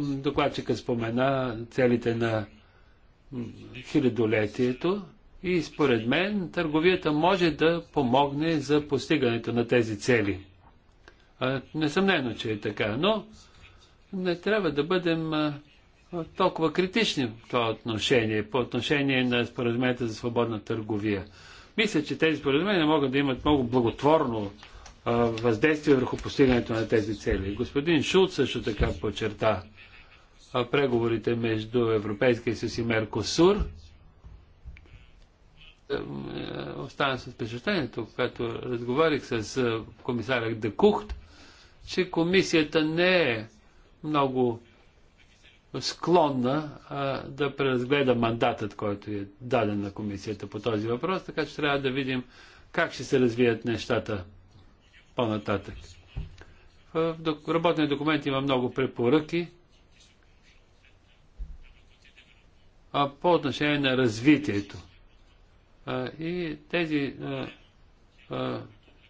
Докладчикът спомена целите на хилядолетието. И според мен търговията може да помогне за постигането на тези цели. Несъмнено, че е така, но не трябва да бъдем толкова критични в това отношение, по отношение на споразумението за свободна търговия. Мисля, че тези споразумения могат да имат много благотворно въздействие върху постигането на тези цели. Господин Шулц също така подчерта преговорите между Европейския съюз и Меркосур е, е, остана с впечатлението, когато разговарих с е, комисаря Декухт, че комисията не е много склонна а, да преразгледа мандатът, който е даден на комисията по този въпрос, така че трябва да видим как ще се развият нещата по-нататък. В работния документ има много препоръки. А по отношение на развитието. И тези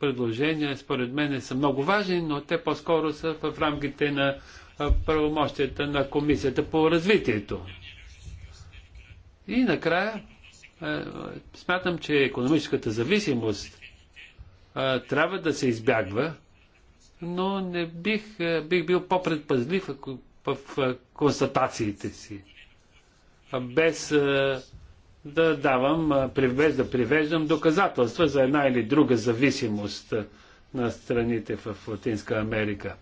предложения, според мен, са много важни, но те по-скоро са в рамките на правомощията на Комисията по развитието. И накрая, смятам, че економическата зависимост трябва да се избягва, но не бих, бих бил по-предпазлив в констатациите си. Без да давам, без да привеждам доказателства за една или друга зависимост на страните в Латинска Америка.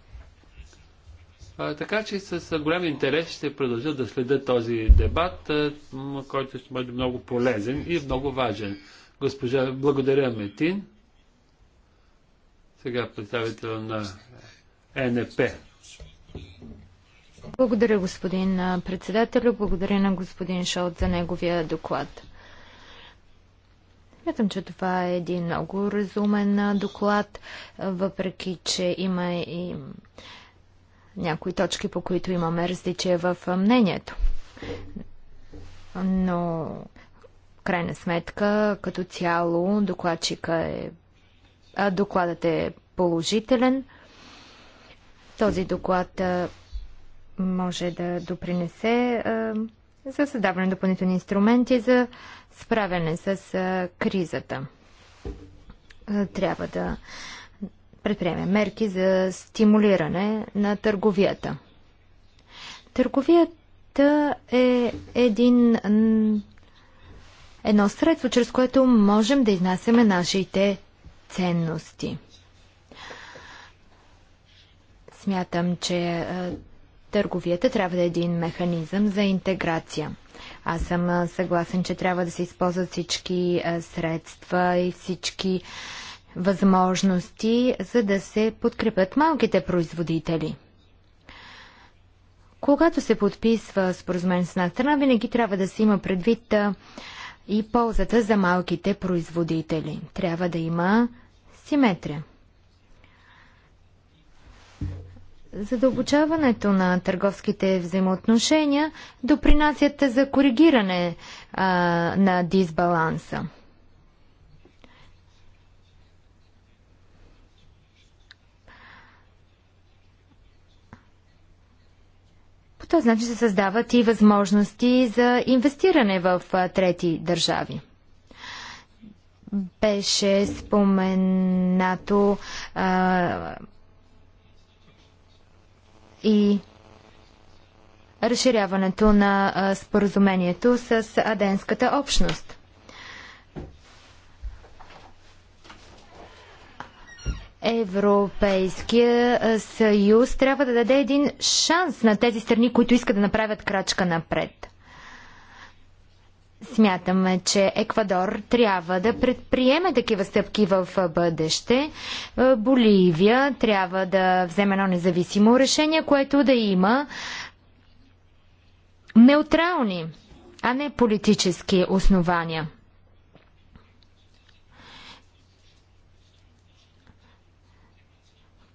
А, така че с голям интерес ще продължа да следя този дебат, който ще бъде много полезен и много важен. Госпожа, благодаря Метин. Сега представител на НП. Благодаря, господин председател, Благодаря на господин Шолт за неговия доклад. Смятам, че това е един много разумен доклад, въпреки че има и някои точки, по които имаме различия в мнението. Но, в крайна сметка, като цяло, докладчика е... А, докладът е положителен. Този доклад може да допринесе за създаване на допълнителни инструменти за справяне с кризата. Трябва да предприеме мерки за стимулиране на търговията. Търговията е един, едно средство, чрез което можем да изнасяме нашите ценности. Смятам, че Търговията трябва да е един механизъм за интеграция. Аз съм съгласен, че трябва да се използват всички средства и всички възможности, за да се подкрепят малките производители. Когато се подписва споразумение с една страна, винаги трябва да се има предвид и ползата за малките производители. Трябва да има симетрия. Задълбочаването на търговските взаимоотношения допринасят за коригиране а, на дисбаланса. По този начин се създават и възможности за инвестиране в трети държави. Беше споменато а, и разширяването на споразумението с Аденската общност. Европейския съюз трябва да даде един шанс на тези страни, които искат да направят крачка напред. Смятаме, че Еквадор трябва да предприеме такива стъпки в бъдеще. Боливия трябва да вземе едно независимо решение, което да има неутрални, а не политически основания.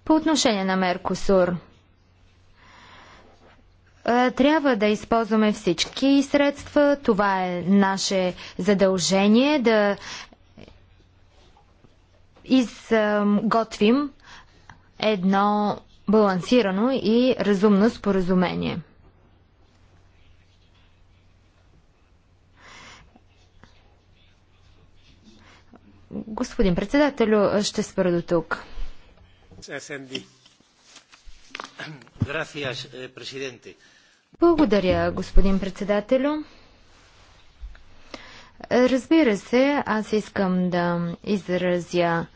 По отношение на Меркосур – е, трябва да използваме всички средства. Това е наше задължение да изготвим едно балансирано и разумно споразумение. Господин председателю, ще спра до тук. Eh, Благодаря, господин председателю. Разбира се, аз искам да изразя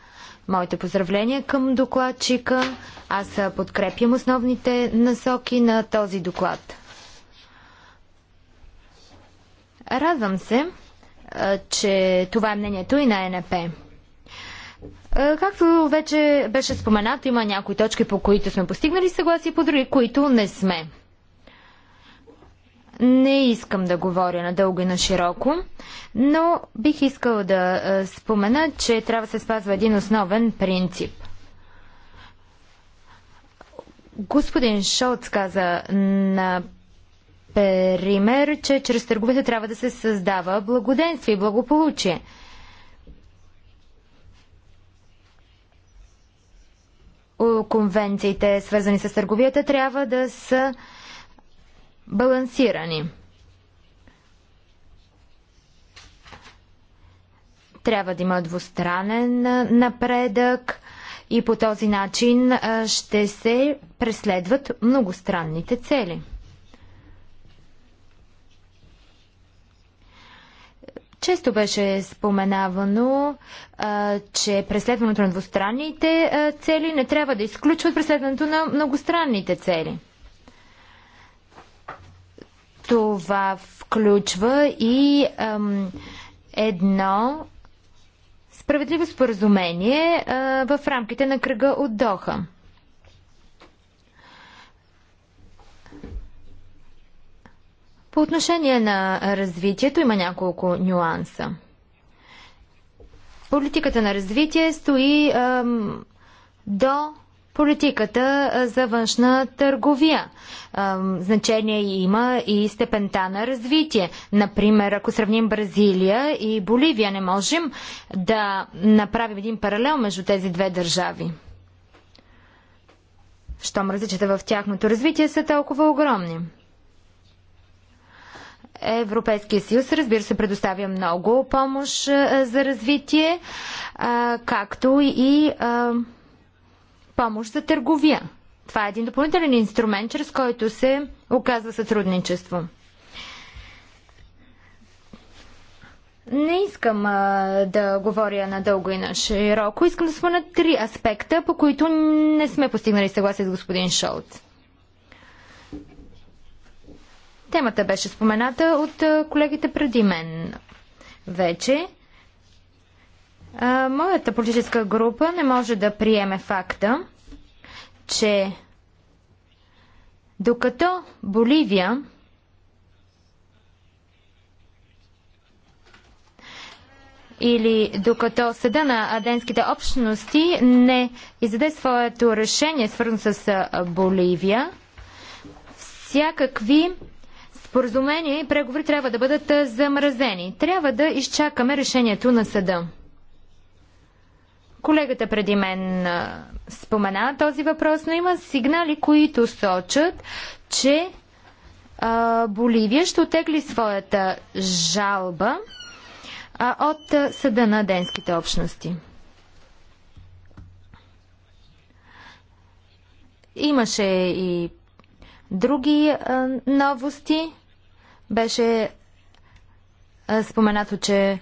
моите поздравления към докладчика. Аз подкрепям основните насоки на този доклад. Радвам се, че това е мнението и на НП. Е, както вече беше споменато, има някои точки, по които сме постигнали съгласие, по други, които не сме. Не искам да говоря надълго и на широко, но бих искала да е, спомена, че трябва да се спазва един основен принцип. Господин Шолц каза на пример, че чрез търговете трябва да се създава благоденствие и благополучие – конвенциите, свързани с търговията, трябва да са балансирани. Трябва да има двустранен напредък и по този начин ще се преследват многостранните цели. Често беше споменавано, а, че преследването на двустранните а, цели не трябва да изключват преследването на многостранните цели. Това включва и ам, едно справедливо споразумение а, в рамките на кръга от Доха. По отношение на развитието има няколко нюанса. Политиката на развитие стои ам, до политиката за външна търговия. Значение има и степента на развитие. Например, ако сравним Бразилия и Боливия, не можем да направим един паралел между тези две държави. Щом различията в тяхното развитие са толкова огромни. Европейския съюз, разбира се, предоставя много помощ за развитие, както и помощ за търговия. Това е един допълнителен инструмент, чрез който се оказва сътрудничество. Не искам а, да говоря надълго и на широко. Искам да спомена три аспекта, по които не сме постигнали съгласие с господин Шолц. Темата беше спомената от колегите преди мен вече. Моята политическа група не може да приеме факта, че докато Боливия или докато съда на аденските общности не издаде своето решение, свързано с Боливия, всякакви споразумение и преговори трябва да бъдат замразени. Трябва да изчакаме решението на съда. Колегата преди мен спомена този въпрос, но има сигнали, които сочат, че а, Боливия ще отегли своята жалба а, от съда на денските общности. Имаше и други а, новости. Беше споменато, че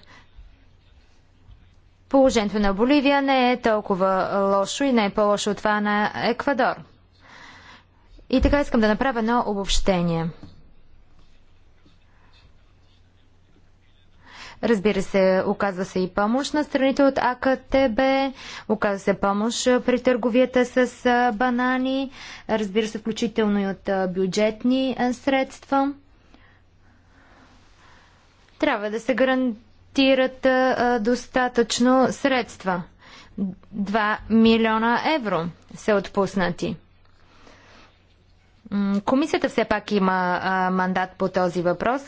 положението на Боливия не е толкова лошо и не е по-лошо от това на Еквадор. И така искам да направя едно обобщение. Разбира се, оказва се и помощ на страните от АКТБ, оказва се помощ при търговията с банани, разбира се, включително и от бюджетни средства. Трябва да се гарантират а, достатъчно средства. 2 милиона евро са отпуснати. Комисията все пак има а, мандат по този въпрос.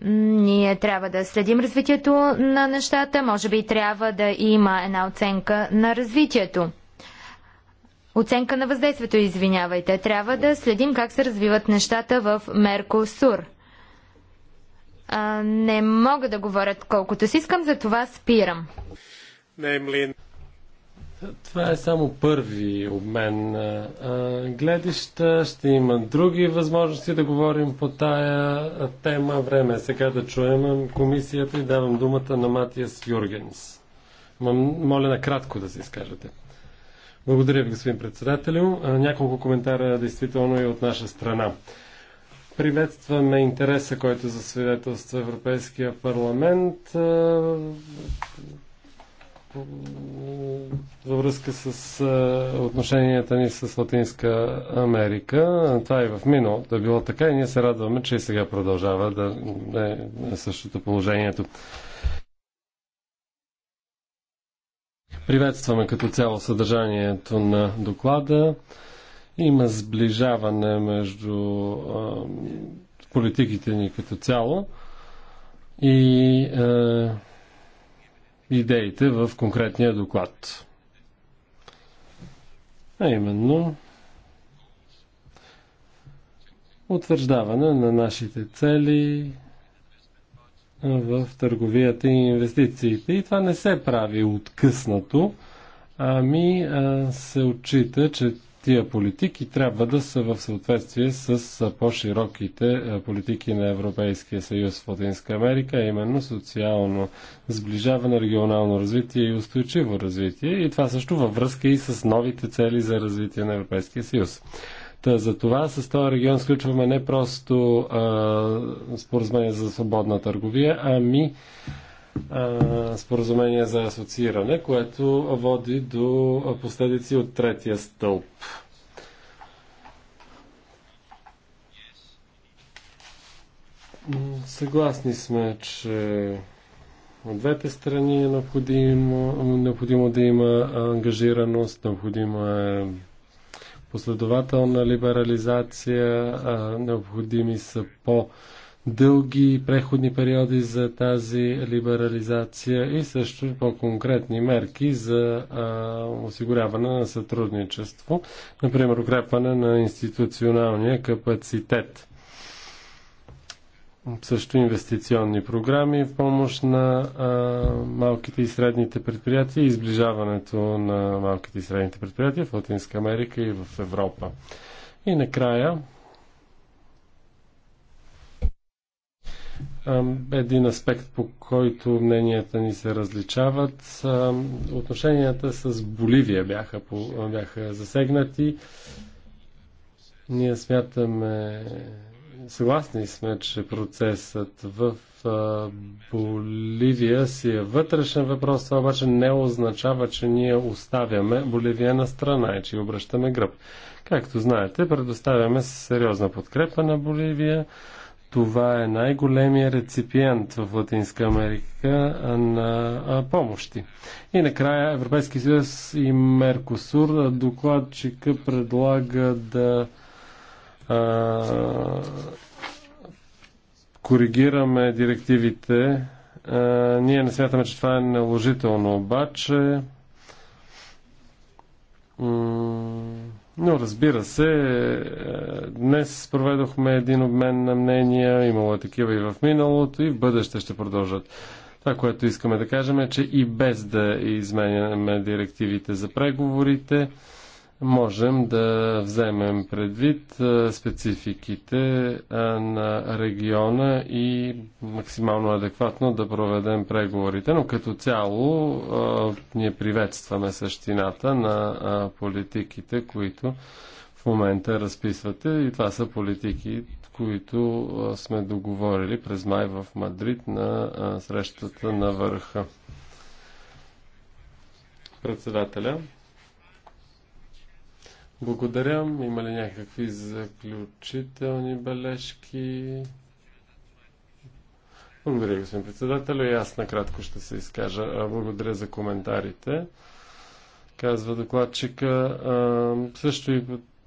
Ние трябва да следим развитието на нещата. Може би трябва да има една оценка на развитието. Оценка на въздействието, извинявайте. Трябва да следим как се развиват нещата в Меркосур. А, не мога да говоря колкото си искам, за това спирам. Това е само първи обмен гледища. Ще има други възможности да говорим по тая тема. Време е сега да чуем комисията и давам думата на Матиас Юргенс. Моля накратко да се изкажете. Благодаря ви, господин председателю. Няколко коментара действително и от наша страна. Приветстваме интереса, който засвидетелства Европейския парламент във връзка с отношенията ни с Латинска Америка. Това е и в миналото е било така и ние се радваме, че и сега продължава да е същото положението. Приветстваме като цяло съдържанието на доклада. Има сближаване между а, политиките ни като цяло и а, идеите в конкретния доклад. А именно утвърждаване на нашите цели, в търговията и инвестициите. И това не се прави откъснато, ами се отчита, че тия политики трябва да са в съответствие с по-широките политики на Европейския съюз в Латинска Америка, именно социално сближаване, регионално развитие и устойчиво развитие. И това също във връзка и с новите цели за развитие на Европейския съюз. Та за това с този регион сключваме не просто а, споразумение за свободна търговия, ами а, споразумение за асоцииране, което води до последици от третия стълб. Съгласни сме, че от двете страни е необходимо, необходимо да има ангажираност, необходимо е последователна либерализация, а, необходими са по- дълги преходни периоди за тази либерализация и също по-конкретни мерки за а, осигуряване на сътрудничество, например укрепване на институционалния капацитет също инвестиционни програми в помощ на а, малките и средните предприятия и изближаването на малките и средните предприятия в Латинска Америка и в Европа. И накрая а, един аспект, по който мненията ни се различават. А, отношенията с Боливия бяха, по, бяха засегнати. Ние смятаме Съгласни сме, че процесът в Боливия си е вътрешен въпрос, това обаче не означава, че ние оставяме Боливия на страна и че обръщаме гръб. Както знаете, предоставяме сериозна подкрепа на Боливия. Това е най-големия реципиент в Латинска Америка на помощи. И накрая Европейски съюз и Меркосур докладчика предлага да коригираме директивите. А, ние не смятаме, че това е наложително, обаче. Но разбира се, е, днес проведохме един обмен на мнения, имало е такива и в миналото, и в бъдеще ще продължат. Това, което искаме да кажем е, че и без да изменяме директивите за преговорите, можем да вземем предвид спецификите на региона и максимално адекватно да проведем преговорите, но като цяло ние приветстваме същината на политиките, които в момента разписвате и това са политики, които сме договорили през май в Мадрид на срещата на върха. Председателя. Благодаря. Има ли някакви заключителни бележки? Благодаря, господин председател. И аз накратко ще се изкажа. Благодаря за коментарите. Казва докладчика. Също и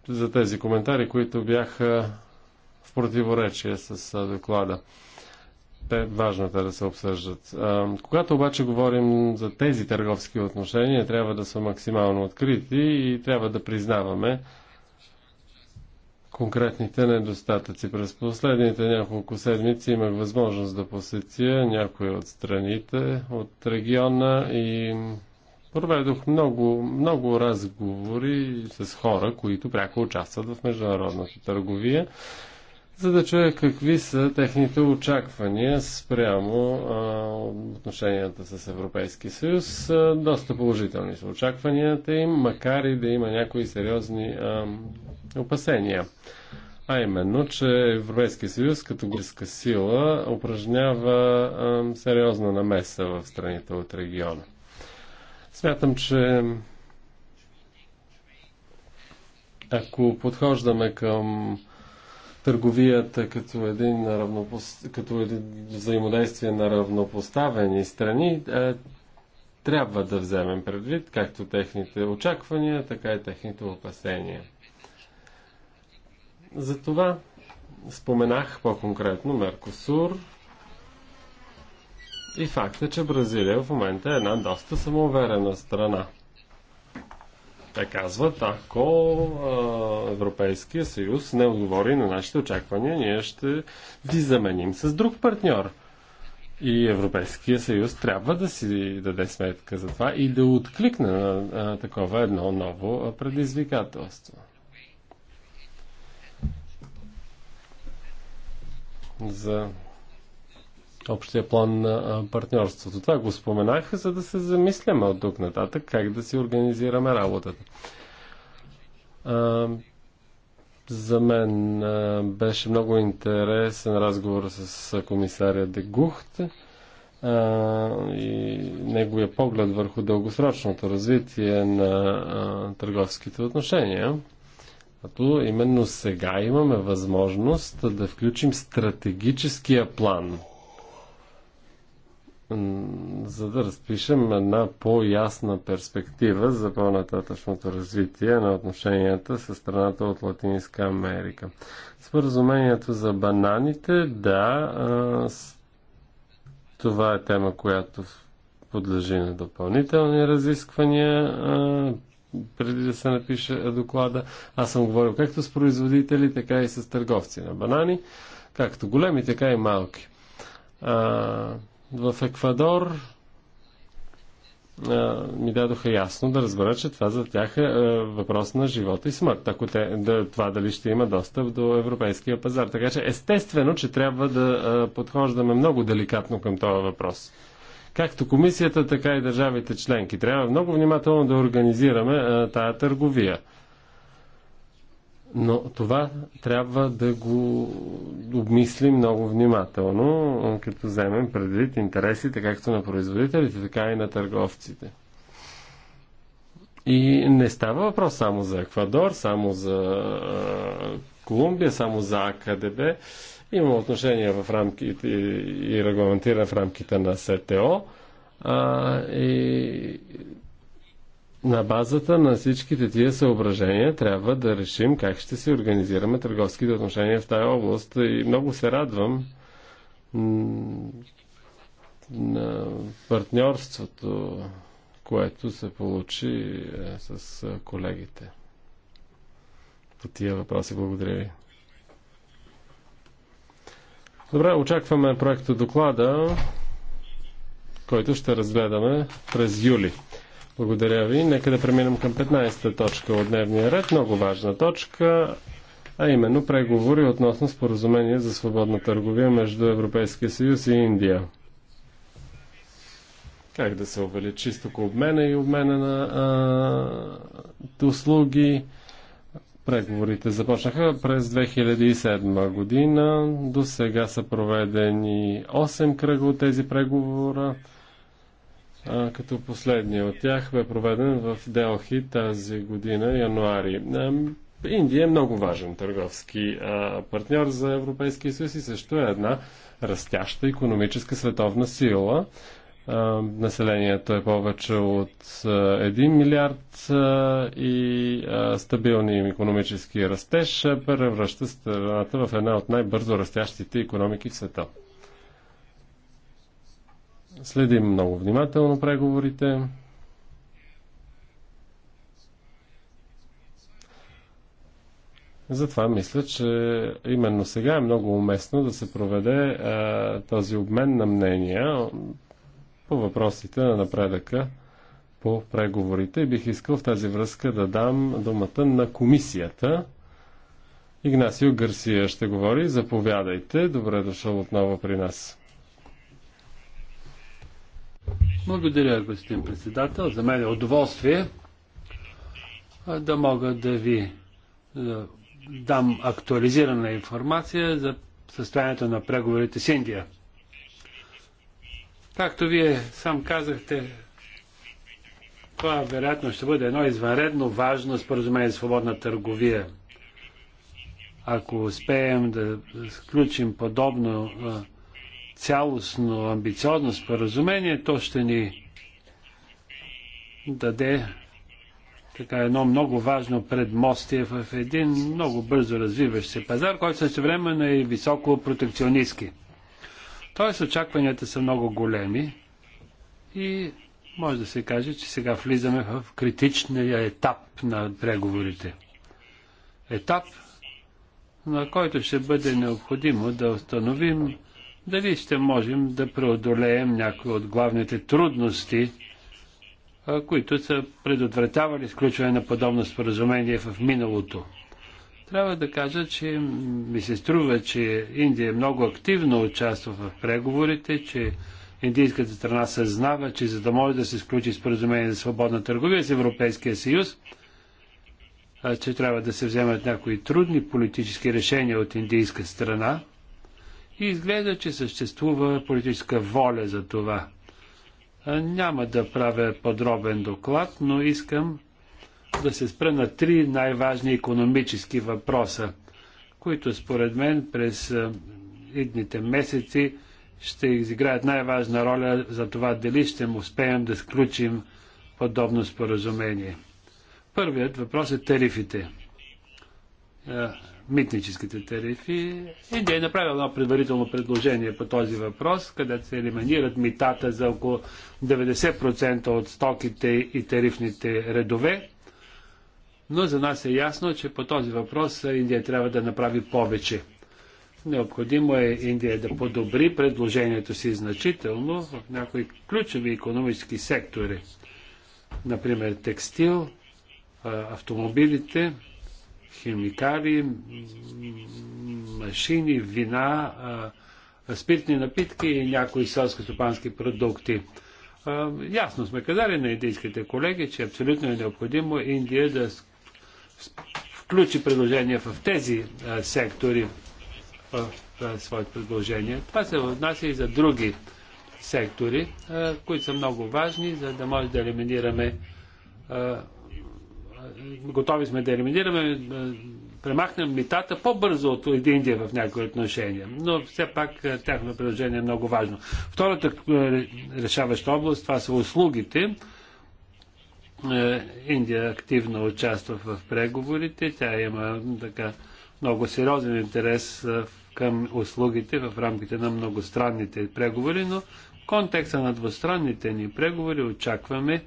за тези коментари, които бяха в противоречие с доклада те да се обсъждат. А, когато обаче говорим за тези търговски отношения, трябва да са максимално открити и трябва да признаваме конкретните недостатъци. През последните няколко седмици имах възможност да посетя някои от страните от региона и проведох много, много разговори с хора, които пряко участват в международната търговия за да чуя какви са техните очаквания спрямо а, отношенията с Европейски съюз. А, доста положителни са очакванията им, макар и да има някои сериозни а, опасения. А именно, че Европейския съюз като гръцка сила упражнява а, сериозна намеса в страните от региона. Смятам, че ако подхождаме към търговията като един, равнопос... като един взаимодействие на равнопоставени страни, а, е, трябва да вземем предвид както техните очаквания, така и техните опасения. Затова споменах по-конкретно Меркосур и факта, че Бразилия в момента е една доста самоуверена страна – те казват, ако Европейския съюз не отговори на нашите очаквания, ние ще ви заменим с друг партньор. И Европейския съюз трябва да си даде сметка за това и да откликне на такова едно ново предизвикателство. За общия план на партньорството. Това го споменах, за да се замисляме от тук нататък как да си организираме работата. А, за мен а, беше много интересен разговор с комисаря Дегухт а, и неговия поглед върху дългосрочното развитие на а, търговските отношения. Като именно сега имаме възможност да включим стратегическия план за да разпишем една по-ясна перспектива за по-нататъчното развитие на отношенията с страната от Латинска Америка. Споразумението за бананите, да, това е тема, която подлежи на допълнителни разисквания преди да се напише доклада. Аз съм говорил както с производители, така и с търговци на банани, както големи, така и малки в Еквадор ми дадоха ясно да разбера, че това за тях е, е въпрос на живота и смърт, ако те, да, това дали ще има достъп до европейския пазар. Така че естествено, че трябва да е, подхождаме много деликатно към този въпрос. Както комисията, така и държавите членки. Трябва много внимателно да организираме е, тая търговия. Но това трябва да го обмислим много внимателно, като вземем предвид интересите както на производителите, така и на търговците. И не става въпрос само за Еквадор, само за Колумбия, само за АКДБ. Има отношения в рамките и регламентира в рамките на СТО. А, и на базата на всичките тия съображения трябва да решим как ще си организираме търговските отношения в тази област. И много се радвам на партньорството, което се получи е, с е, колегите. По тия въпроси благодаря ви. Добре, очакваме проекта доклада, който ще разгледаме през юли. Благодаря ви. Нека да преминем към 15-та точка от дневния ред. Много важна точка, а именно преговори относно споразумение за свободна търговия между Европейския съюз и Индия. Как да се увеличи обмена и обмена на а, услуги. Преговорите започнаха през 2007 година. До сега са проведени 8 кръга от тези преговора като последния от тях бе проведен в Делхи тази година, януари. Индия е много важен търговски партньор за Европейския съюз и също е една растяща економическа световна сила. населението е повече от 1 милиард и а, стабилни економически растеж превръща страната в една от най-бързо растящите економики в света. Следим много внимателно преговорите. Затова мисля, че именно сега е много уместно да се проведе а, този обмен на мнения по въпросите на напредъка по преговорите. И бих искал в тази връзка да дам думата на комисията. Игнасио Гърсия ще говори. Заповядайте. Добре дошъл отново при нас. Благодаря, господин председател. За мен е удоволствие да мога да ви дам актуализирана информация за състоянието на преговорите с Индия. Както вие сам казахте, това вероятно ще бъде едно извънредно важно споразумение за свободна търговия. Ако успеем да сключим подобно цялостно, амбициозно споразумение, то ще ни даде така едно много важно предмостие в един много бързо развиващ се пазар, който същевременно е и високо протекционистски. Тоест очакванията са много големи и може да се каже, че сега влизаме в критичния етап на преговорите. Етап, на който ще бъде необходимо да установим дали ще можем да преодолеем някои от главните трудности, които са предотвратявали сключване на подобно споразумение в миналото. Трябва да кажа, че ми се струва, че Индия е много активно участва в преговорите, че индийската страна съзнава, че за да може да се сключи споразумение за свободна търговия с Европейския съюз, че трябва да се вземат някои трудни политически решения от индийска страна, и изглежда, че съществува политическа воля за това. Няма да правя подробен доклад, но искам да се спра на три най-важни економически въпроса, които според мен през идните месеци ще изиграят най-важна роля за това дали ще му успеем да сключим подобно споразумение. Първият въпрос е тарифите митническите тарифи и да е направил едно предварително предложение по този въпрос, където се елиминират митата за около 90% от стоките и тарифните редове. Но за нас е ясно, че по този въпрос Индия трябва да направи повече. Необходимо е Индия да подобри предложението си значително в някои ключови економически сектори. Например, текстил, автомобилите, химикали, машини, вина, спиртни напитки и някои селско-стопански продукти. Ясно сме казали на индийските колеги, че е абсолютно е необходимо Индия да включи предложения в тези сектори в своите предложения. Това се отнася и за други сектори, които са много важни, за да може да елиминираме готови сме да елиминираме, е, премахнем митата по-бързо от Индия в някои отношения. Но все пак е, тяхното приложение е много важно. Втората е, решаваща област, това са услугите. Индия активно участва в преговорите. Тя има така много сериозен интерес към услугите в рамките на многостранните преговори, но в контекста на двустранните ни преговори очакваме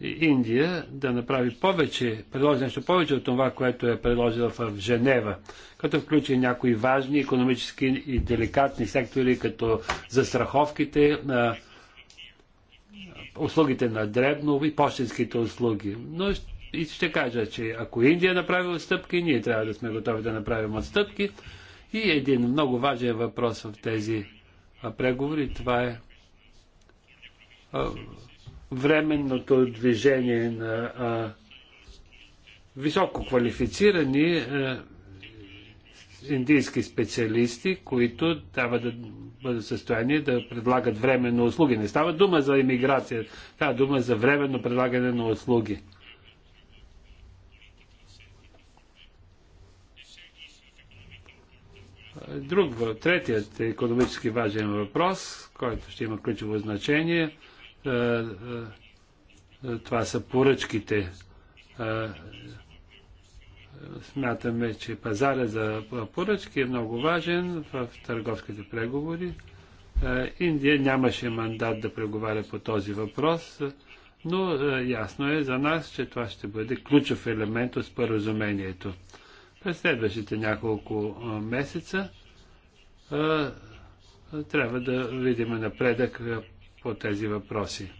Индия да направи повече, предложи нещо повече от това, което е предложила в Женева, като включи някои важни економически и деликатни сектори, като застраховките, на услугите на дребно и почтенските услуги. Но и ще кажа, че ако Индия направи отстъпки, ние трябва да сме готови да направим отстъпки. И един много важен въпрос в тези преговори, това е временното движение на а, високо квалифицирани а, индийски специалисти, които трябва да бъдат в състояние да предлагат временно услуги. Не става дума за иммиграция, става дума за временно предлагане на услуги. Друг, третият економически важен въпрос, който ще има ключово значение – е, е, това са поръчките. Е, смятаме, че пазара за поръчки е много важен в търговските преговори. Индия нямаше мандат да преговаря по този въпрос, но ясно е за нас, че това ще бъде ключов елемент от споразумението. През следващите няколко месеца трябва да видим напредък по тези въпроси.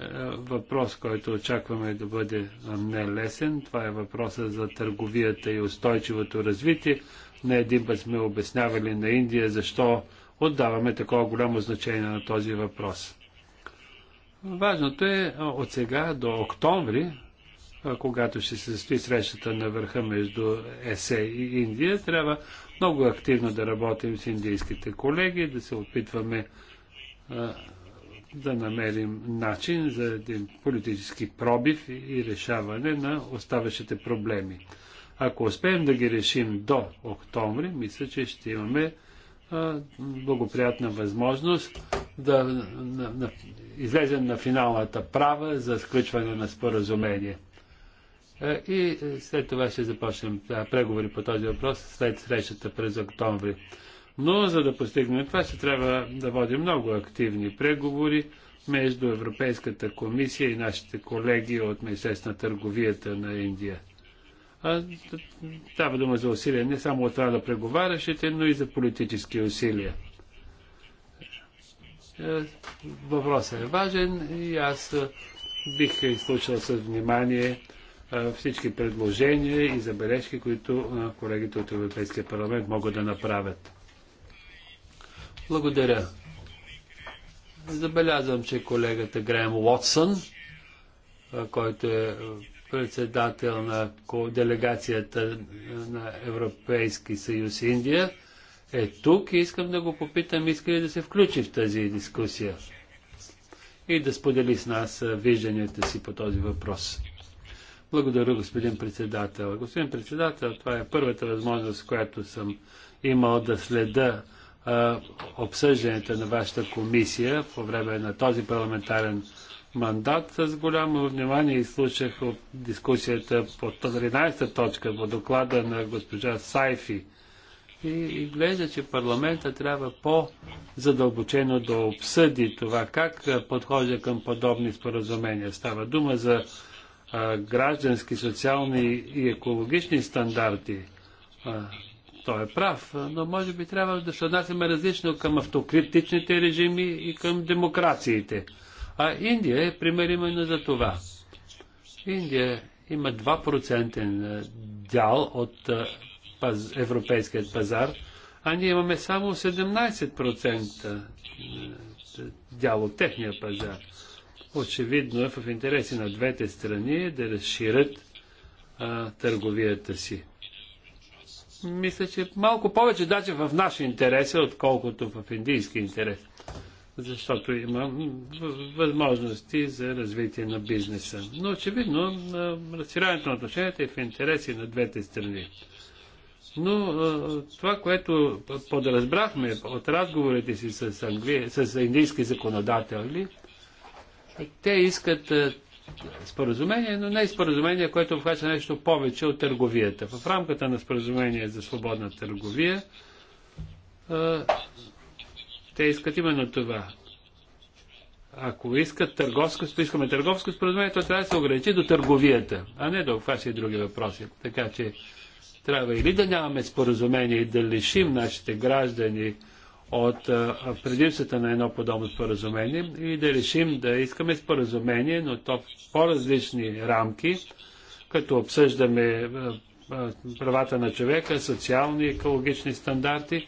Е, въпрос, който очакваме да бъде нелесен, това е въпроса за търговията и устойчивото развитие. Не един път сме обяснявали на Индия защо отдаваме такова голямо значение на този въпрос. Важното е от сега до октомври когато ще се състои срещата на върха между ЕСЕ и Индия, трябва много активно да работим с индийските колеги, да се опитваме да намерим начин за един политически пробив и решаване на оставащите проблеми. Ако успеем да ги решим до октомври, мисля, че ще имаме благоприятна възможност да на, на, излезем на финалната права за сключване на споразумение. Е, и след това ще започнем преговори по този въпрос след срещата през октомври. Но за да постигнем това, ще трябва да водим много активни преговори между Европейската комисия и нашите колеги от Министерство на търговията на Индия. А, става дума за усилия не само от това на преговарящите, но и за политически усилия. Е, въпросът е важен и аз бих изслушал с внимание всички предложения и забележки, които колегите от Европейския парламент могат да направят. Благодаря. Забелязвам, че колегата Грем Уотсън, който е председател на делегацията на Европейски съюз Индия, е тук и искам да го попитам, иска ли да се включи в тази дискусия и да сподели с нас вижданията си по този въпрос. Благодаря, господин председател. Господин председател, това е първата възможност, която съм имал да следа а, обсъждането на вашата комисия по време на този парламентарен мандат. С голямо внимание изслушах дискусията по 13-та точка по доклада на госпожа Сайфи. И гледа, че парламента трябва по-задълбочено да обсъди това как подхожда към подобни споразумения. Става дума за граждански, социални и екологични стандарти. Той е прав, но може би трябва да се отнасяме различно към автокритичните режими и към демокрациите. А Индия е пример именно за това. Индия има 2% дял от паз, европейският пазар, а ние имаме само 17% дял от техния пазар. Очевидно е в интереси на двете страни да разширят а, търговията си. Мисля, че малко повече даже в наш интерес, е, отколкото в индийски интерес. Защото има възможности за развитие на бизнеса. Но очевидно разширяването на отношенията е в интереси на двете страни. Но това, което подразбрахме от разговорите си с, англи... с индийски законодатели, те искат е, споразумение, но не споразумение, което обхваща нещо повече от търговията. В рамката на споразумение за свободна търговия е, те искат именно това. Ако искат търговско, искаме търговско споразумение, то трябва да се ограничи до търговията, а не да обхваща и други въпроси. Така че трябва или да нямаме споразумение и да лишим нашите граждани от предимствата на едно подобно споразумение и да решим да искаме споразумение, но то в по-различни рамки, като обсъждаме правата на човека, социални и екологични стандарти,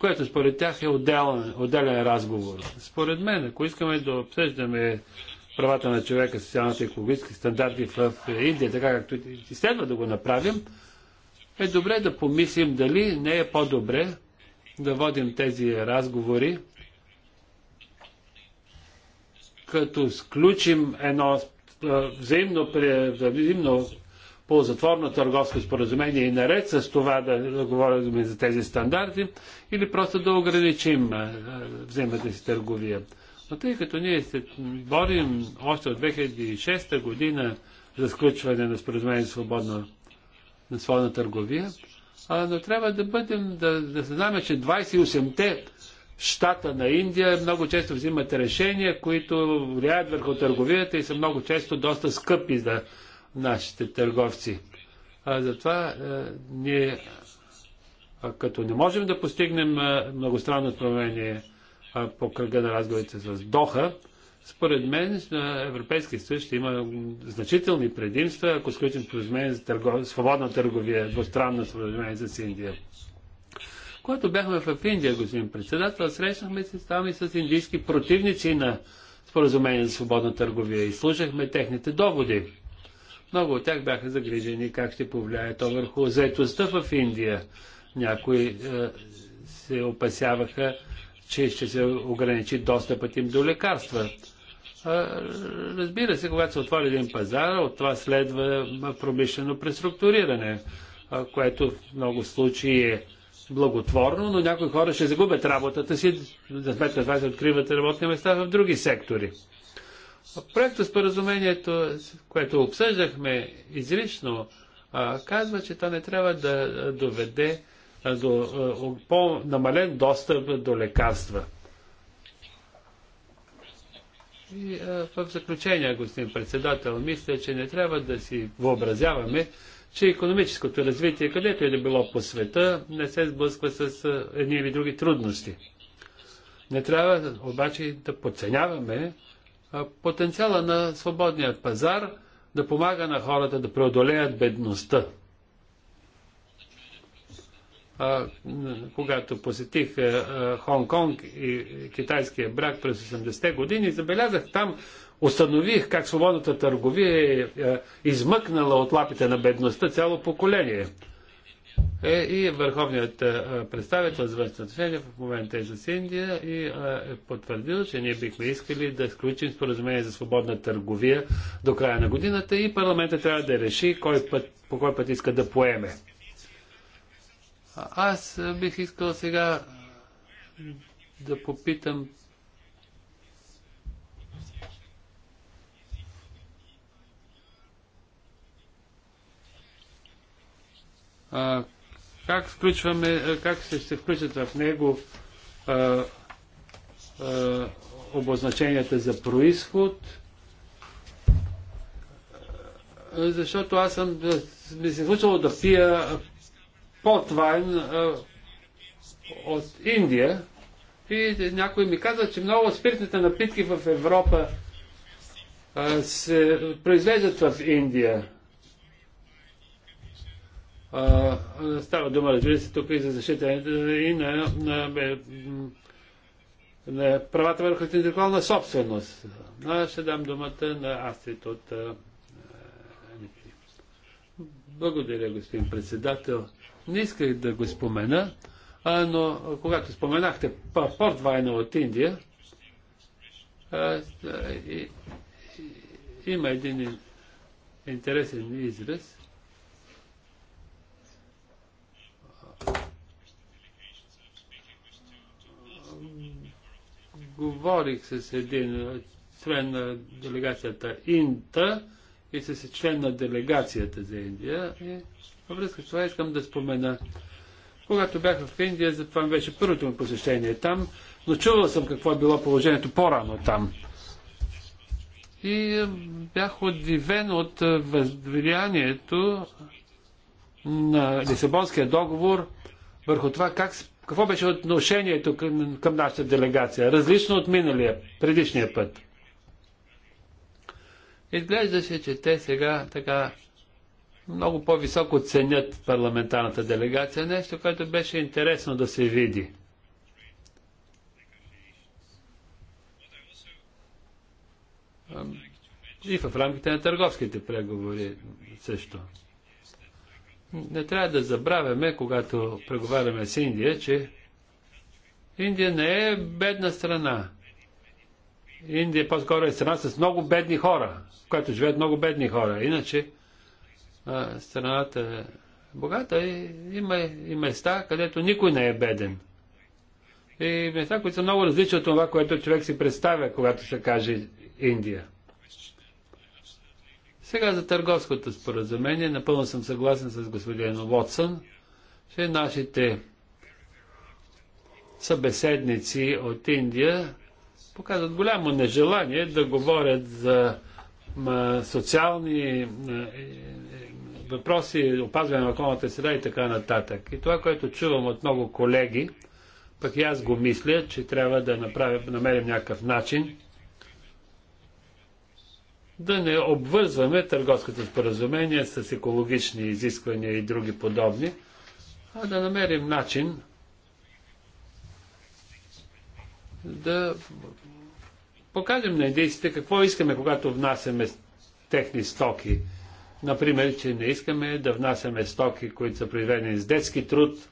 което според тях е отделен, отделен разговор. Според мен, ако искаме да обсъждаме правата на човека, социалните и екологически стандарти в Индия, така както и следва да го направим, е добре да помислим дали не е по-добре да водим тези разговори, като сключим едно взаимно, взаимно ползатворно търговско споразумение и наред с това да, да говорим за тези стандарти, или просто да ограничим взаимната си търговия. Но тъй като ние се борим още от 2006 година за сключване на споразумение за свободна на своята търговия, а, но трябва да бъдем, да, да знаем, че 28-те щата на Индия много често взимат решения, които влияят върху търговията и са много често доста скъпи за нашите търговци. А, затова а, е, ние, а, като не можем да постигнем а, е, многостранно отправление по кръга на разговорите с Доха, според мен Европейския съюз ще има значителни предимства, ако сключим споразумение за търго... свободна търговия, двустранно споразумение с Индия. Когато бяхме в Индия, господин председател, срещнахме се там и с индийски противници на споразумение за свободна търговия и слушахме техните доводи. Много от тях бяха загрижени как ще повлияе то върху заетостта в Индия. Някои е, се опасяваха, че ще се ограничи достъпът им до лекарства. Разбира се, когато се отвори един пазар, от това следва промишлено преструктуриране, което в много случаи е благотворно, но някои хора ще загубят работата си, за сметка това се откриват работни места в други сектори. Проекто споразумението, което обсъждахме изрично, казва, че то не трябва да доведе до по-намален достъп до лекарства. И е, в заключение, господин председател, мисля, че не трябва да си въобразяваме, че економическото развитие, където и е да било по света, не се сблъсква с е, едни или други трудности. Не трябва обаче да подценяваме е, потенциала на свободния пазар да помага на хората да преодолеят бедността когато посетих Хонг-Конг и китайския брак през 80-те години, забелязах там, установих как свободната търговия е, е измъкнала от лапите на бедността цяло поколение. Е, и върховният представител за външните отношения в момента е с Индия и е потвърдил, че ние бихме искали да сключим споразумение за свободна търговия до края на годината и парламента трябва да реши кой път, по кой път иска да поеме. Аз бих искал сега да попитам а, как включваме, как ще се включат в него а, а, обозначенията за происход, защото аз съм, ми се е случвало да пия портвайн от Индия. И някой ми каза, че много спиртните напитки в Европа се произвеждат в Индия. А, става дума, разбира се, тук и за защита и на, на, на, на правата върху интелектуална собственост. Но ще дам думата на Астрид от Благодаря, господин председател. Не исках да го спомена, а, но когато споменахте портвайна е от Индия, а, и, и, има един интересен израз. Говорих с един член на делегацията Инта и с член на делегацията за Индия. И във връзка с това искам да спомена. Когато бях в Индия, за това беше първото ми посещение там, но чувал съм какво е било положението по-рано там. И е, бях удивен от е, влиянието на Лисабонския договор върху това как, какво беше отношението към, към нашата делегация, различно от миналия, предишния път. се, че те сега така много по-високо ценят парламентарната делегация, нещо, което беше интересно да се види. И в рамките на търговските преговори също. Не трябва да забравяме, когато преговаряме с Индия, че Индия не е бедна страна. Индия по-скоро е страна с много бедни хора, в която живеят много бедни хора. Иначе страната е богата, и, има и места, където никой не е беден. И места, които са много различни от това, което човек си представя, когато ще каже Индия. Сега за търговското споразумение, напълно съм съгласен с господин Уотсън, че нашите събеседници от Индия показват голямо нежелание да говорят за социални въпроси, опазване на околната среда и така нататък. И това, което чувам от много колеги, пък и аз го мисля, че трябва да направим, намерим някакъв начин да не обвързваме търговското споразумение с екологични изисквания и други подобни, а да намерим начин да покажем на индейците какво искаме, когато внасяме техни стоки Например, че не искаме да внасяме стоки, които са произведени с детски труд,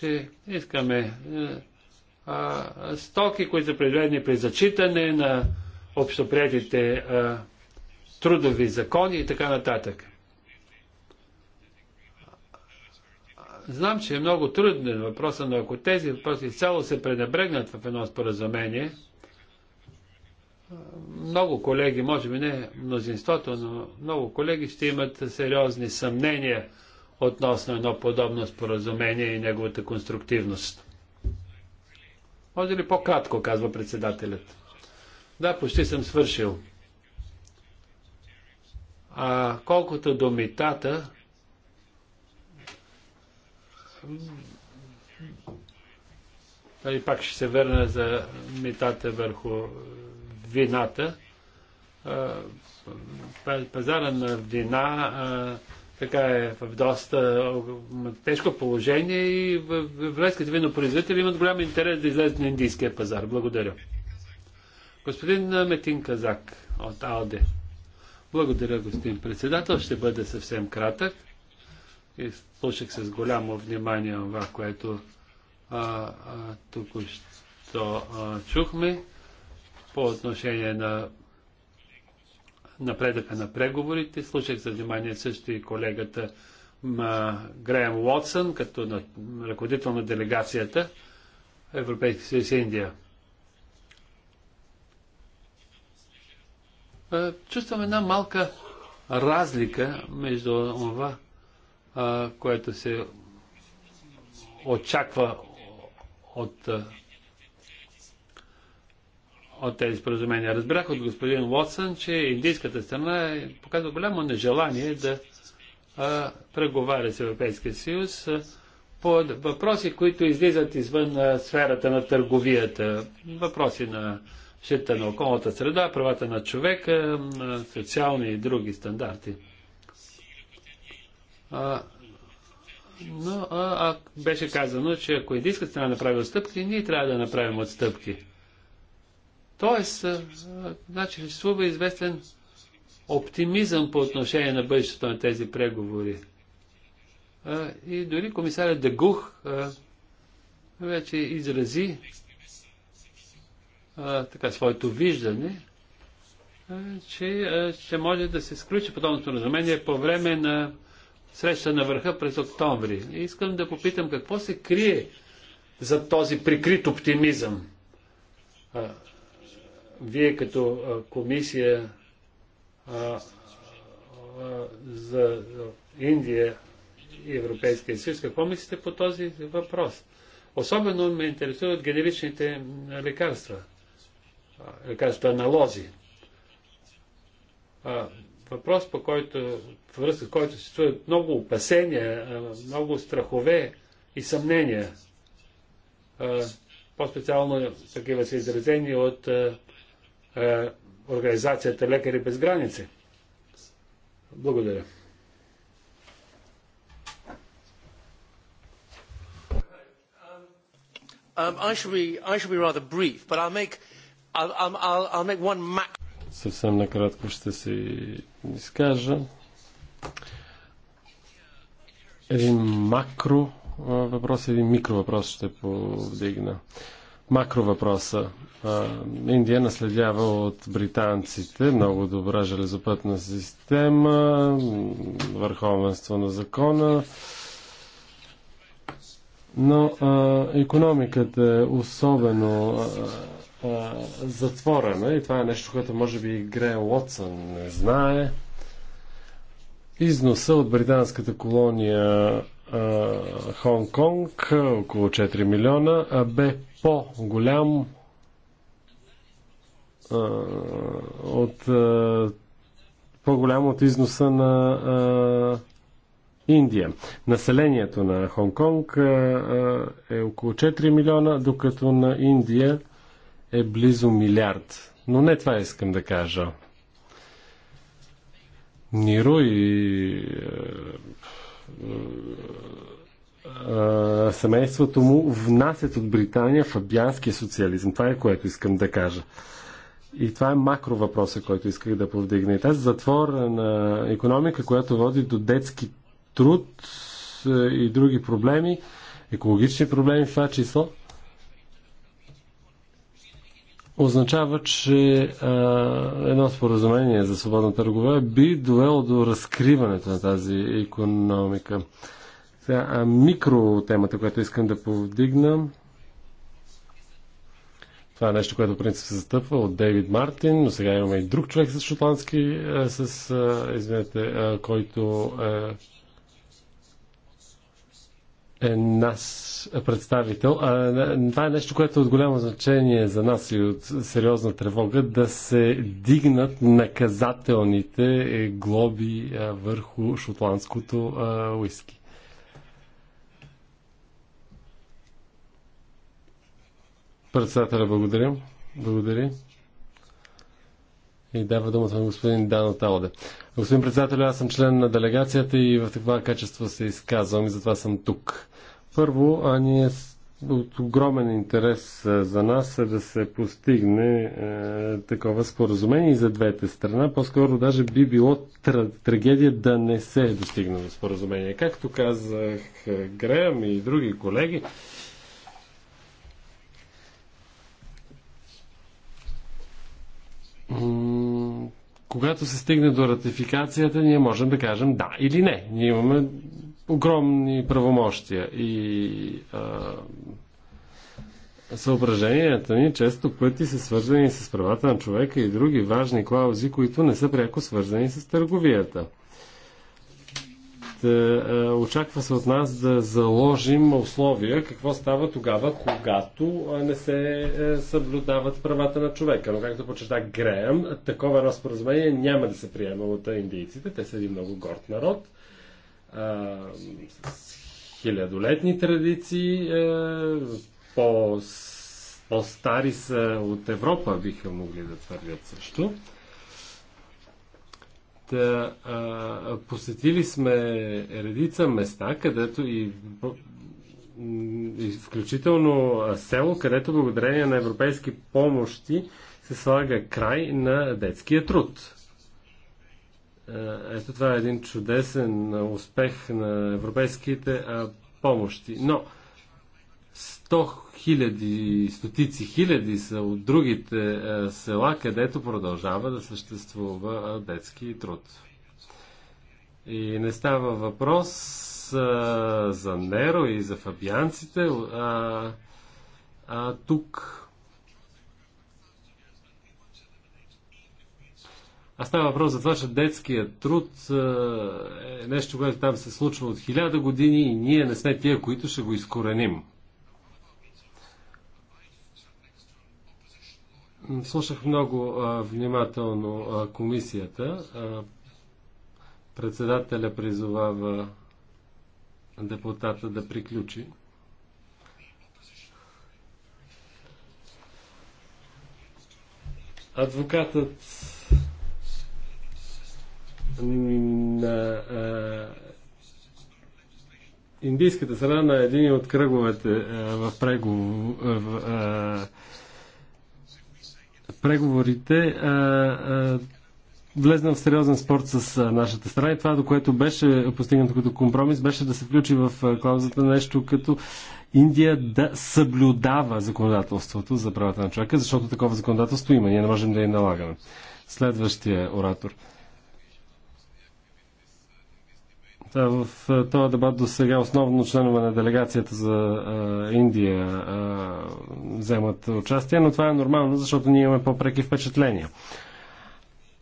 че искаме е, а, стоки, които са произведени при зачитане на общоприятите а, е, трудови закони и така нататък. Знам, че е много труден въпроса, но ако тези въпроси цяло се пренебрегнат в едно споразумение – много колеги, може би не мнозинството, но много колеги ще имат сериозни съмнения относно едно подобно споразумение и неговата конструктивност. Може ли по-кратко, казва председателят. Да, почти съм свършил. А колкото до митата, и пак ще се върна за митата върху вината. Пазара на вина така е в доста тежко положение и еврейските винопроизводители имат голям интерес да излезат на индийския пазар. Благодаря. Господин Метин Казак от АЛДЕ. Благодаря, господин председател. Ще бъде съвсем кратък. И слушах с голямо внимание това, което а, а, тук що а, чухме по отношение на напредъка на преговорите. Слушах за внимание също и колегата Греем Уотсън, като ръководител на делегацията Европейски съюз Индия. Чувствам една малка разлика между това, което се очаква от от тези споразумения. Разбрах от господин Уотсън, че индийската страна е показва голямо нежелание да а, преговаря с Европейския съюз по въпроси, които излизат извън а, сферата на търговията. Въпроси на щита на околната среда, правата на човека, на социални и други стандарти. А, но а, а, беше казано, че ако индийската страна направи отстъпки, ние трябва да направим отстъпки. Тоест, значи, съществува известен оптимизъм по отношение на бъдещето на тези преговори. и дори комисарят Дегух вече изрази така, своето виждане, че ще може да се сключи подобното разумение по време на среща на върха през октомври. И искам да попитам какво се крие за този прикрит оптимизъм вие като комисия а, а, за Индия и Европейския съюз, какво мислите по този въпрос? Особено ме интересуват генеричните лекарства, лекарства аналози. Въпрос, по който, връзка с който се стоят много опасения, много страхове и съмнения. По-специално такива са изразени от е, организацията Лекари без граници. Благодаря. Um, um I should be, I should be rather brief, but I'll make, I'll, I'll, I'll make one max. Съвсем накратко ще се изкажа. Един макро въпрос, един микро въпрос ще повдигна. Uh, Макро въпроса. Индия наследява от британците много добра железопътна система, върховенство на закона, но а, економиката е особено а, а, затворена и това е нещо, което може би и Грея Уотсън не знае. Износа от британската колония Хонг-Конг около 4 милиона, а бе по-голям от по-голям от износа на а, Индия. Населението на Хонг-Конг е около 4 милиона, докато на Индия е близо милиард. Но не това искам да кажа. Ниро и а, е, е, семейството му внасят от Британия фабианския социализъм. Това е което искам да кажа. И това е макро въпроса, който исках да повдигна. И тази затвор на економика, която води до детски труд е, и други проблеми, екологични проблеми в това число – означава, че а, едно споразумение за свободна търговия би довело до разкриването на тази економика. Сега, а темата, която искам да повдигна, това е нещо, което принцип се застъпва от Дейвид Мартин, но сега имаме и друг човек с шотландски, с, извинете, който е е нас представител. А, това е нещо, което е от голямо значение за нас и от сериозна тревога да се дигнат наказателните е, глоби а, върху шотландското а, уиски. Председателя, благодаря. Благодаря. И дава думата на господин Дано Талде. Господин председател, аз съм член на делегацията и в такова качество се изказвам и затова съм тук. Първо, а ние от огромен интерес за нас е да се постигне е, такова споразумение и за двете страна. По-скоро даже би било тр... трагедия да не се е достигнало споразумение. Както казах е, Греъм и други колеги, когато се стигне до ратификацията, ние можем да кажем да или не. Ние имаме огромни правомощия и а, съображенията ни често пъти са свързани с правата на човека и други важни клаузи, които не са пряко свързани с търговията. Та, а, очаква се от нас да заложим условия какво става тогава, когато не се е, съблюдават правата на човека. Но както почета Греем, такова разпоразумение няма да се приема от индийците. Те са един много горд народ с хилядолетни традиции, е, по, по-стари са от Европа, биха могли да твърдят също. Та, а, посетили сме редица места, където и, и включително село, където благодарение на европейски помощи се слага край на детския труд. Е, ето това е един чудесен успех на европейските помощи. Но 100 хиляди, стотици хиляди са от другите е, села, където продължава да съществува е, детски труд. И не става въпрос за Неро и за фабианците, а, а тук А става въпрос за това, че детският труд е нещо, което там се случва от хиляда години и ние не сме тия, които ще го изкореним. Слушах много а, внимателно а, комисията. А, председателя призовава депутата да приключи. Адвокатът на индийската страна на един от кръговете в, преговорите влезна в сериозен спорт с нашата страна и това, до което беше постигнато като компромис, беше да се включи в клаузата нещо като Индия да съблюдава законодателството за правата на човека, защото такова законодателство има. Ние не можем да я налагаме. Следващия оратор. в този дебат до сега основно членове на делегацията за Индия вземат участие, но това е нормално, защото ние имаме по-преки впечатления.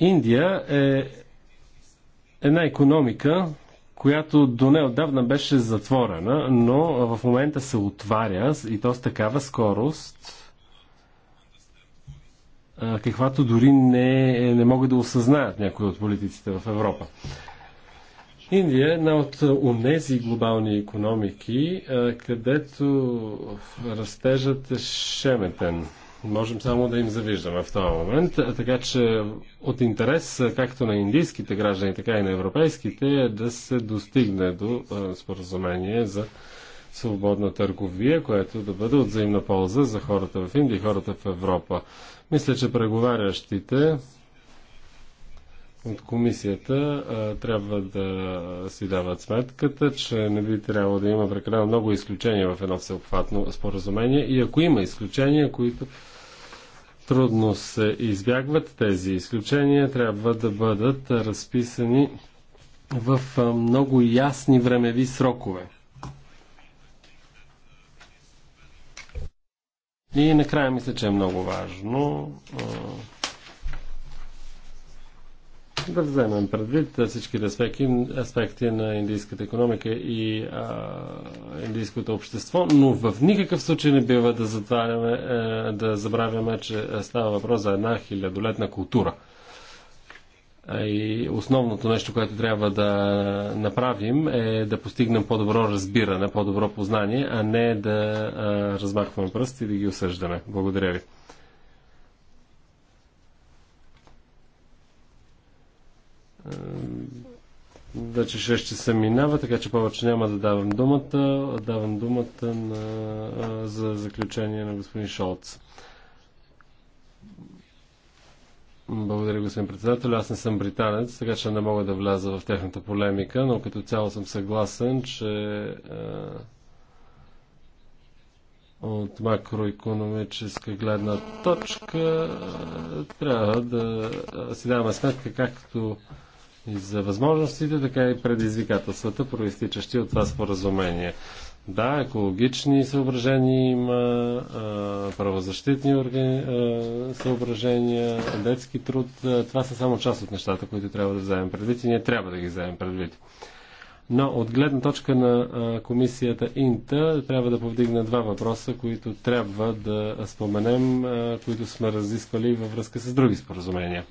Индия е една економика, която до отдавна беше затворена, но в момента се отваря и то с такава скорост, каквато дори не, не могат да осъзнаят някои от политиците в Европа. Индия е една от унези е, глобални економики, е, където растежът е шеметен. Можем само да им завиждаме в този момент. Е, така че от интерес както на индийските граждани, така и на европейските е да се достигне до споразумение за свободна търговия, което да бъде от взаимна полза за хората в Индия и хората в Европа. Мисля, че преговарящите от комисията а, трябва да си дават сметката, че не би трябвало да има прекалено много изключения в едно всеобхватно споразумение и ако има изключения, които трудно се избягват, тези изключения трябва да бъдат разписани в много ясни времеви срокове. И накрая мисля, че е много важно да вземем предвид всички аспекти, аспекти на индийската економика и а, индийското общество, но в никакъв случай не бива да, затваряме, а, е, да забравяме, че става въпрос за една хилядолетна култура. И основното нещо, което трябва да направим е да постигнем по-добро разбиране, по-добро познание, а не да а, размахваме пръсти и да ги осъждаме. Благодаря ви. Вече 6 часа минава, така че повече няма да давам думата. Давам думата на, за заключение на господин Шолц. Благодаря, господин председател. Аз не съм британец, така че не мога да вляза в техната полемика, но като цяло съм съгласен, че от макроекономическа гледна точка трябва да си даваме сметка както и за възможностите, така и предизвикателствата, проистичащи от това споразумение. Да, екологични съображения има, правозащитни органи... съображения, детски труд. Това са само част от нещата, които трябва да вземем предвид и ние трябва да ги вземем предвид. Но от гледна точка на комисията Инта трябва да повдигна два въпроса, които трябва да споменем, които сме разисквали във връзка с други споразумения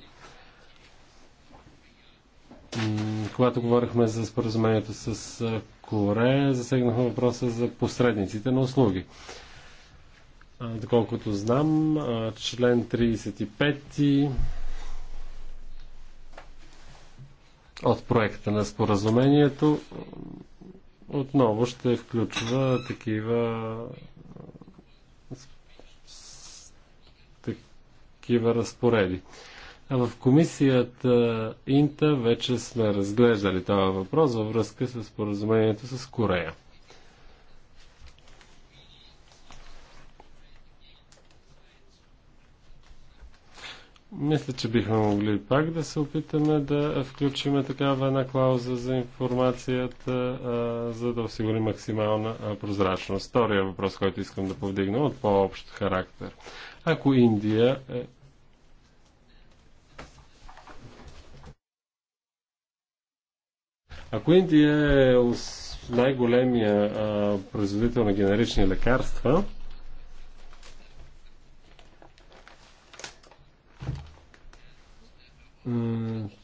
когато говорихме за споразумението с Корея, засегнахме въпроса за посредниците на услуги. Доколкото знам, член 35 от проекта на споразумението отново ще включва такива такива разпореди. В комисията Инта вече сме разглеждали това въпрос във връзка с поразумението с Корея. Мисля, че бихме могли пак да се опитаме да включим такава една клауза за информацията, за да осигури максимална прозрачност. Втория въпрос, който искам да повдигна от по-общ характер. Ако Индия е Ако Индия е най-големия производител на генерични лекарства,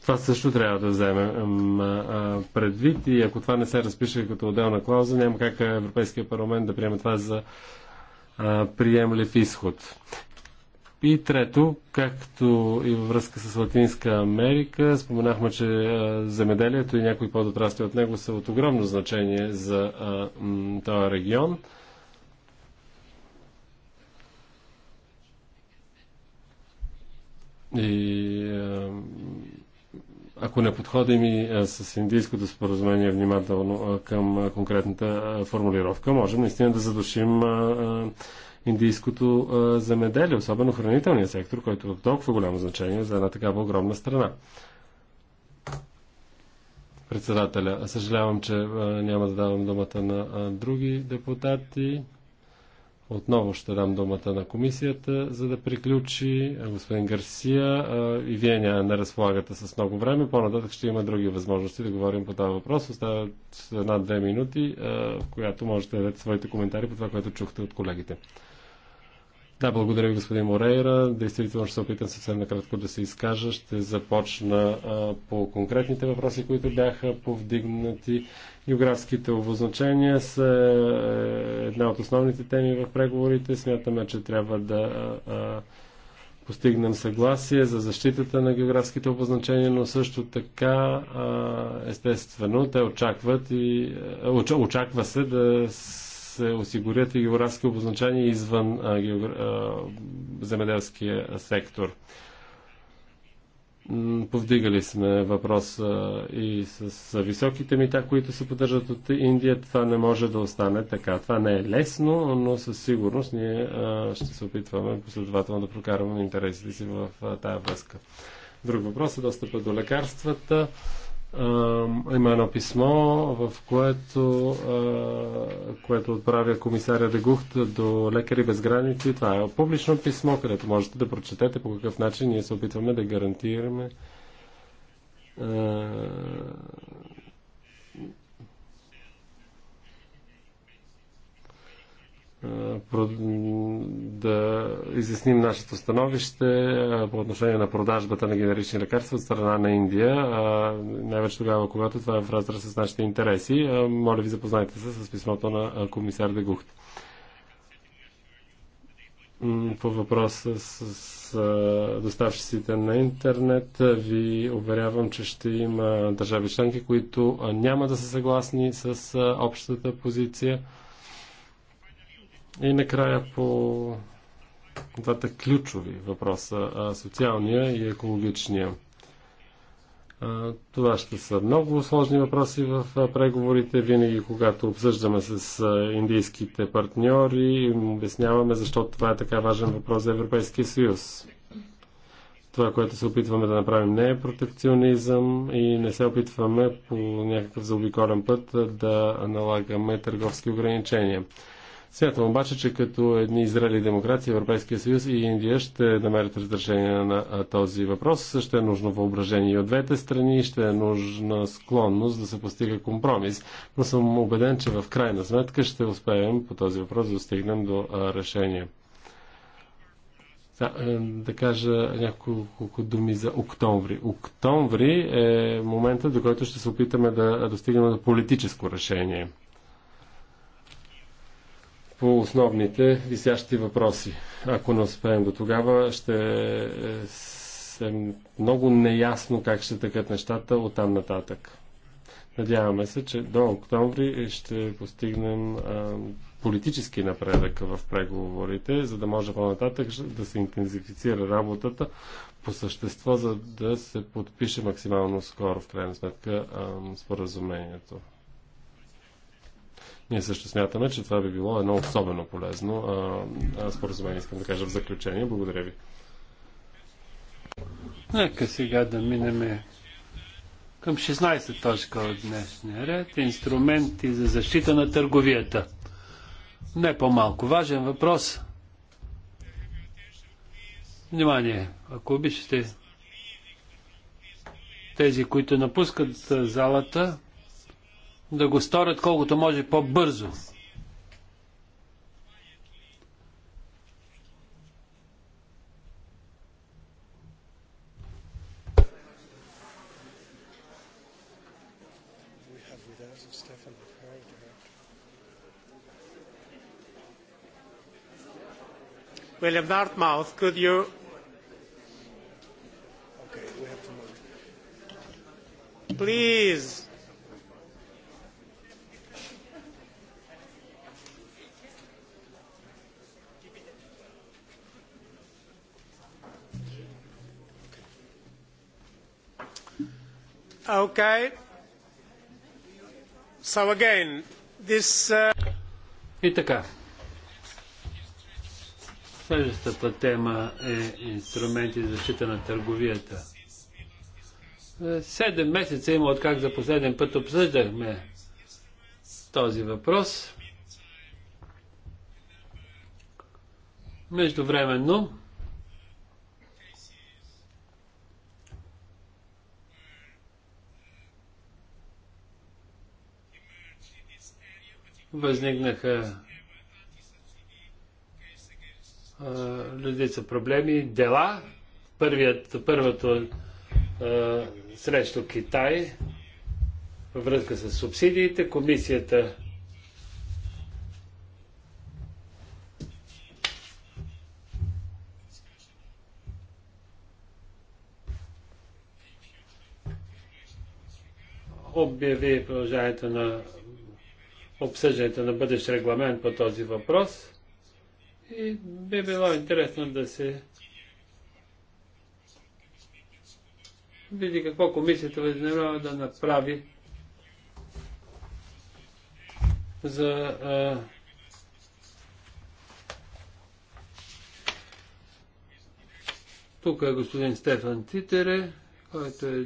Това също трябва да вземем предвид и ако това не се разпише като отделна клауза, няма как Европейския парламент да приеме това за приемлив изход. И трето, както и във връзка с Латинска Америка, споменахме, че земеделието и някои подотрасли от него са от огромно значение за този регион. И ако не подходим и с индийското споразумение внимателно към конкретната формулировка, можем наистина да задушим индийското а, замеделие, особено хранителния сектор, който е от толкова голямо значение за една такава огромна страна. Председателя, съжалявам, че а, няма да давам думата на а, други депутати. Отново ще дам думата на комисията, за да приключи. Господин Гарсия, и вие не разполагате с много време. По-нататък ще има други възможности да говорим по този въпрос. Остават една-две минути, в която можете да дадете своите коментари по това, което чухте от колегите. Да, благодаря ви, господин Морейра. Действително ще се опитам съвсем накратко да се изкажа. Ще започна а, по конкретните въпроси, които бяха повдигнати. Географските обозначения са е, една от основните теми в преговорите. Смятаме, че трябва да а, постигнем съгласие за защитата на географските обозначения, но също така, а, естествено, те очакват и очаква се да се осигурят и географски обозначения извън а, географ... а, земеделския сектор. Повдигали сме въпрос и с, с високите мита, които се поддържат от Индия. Това не може да остане така. Това не е лесно, но със сигурност ние а, ще се опитваме последователно да прокарваме интересите си в тази връзка. Друг въпрос е достъпа до лекарствата има едно писмо, в което, което отправя комисаря Дегухт до Лекари без граници. Това е публично писмо, където можете да прочетете по какъв начин ние се опитваме да гарантираме да изясним нашето становище по отношение на продажбата на генерични лекарства от страна на Индия, най-вече тогава, когато това е в разрез с нашите интереси. Моля ви, запознайте се с писмото на комисар Дегухт. По въпроса с, с доставчиците на интернет ви уверявам, че ще има държави членки, които няма да са съгласни с общата позиция и накрая по двата ключови въпроса социалния и екологичния. Това ще са много сложни въпроси в преговорите. Винаги, когато обсъждаме с индийските партньори, им обясняваме защо това е така важен въпрос за Европейския съюз. Това, което се опитваме да направим не е протекционизъм и не се опитваме по някакъв заобиколен път да налагаме търговски ограничения. Смятам обаче, че като едни израели демократи Европейския съюз и Индия ще намерят разрешение на този въпрос. Ще е нужно въображение и от двете страни, ще е нужна склонност да се постига компромис. Но съм убеден, че в крайна сметка ще успеем по този въпрос да достигнем до решение. Да, е, да кажа няколко думи за октомври. Октомври е момента, до който ще се опитаме да достигнем до политическо решение – по основните висящи въпроси. Ако не успеем до тогава, ще е много неясно как ще тъкат нещата от там нататък. Надяваме се, че до октомври ще постигнем политически напредък в преговорите, за да може по-нататък да се интензифицира работата по същество, за да се подпише максимално скоро, в крайна сметка, споразумението. Ние също смятаме, че това би било едно особено полезно а, споразумение, искам да кажа в заключение. Благодаря ви. Нека сега да минеме към 16 точка от днешния ред. Инструменти за защита на търговията. Не по-малко важен въпрос. Внимание, ако обичате тези, които напускат залата, да го сторят колкото може по-бързо. William Dartmouth, could you? Okay, we have to move. Please. Okay. So again, this, uh... И така. Следващата тема е инструменти за защита на търговията. Е, седем месеца има от как за последен път обсъждахме този въпрос. Междувременно Възникнаха редица проблеми, дела. Първият, първото а, срещу Китай във връзка с субсидиите. Комисията обяви продължаването на обсъждането на бъдещ регламент по този въпрос и би било интересно да се види какво комисията възнамерява да направи за а, Тук е господин Стефан Титере, който е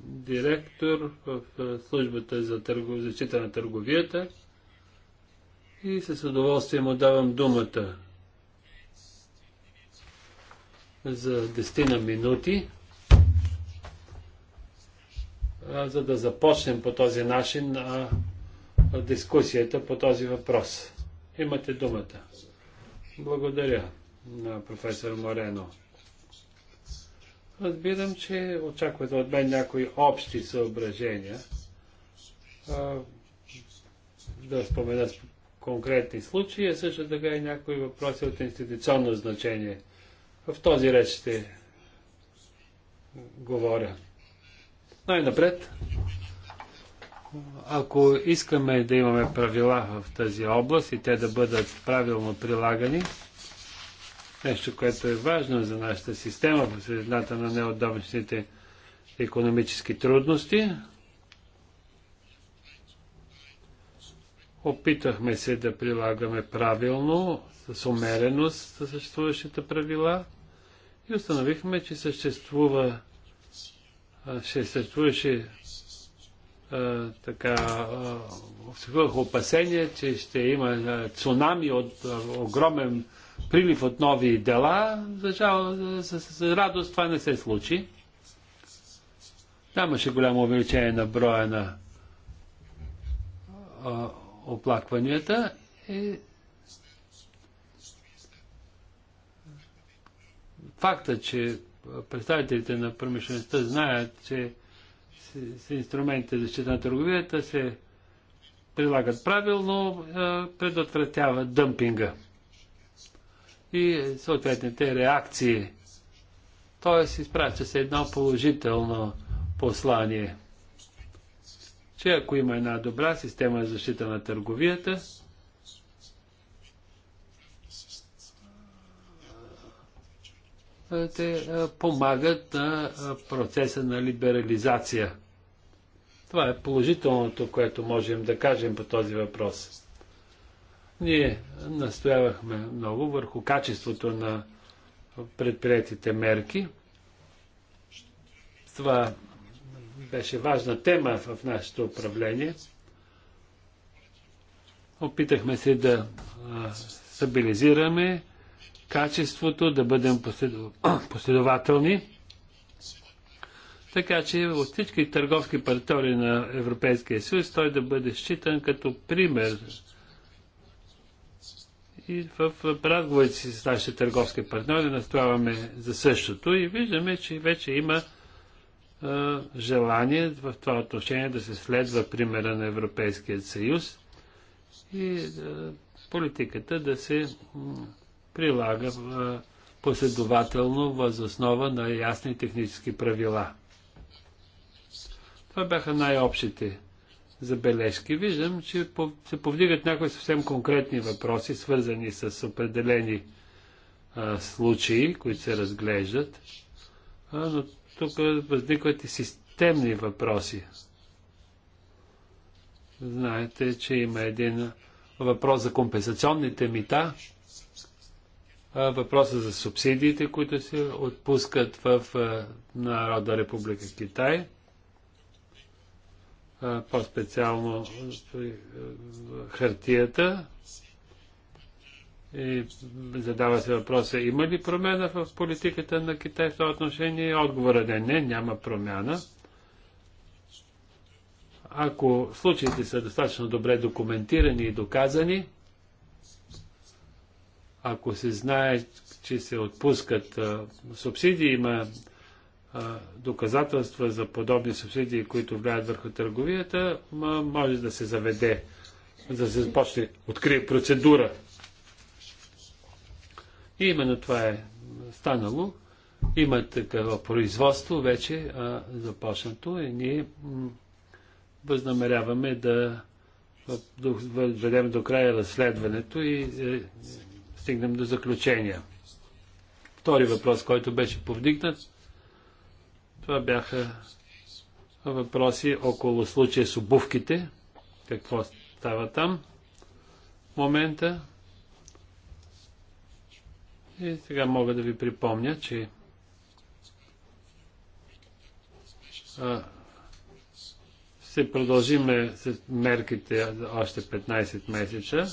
директор в службата за защита на търговията и с удоволствие му давам думата за 10 на минути, за да започнем по този начин дискусията по този въпрос. Имате думата. Благодаря на професор Морено. Разбирам, че очаквате от мен някои общи съображения. Да спомена конкретни случаи, а също така и някои въпроси от институционно значение. В този реч ще говоря. Най-напред, ако искаме да имаме правила в тази област и те да бъдат правилно прилагани, нещо, което е важно за нашата система в средата на неотдавнашните економически трудности, Опитахме се да прилагаме правилно, с умереност съществуващите правила и установихме, че съществува ще съществуваше така съществувах опасения, че ще има цунами от огромен прилив от нови дела. За жал, с, с, с радост това не се случи. Нямаше голямо увеличение на броя на оплакванията е факта, че представителите на промишлеността знаят, че с инструментите за защита на търговията се прилагат правилно, предотвратяват дъмпинга и съответните реакции. Тоест, изпраща се едно положително послание – че ако има една добра система за защита на търговията, те помагат на процеса на либерализация. Това е положителното, което можем да кажем по този въпрос. Ние настоявахме много върху качеството на предприятите мерки. Това беше важна тема в нашето управление. Опитахме се да стабилизираме качеството, да бъдем последователни. Така че от всички търговски партньори на Европейския съюз той да бъде считан като пример. И в разговорите си с нашите търговски партньори настояваме за същото и виждаме, че вече има желание в това отношение да се следва примера на Европейския съюз и политиката да се прилага последователно възоснова на ясни технически правила. Това бяха най-общите забележки. Виждам, че се повдигат някои съвсем конкретни въпроси, свързани с определени а, случаи, които се разглеждат но тук възникват и системни въпроси. Знаете, че има един въпрос за компенсационните мита, въпроса за субсидиите, които се отпускат в Народна република Китай, по-специално хартията, и задава се въпроса, има ли промяна в политиката на Китай в това отношение? Отговорът е не, няма промяна. Ако случаите са достатъчно добре документирани и доказани, ако се знае, че се отпускат а, субсидии, има а, доказателства за подобни субсидии, които влияят върху търговията, може да се заведе, да се започне, открие процедура и именно това е станало. Има такава производство вече а, започнато и ние възнамеряваме да ведем до края разследването и е, стигнем до заключения. Втори въпрос, който беше повдигнат, това бяха въпроси около случая с обувките. Какво става там в момента? И сега мога да ви припомня, че а, ще продължиме с мерките още 15 месеца.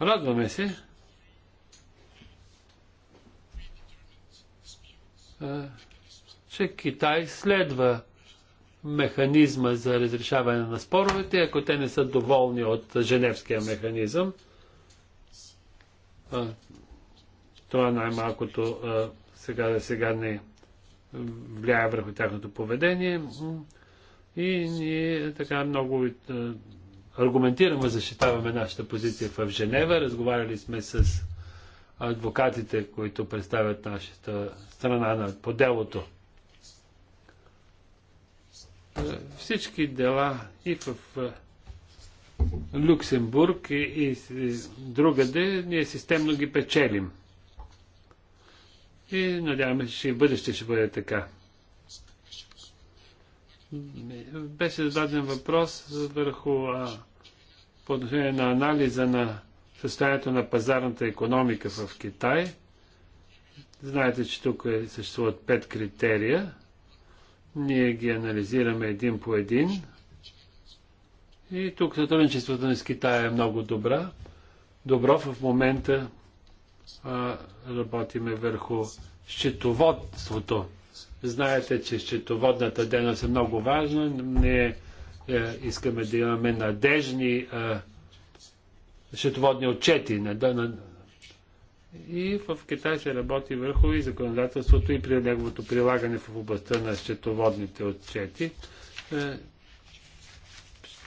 Радваме се. А, че Китай следва механизма за разрешаване на споровете, ако те не са доволни от женевския механизъм. А, това най-малкото сега за сега не влияе върху тяхното поведение. И ние така много аргументирано защитаваме нашата позиция в Женева. Разговаряли сме с адвокатите, които представят нашата страна по делото. Е, всички дела и в е, Люксембург и, и, и другаде, ние системно ги печелим. И надяваме, че и в бъдеще ще бъде така. Беше зададен въпрос върху а, по отношение на анализа на състоянието на пазарната економика в Китай. Знаете, че тук е, съществуват пет критерия ние ги анализираме един по един. И тук сътрудничеството ни с Китай е много добра. Добро в момента а, работиме върху счетоводството. Знаете, че счетоводната дейност е много важна. Ние е, искаме да имаме надежни а, счетоводни отчети, и в Китай се работи върху и законодателството и при неговото прилагане в областта на счетоводните отчети. Е,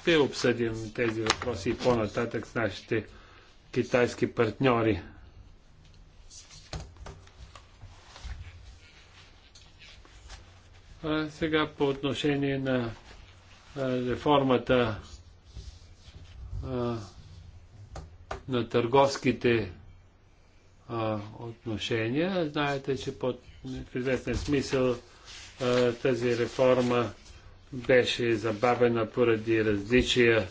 ще обсъдим тези въпроси и по-нататък с нашите китайски партньори. А сега по отношение на реформата на търговските а, отношения. Знаете, че под, в известен смисъл а, тази реформа беше забавена поради различия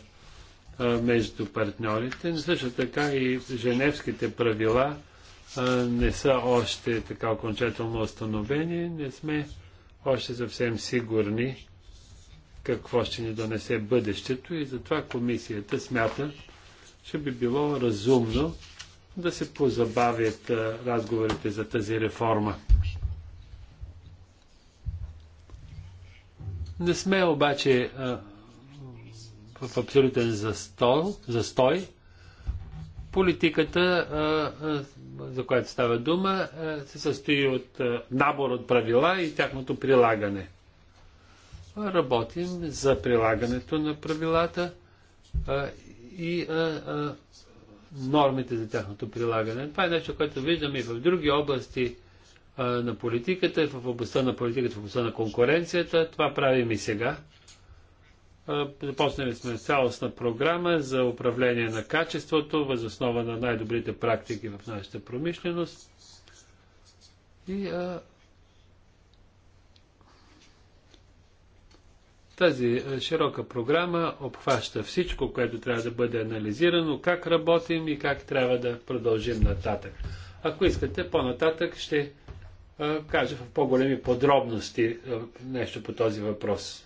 а, между партньорите. Но също така и женевските правила а, не са още така окончателно установени. Не сме още съвсем сигурни какво ще ни донесе бъдещето и затова комисията смята, че би било разумно да се позабавят разговорите за тази реформа. Не сме обаче в абсолютен застой. Политиката, за която става дума, се състои от набор от правила и тяхното прилагане. Работим за прилагането на правилата и нормите за тяхното прилагане. Това е нещо, което виждаме и в други области на политиката, в областта на политиката, в областта на конкуренцията. Това правим и сега. Започнали сме цялостна програма за управление на качеството, възоснова на най-добрите практики в нашата промишленост. И а, Тази е, широка програма обхваща всичко, което трябва да бъде анализирано, как работим и как трябва да продължим нататък. Ако искате, по-нататък ще е, кажа в по-големи подробности е, нещо по този въпрос.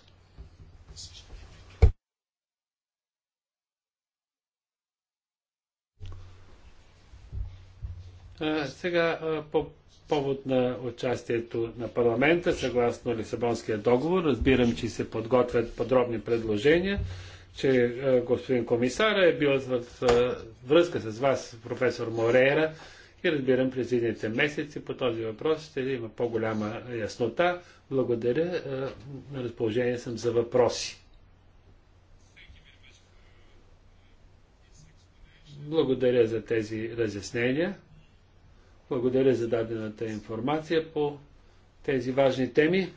сега по повод на участието на парламента, съгласно Лисабонския договор, разбирам, че се подготвят подробни предложения, че е, господин комисара е бил в е, връзка с вас, професор Морейра, и разбирам, през едните месеци по този въпрос ще има по-голяма яснота. Благодаря. Е, на разположение съм за въпроси. Благодаря за тези разяснения. Благодаря за дадената информация по тези важни теми.